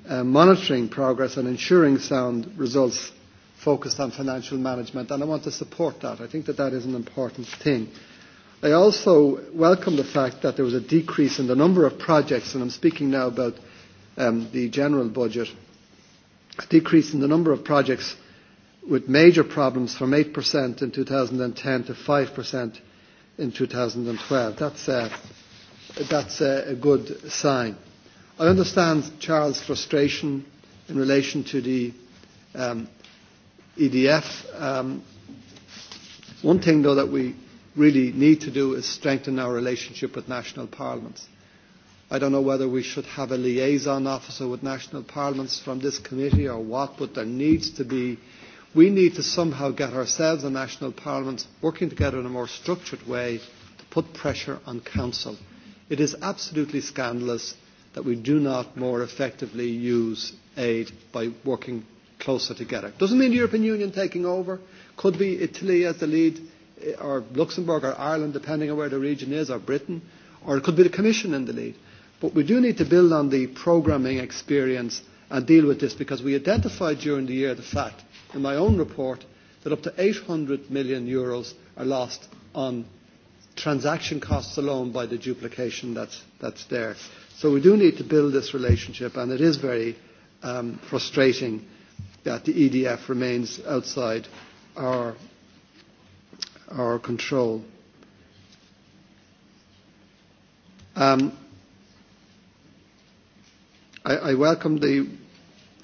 uh, monitoring progress and ensuring sound results focused on financial management. And I want to support that. I think that that is an important thing. I also welcome the fact that there was a decrease in the number of projects, and I'm speaking now about um, the general budget, a decrease in the number of projects with major problems from 8% in 2010 to 5% in 2012. That's uh, that's a, a good sign. I understand Charles' frustration in relation to the um, EDF. Um, one thing, though, that we really need to do is strengthen our relationship with national parliaments. I don't know whether we should have a liaison officer with national parliaments from this committee or what, but there needs to be, we need to somehow get ourselves and national parliaments working together in a more structured way to put pressure on council It is absolutely scandalous that we do not more effectively use aid by working closer together. Doesn't mean the European Union taking over. Could be Italy as the lead, eh, or Luxembourg or Ireland, depending on where the region is, or Britain, or it could be the Commission in the lead. But we do need to build on the programming experience and deal with this because we identified during the year the fact in my own report that up to 800 million euros are lost on transaction costs alone by the duplication that's, that's there. So we do need to build this relationship, and it is very um, frustrating that the EDF remains outside our, our control. Um, I, I welcome the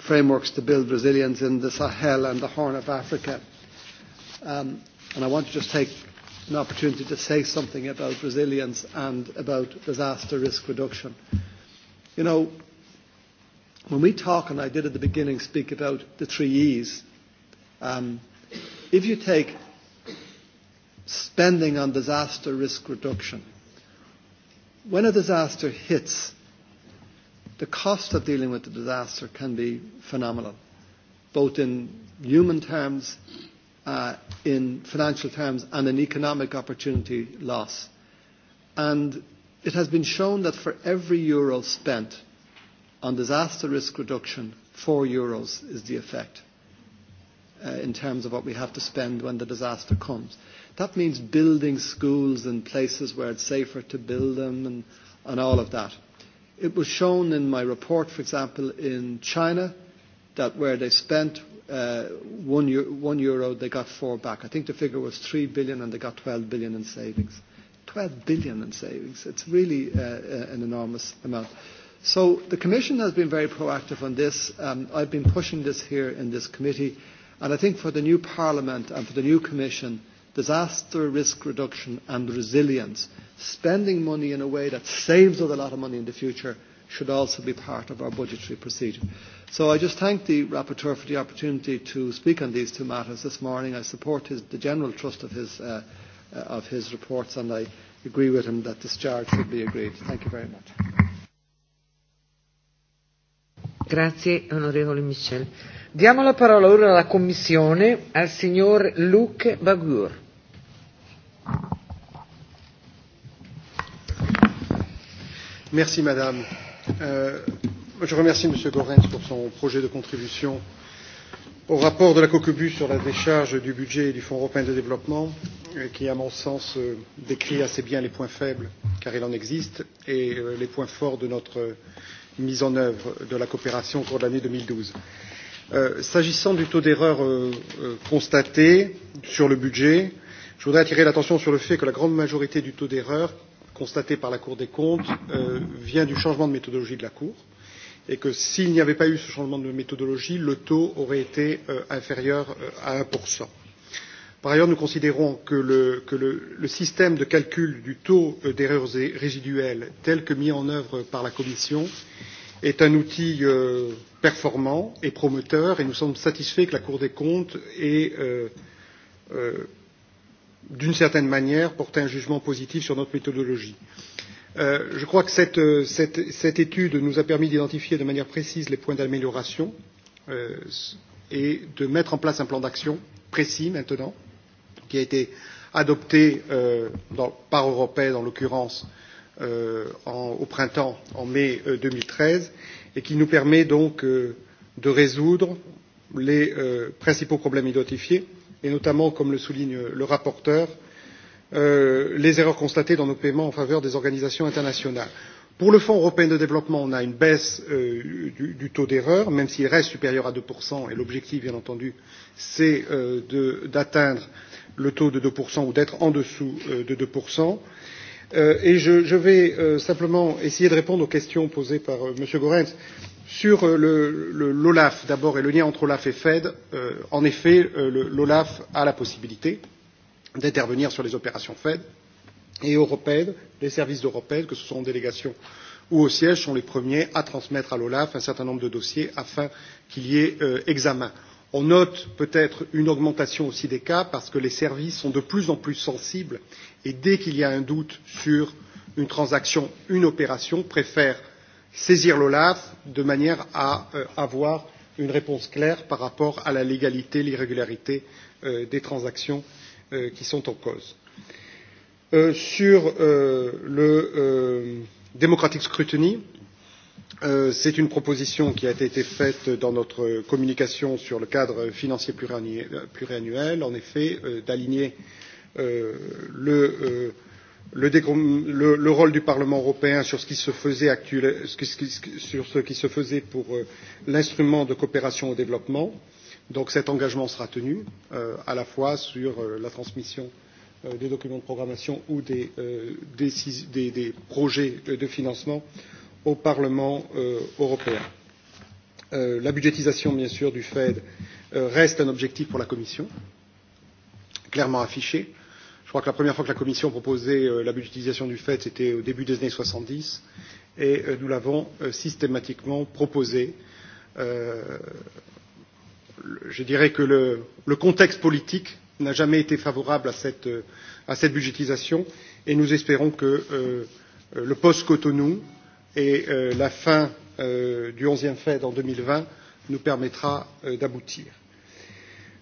frameworks to build resilience in the Sahel and the Horn of Africa. Um, and I want to just take an opportunity to say something about resilience and about disaster risk reduction. You know, when we talk, and I did at the beginning speak about the three E's, um, if you take spending on disaster risk reduction, when a disaster hits, the cost of dealing with the disaster can be phenomenal, both in human terms uh, in financial terms and an economic opportunity loss. And it has been shown that for every euro spent on disaster risk reduction, four euros is the effect uh, in terms of what we have to spend when the disaster comes. That means building schools in places where it's safer to build them and, and all of that. It was shown in my report, for example, in China, that where they spent uh, one, euro, one euro, they got four back. I think the figure was three billion and they got 12 billion in savings. 12 billion in savings. It's really uh, uh, an enormous amount. So the Commission has been very proactive on this. Um, I've been pushing this here in this committee. And I think for the new Parliament and for the new Commission, disaster risk reduction and resilience, spending money in a way that saves us a lot of money in the future – should also be part of our budgetary procedure. So I just thank the rapporteur for the opportunity to speak on these two matters this morning. I support his, the general trust of his, uh, uh of his reports and I agree with him that this charge should be agreed. Thank you very much. Grazie onorevole Michel. Diamo la parola ora alla Commissione al signor Luc Bagur. Merci madame Euh, je remercie M. goerens pour son projet de contribution au rapport de la cocobu sur la décharge du budget du Fonds européen de développement, euh, qui, à mon sens, euh, décrit assez bien les points faibles, car il en existe, et les points forts de notre mise en œuvre de la coopération au cours de l'année deux mille douze. S'agissant du taux d'erreur constaté sur le budget, je voudrais attirer l'attention sur le fait que la grande majorité du taux d'erreur constatée par la Cour des comptes euh, vient du changement de méthodologie de la Cour et que s'il n'y avait pas eu ce changement de méthodologie, le taux aurait été euh, inférieur euh, à 1%. Par ailleurs, nous considérons que le, que le, le système de calcul du taux euh, d'erreurs résiduelles tel que mis en œuvre par la Commission est un outil euh, performant et prometteur et nous sommes satisfaits que la Cour des comptes ait euh, euh, d'une certaine manière, porter un jugement positif sur notre méthodologie. Euh, je crois que cette, euh, cette, cette étude nous a permis d'identifier de manière précise les points d'amélioration euh, et de mettre en place un plan d'action précis maintenant, qui a été adopté euh, dans, par Europède en l'occurrence euh, en, au printemps, en mai euh, 2013, et qui nous permet donc euh, de résoudre les euh, principaux problèmes identifiés, euh, et notamment, comme le souligne le rapporteur, euh, les erreurs constatées dans nos paiements en faveur des organisations internationales. Pour le Fonds européen de développement, on a une baisse euh, du, taux d'erreur, même s'il reste supérieur à deux et l'objectif, bien entendu, c'est euh, d'atteindre le taux de deux ou d'être en dessous de deux et je, vais simplement essayer de répondre aux questions posées par M. goerens. Sur l'OLAF euh, le, le, d'abord et le lien entre OLAF et Fed, euh, en effet, euh, l'OLAF a la possibilité d'intervenir sur les opérations Fed et Europed, Les services d'Europed, que ce soit en délégation ou au siège, sont les premiers à transmettre à l'OLAF un certain nombre de dossiers afin qu'il y ait euh, examen. On note peut-être une augmentation aussi des cas parce que les services sont de plus en plus sensibles et dès qu'il y a un doute sur une transaction, une opération, préfèrent saisir l'OLAF de manière à euh, avoir une réponse claire par rapport à la légalité, l'irrégularité euh, des transactions euh, qui sont en cause. Euh, sur euh, le euh, Democratic Scrutiny, euh, c'est une proposition qui a été faite dans notre communication sur le cadre financier pluriannuel, euh, pluriannuel en effet, euh, d'aligner euh, le euh, le, le, le rôle du Parlement européen sur ce qui se faisait, actuel, sur ce qui se faisait pour euh, l'instrument de coopération au développement. Donc cet engagement sera tenu euh, à la fois sur euh, la transmission euh, des documents de programmation ou des, euh, des, des, des projets de financement au Parlement euh, européen. Euh, la budgétisation, bien sûr, du Fed euh, reste un objectif pour la Commission, clairement affiché. Euh, crois que la première fois que la Commission proposait euh, la budgétisation du FED, c'était au début des années 70, et euh, nous l'avons euh, systématiquement proposé. Euh, je dirais que le, le contexte politique n'a jamais été favorable à cette, à cette budgétisation et nous espérons que euh, le post-Cotonou et euh, la fin euh, du 11e Fed en 2020 nous permettra euh, d'aboutir.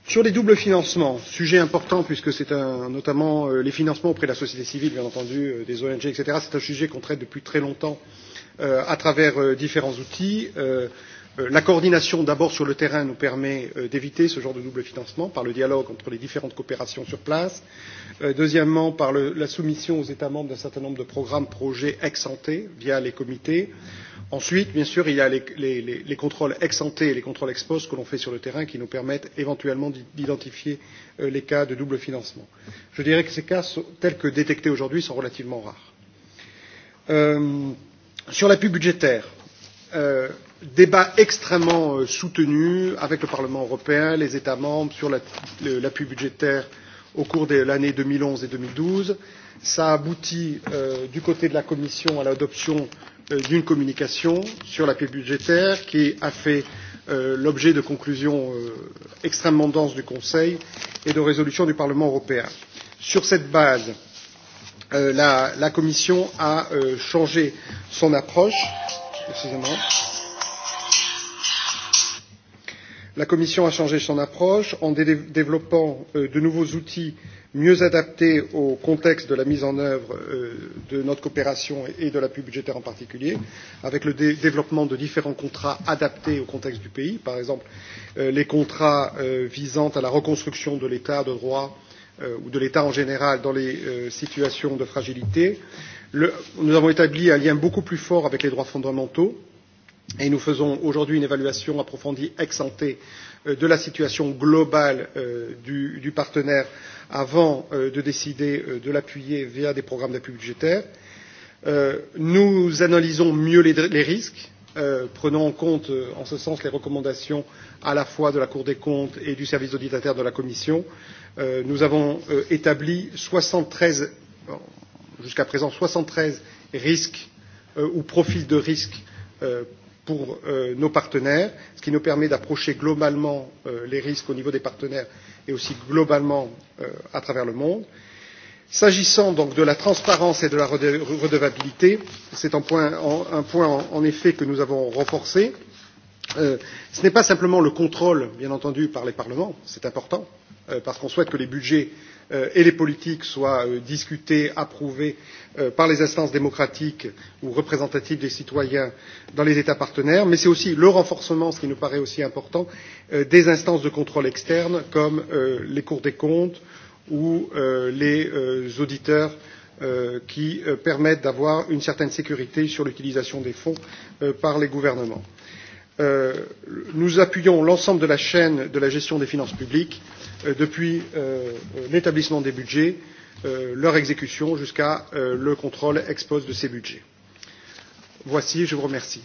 Sur les doubles financements, sujet important puisque c'est notamment euh, les financements auprès de la société civile, bien entendu, euh, des ONG, etc. C'est un sujet qu'on traite depuis très longtemps euh, à travers euh, différents outils. Euh, euh la coordination d'abord sur le terrain nous permet euh, d'éviter ce genre de double financement par le dialogue entre les différentes coopérations sur place euh, deuxièmement par le, la soumission aux états membres d'un certain nombre de programmes projets ex santé via les comités Ensuite, bien sûr, il y a les, les, les, les contrôles ex ante et les contrôles ex post que l'on fait sur le terrain qui nous permettent éventuellement d'identifier euh, les cas de double financement. Je dirais que ces cas, sont, tels que détectés aujourd'hui, sont relativement rares. Euh, sur l'appui budgétaire, euh, débat extrêmement euh, soutenu avec le Parlement européen, les États membres sur l'appui la, budgétaire au cours de l'année 2011 et 2012. Ça aboutit euh, du côté de la Commission à l'adoption euh, Euh, d'une communication sur la paix budgétaire qui a fait euh, l'objet de conclusions euh, extrêmement denses du Conseil et de résolutions du Parlement européen. Sur cette base, la, Commission a changé son approche. Excusez-moi. La Commission a changé son approche en développant euh, de nouveaux outils mieux adaptés au contexte de la mise en œuvre euh, de notre coopération et, de l'appui budgétaire en particulier, avec le développement de différents contrats adaptés au contexte du pays, par exemple euh, les contrats visant à la reconstruction de l'État de droit ou de l'État en général dans les situations de fragilité. Le, nous avons établi un lien beaucoup plus fort avec les droits fondamentaux, et nous faisons aujourd'hui une évaluation approfondie ex ante euh, de la situation globale euh, du, du partenaire avant euh, de décider de l'appuyer via des programmes d'appui budgétaire. Nous analysons mieux les, les risques, prenant en compte en ce sens les recommandations à la fois de la Cour des comptes et du service auditateur de la Commission. Nous avons établi 73, jusqu'à présent 73 risques ou profils de risques pour euh, nos partenaires, ce qui nous permet d'approcher globalement euh, les risques au niveau des partenaires et aussi globalement euh, à travers le monde. S'agissant donc de la transparence et de la redevabilité, c'est un point, un point en, en effet que nous avons renforcé. Euh, ce n'est pas simplement le contrôle, bien entendu, par les parlements, c'est important, euh, parce qu'on souhaite que les budgets Euh, et les politiques soient euh, discutées, approuvées euh, par les instances démocratiques ou représentatives des citoyens dans les États partenaires, mais c'est aussi le renforcement, ce qui nous paraît aussi important, euh, des instances de contrôle externe comme les cours des comptes ou les auditeurs qui permettent d'avoir une certaine sécurité sur l'utilisation des fonds par les gouvernements. nous appuyons l'ensemble de la chaîne de la gestion des finances publiques Euh, depuis euh, l'établissement des budgets, euh, leur exécution jusqu'à le contrôle ex post de ces budgets. Voici, je vous remercie.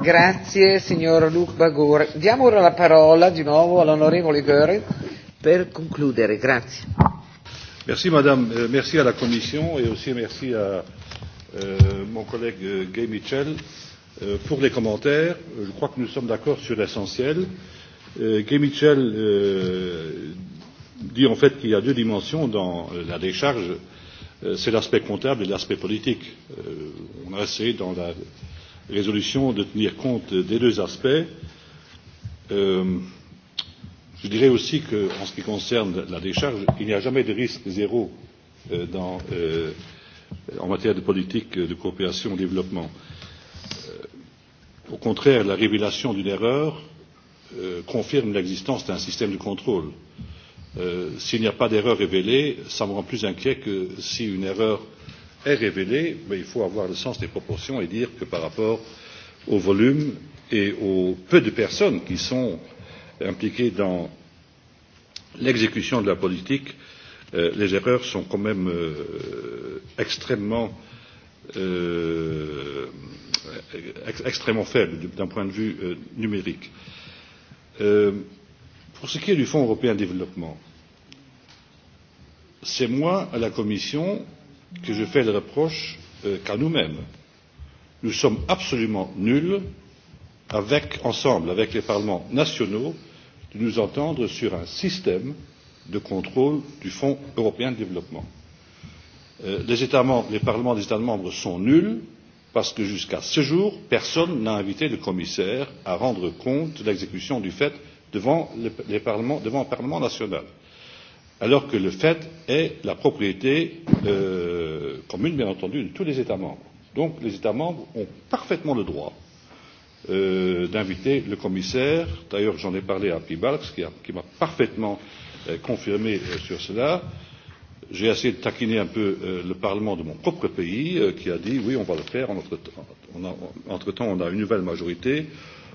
Grazie signor Luc Bagour. Diamo ora la parola di nuovo all'onorevole Goering per concludere. Grazie. Merci madame, euh, merci à la commission et aussi merci à euh, mon collègue Gay Mitchell. Euh, Euh, pour les commentaires, euh, je crois que nous sommes d'accord sur l'essentiel. Euh, Gay Mitchell euh, dit en fait qu'il y a deux dimensions dans euh, la décharge. Euh, c'est l'aspect comptable et l'aspect politique. Euh, on a essayé dans la résolution de tenir compte des deux aspects. Euh, je dirais aussi qu'en ce qui concerne la décharge, il n'y a jamais de risque zéro euh, dans, euh, en matière de politique de coopération au développement. Euh, au contraire, la révélation d'une erreur euh, confirme l'existence d'un système de contrôle. Euh, s'il n'y a pas d'erreur révélée, cela me rend plus inquiet que si une erreur est révélée, mais il faut avoir le sens des proportions et dire que par rapport au volume et au peu de personnes qui sont impliquées dans l'exécution de la politique, euh, les erreurs sont quand même extrêmement euh, ex extrêmement faible d'un point de vue euh, numérique. Euh, pour ce qui est du Fonds européen de développement, c'est moi, à la Commission, que je fais le reproche euh, qu'à nous-mêmes. Nous sommes absolument nuls, avec, ensemble, avec les parlements nationaux, de nous entendre sur un système de contrôle du Fonds européen de développement Euh, les, parlements des états membres sont nuls parce que jusqu'à ce jour personne n'a invité le commissaire à rendre compte de l'exécution du fait devant un parlement national alors que le fait est la propriété euh, commune bien entendu de tous les états membres. donc les états membres ont parfaitement le droit euh, d'inviter le commissaire d'ailleurs j'en ai parlé à piebalgs qui m'a parfaitement confirmé sur cela j'ai essayé de taquiner un peu euh, le parlement de mon propre pays euh, qui a dit oui on va le faire entre temps on a, une nouvelle majorité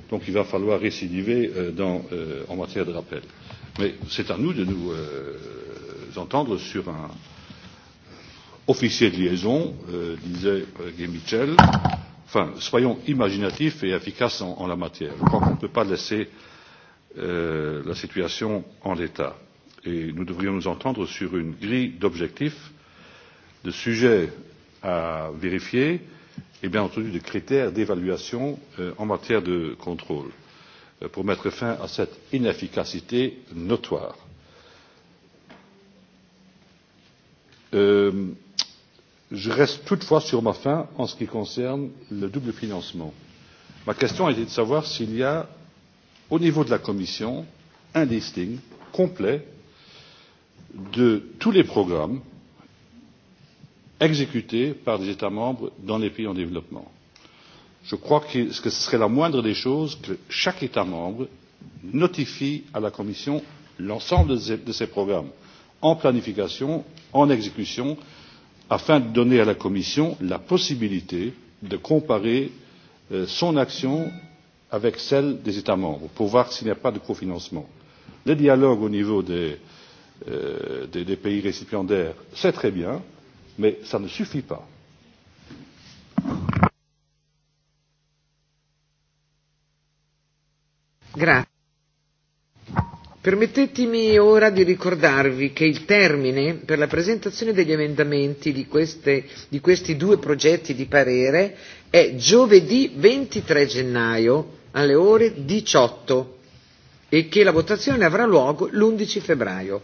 donc il va falloir récidiver euh, en matière de rappel. Mais c'est à nous de nous entendre sur un officier de liaison, disait euh, Guy Mitchell. Enfin, soyons imaginatifs et efficaces en, la matière. Je crois qu'on ne peut pas laisser la situation en l'état et nous devrions nous entendre sur une grille d'objectifs de sujets à vérifier et bien entendu de critères d'évaluation euh, en matière de contrôle euh, pour mettre fin à cette inefficacité notoire. Euh, je reste toutefois sur ma faim en ce qui concerne le double financement. ma question a été de savoir s'il y a au niveau de la commission un listing complet de tous les programmes exécutés par des états membres dans les pays en développement. je crois que ce serait la moindre des choses que chaque état membre notifie à la commission l'ensemble de ses programmes en planification en exécution afin de donner à la commission la possibilité de comparer euh, son action avec celle des états membres pour voir s'il n'y a pas de cofinancement. le dialogue au niveau des Euh, des, pays récipiendaires c'est très bien mais cela ne suffit pas. Permettetemi ora di ricordarvi che il termine per la presentazione degli emendamenti di, queste, di questi due progetti di parere è giovedì 23 gennaio alle ore 18 e che la votazione avrà luogo l'11 febbraio.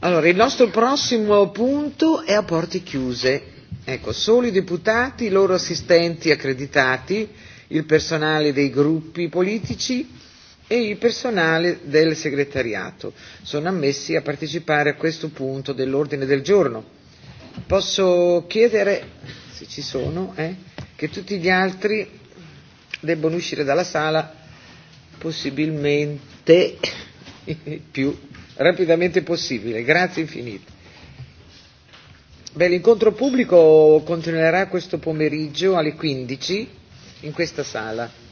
Allora, il nostro prossimo punto è a porte chiuse. Ecco, solo i deputati, i loro assistenti accreditati, il personale dei gruppi politici e il personale del segretariato sono ammessi a partecipare a questo punto dell'ordine del giorno. Posso chiedere, se ci sono, eh, che tutti gli altri debbano uscire dalla sala possibilmente più rapidamente possibile. Grazie infinite. Beh, l'incontro pubblico continuerà questo pomeriggio alle 15 in questa sala.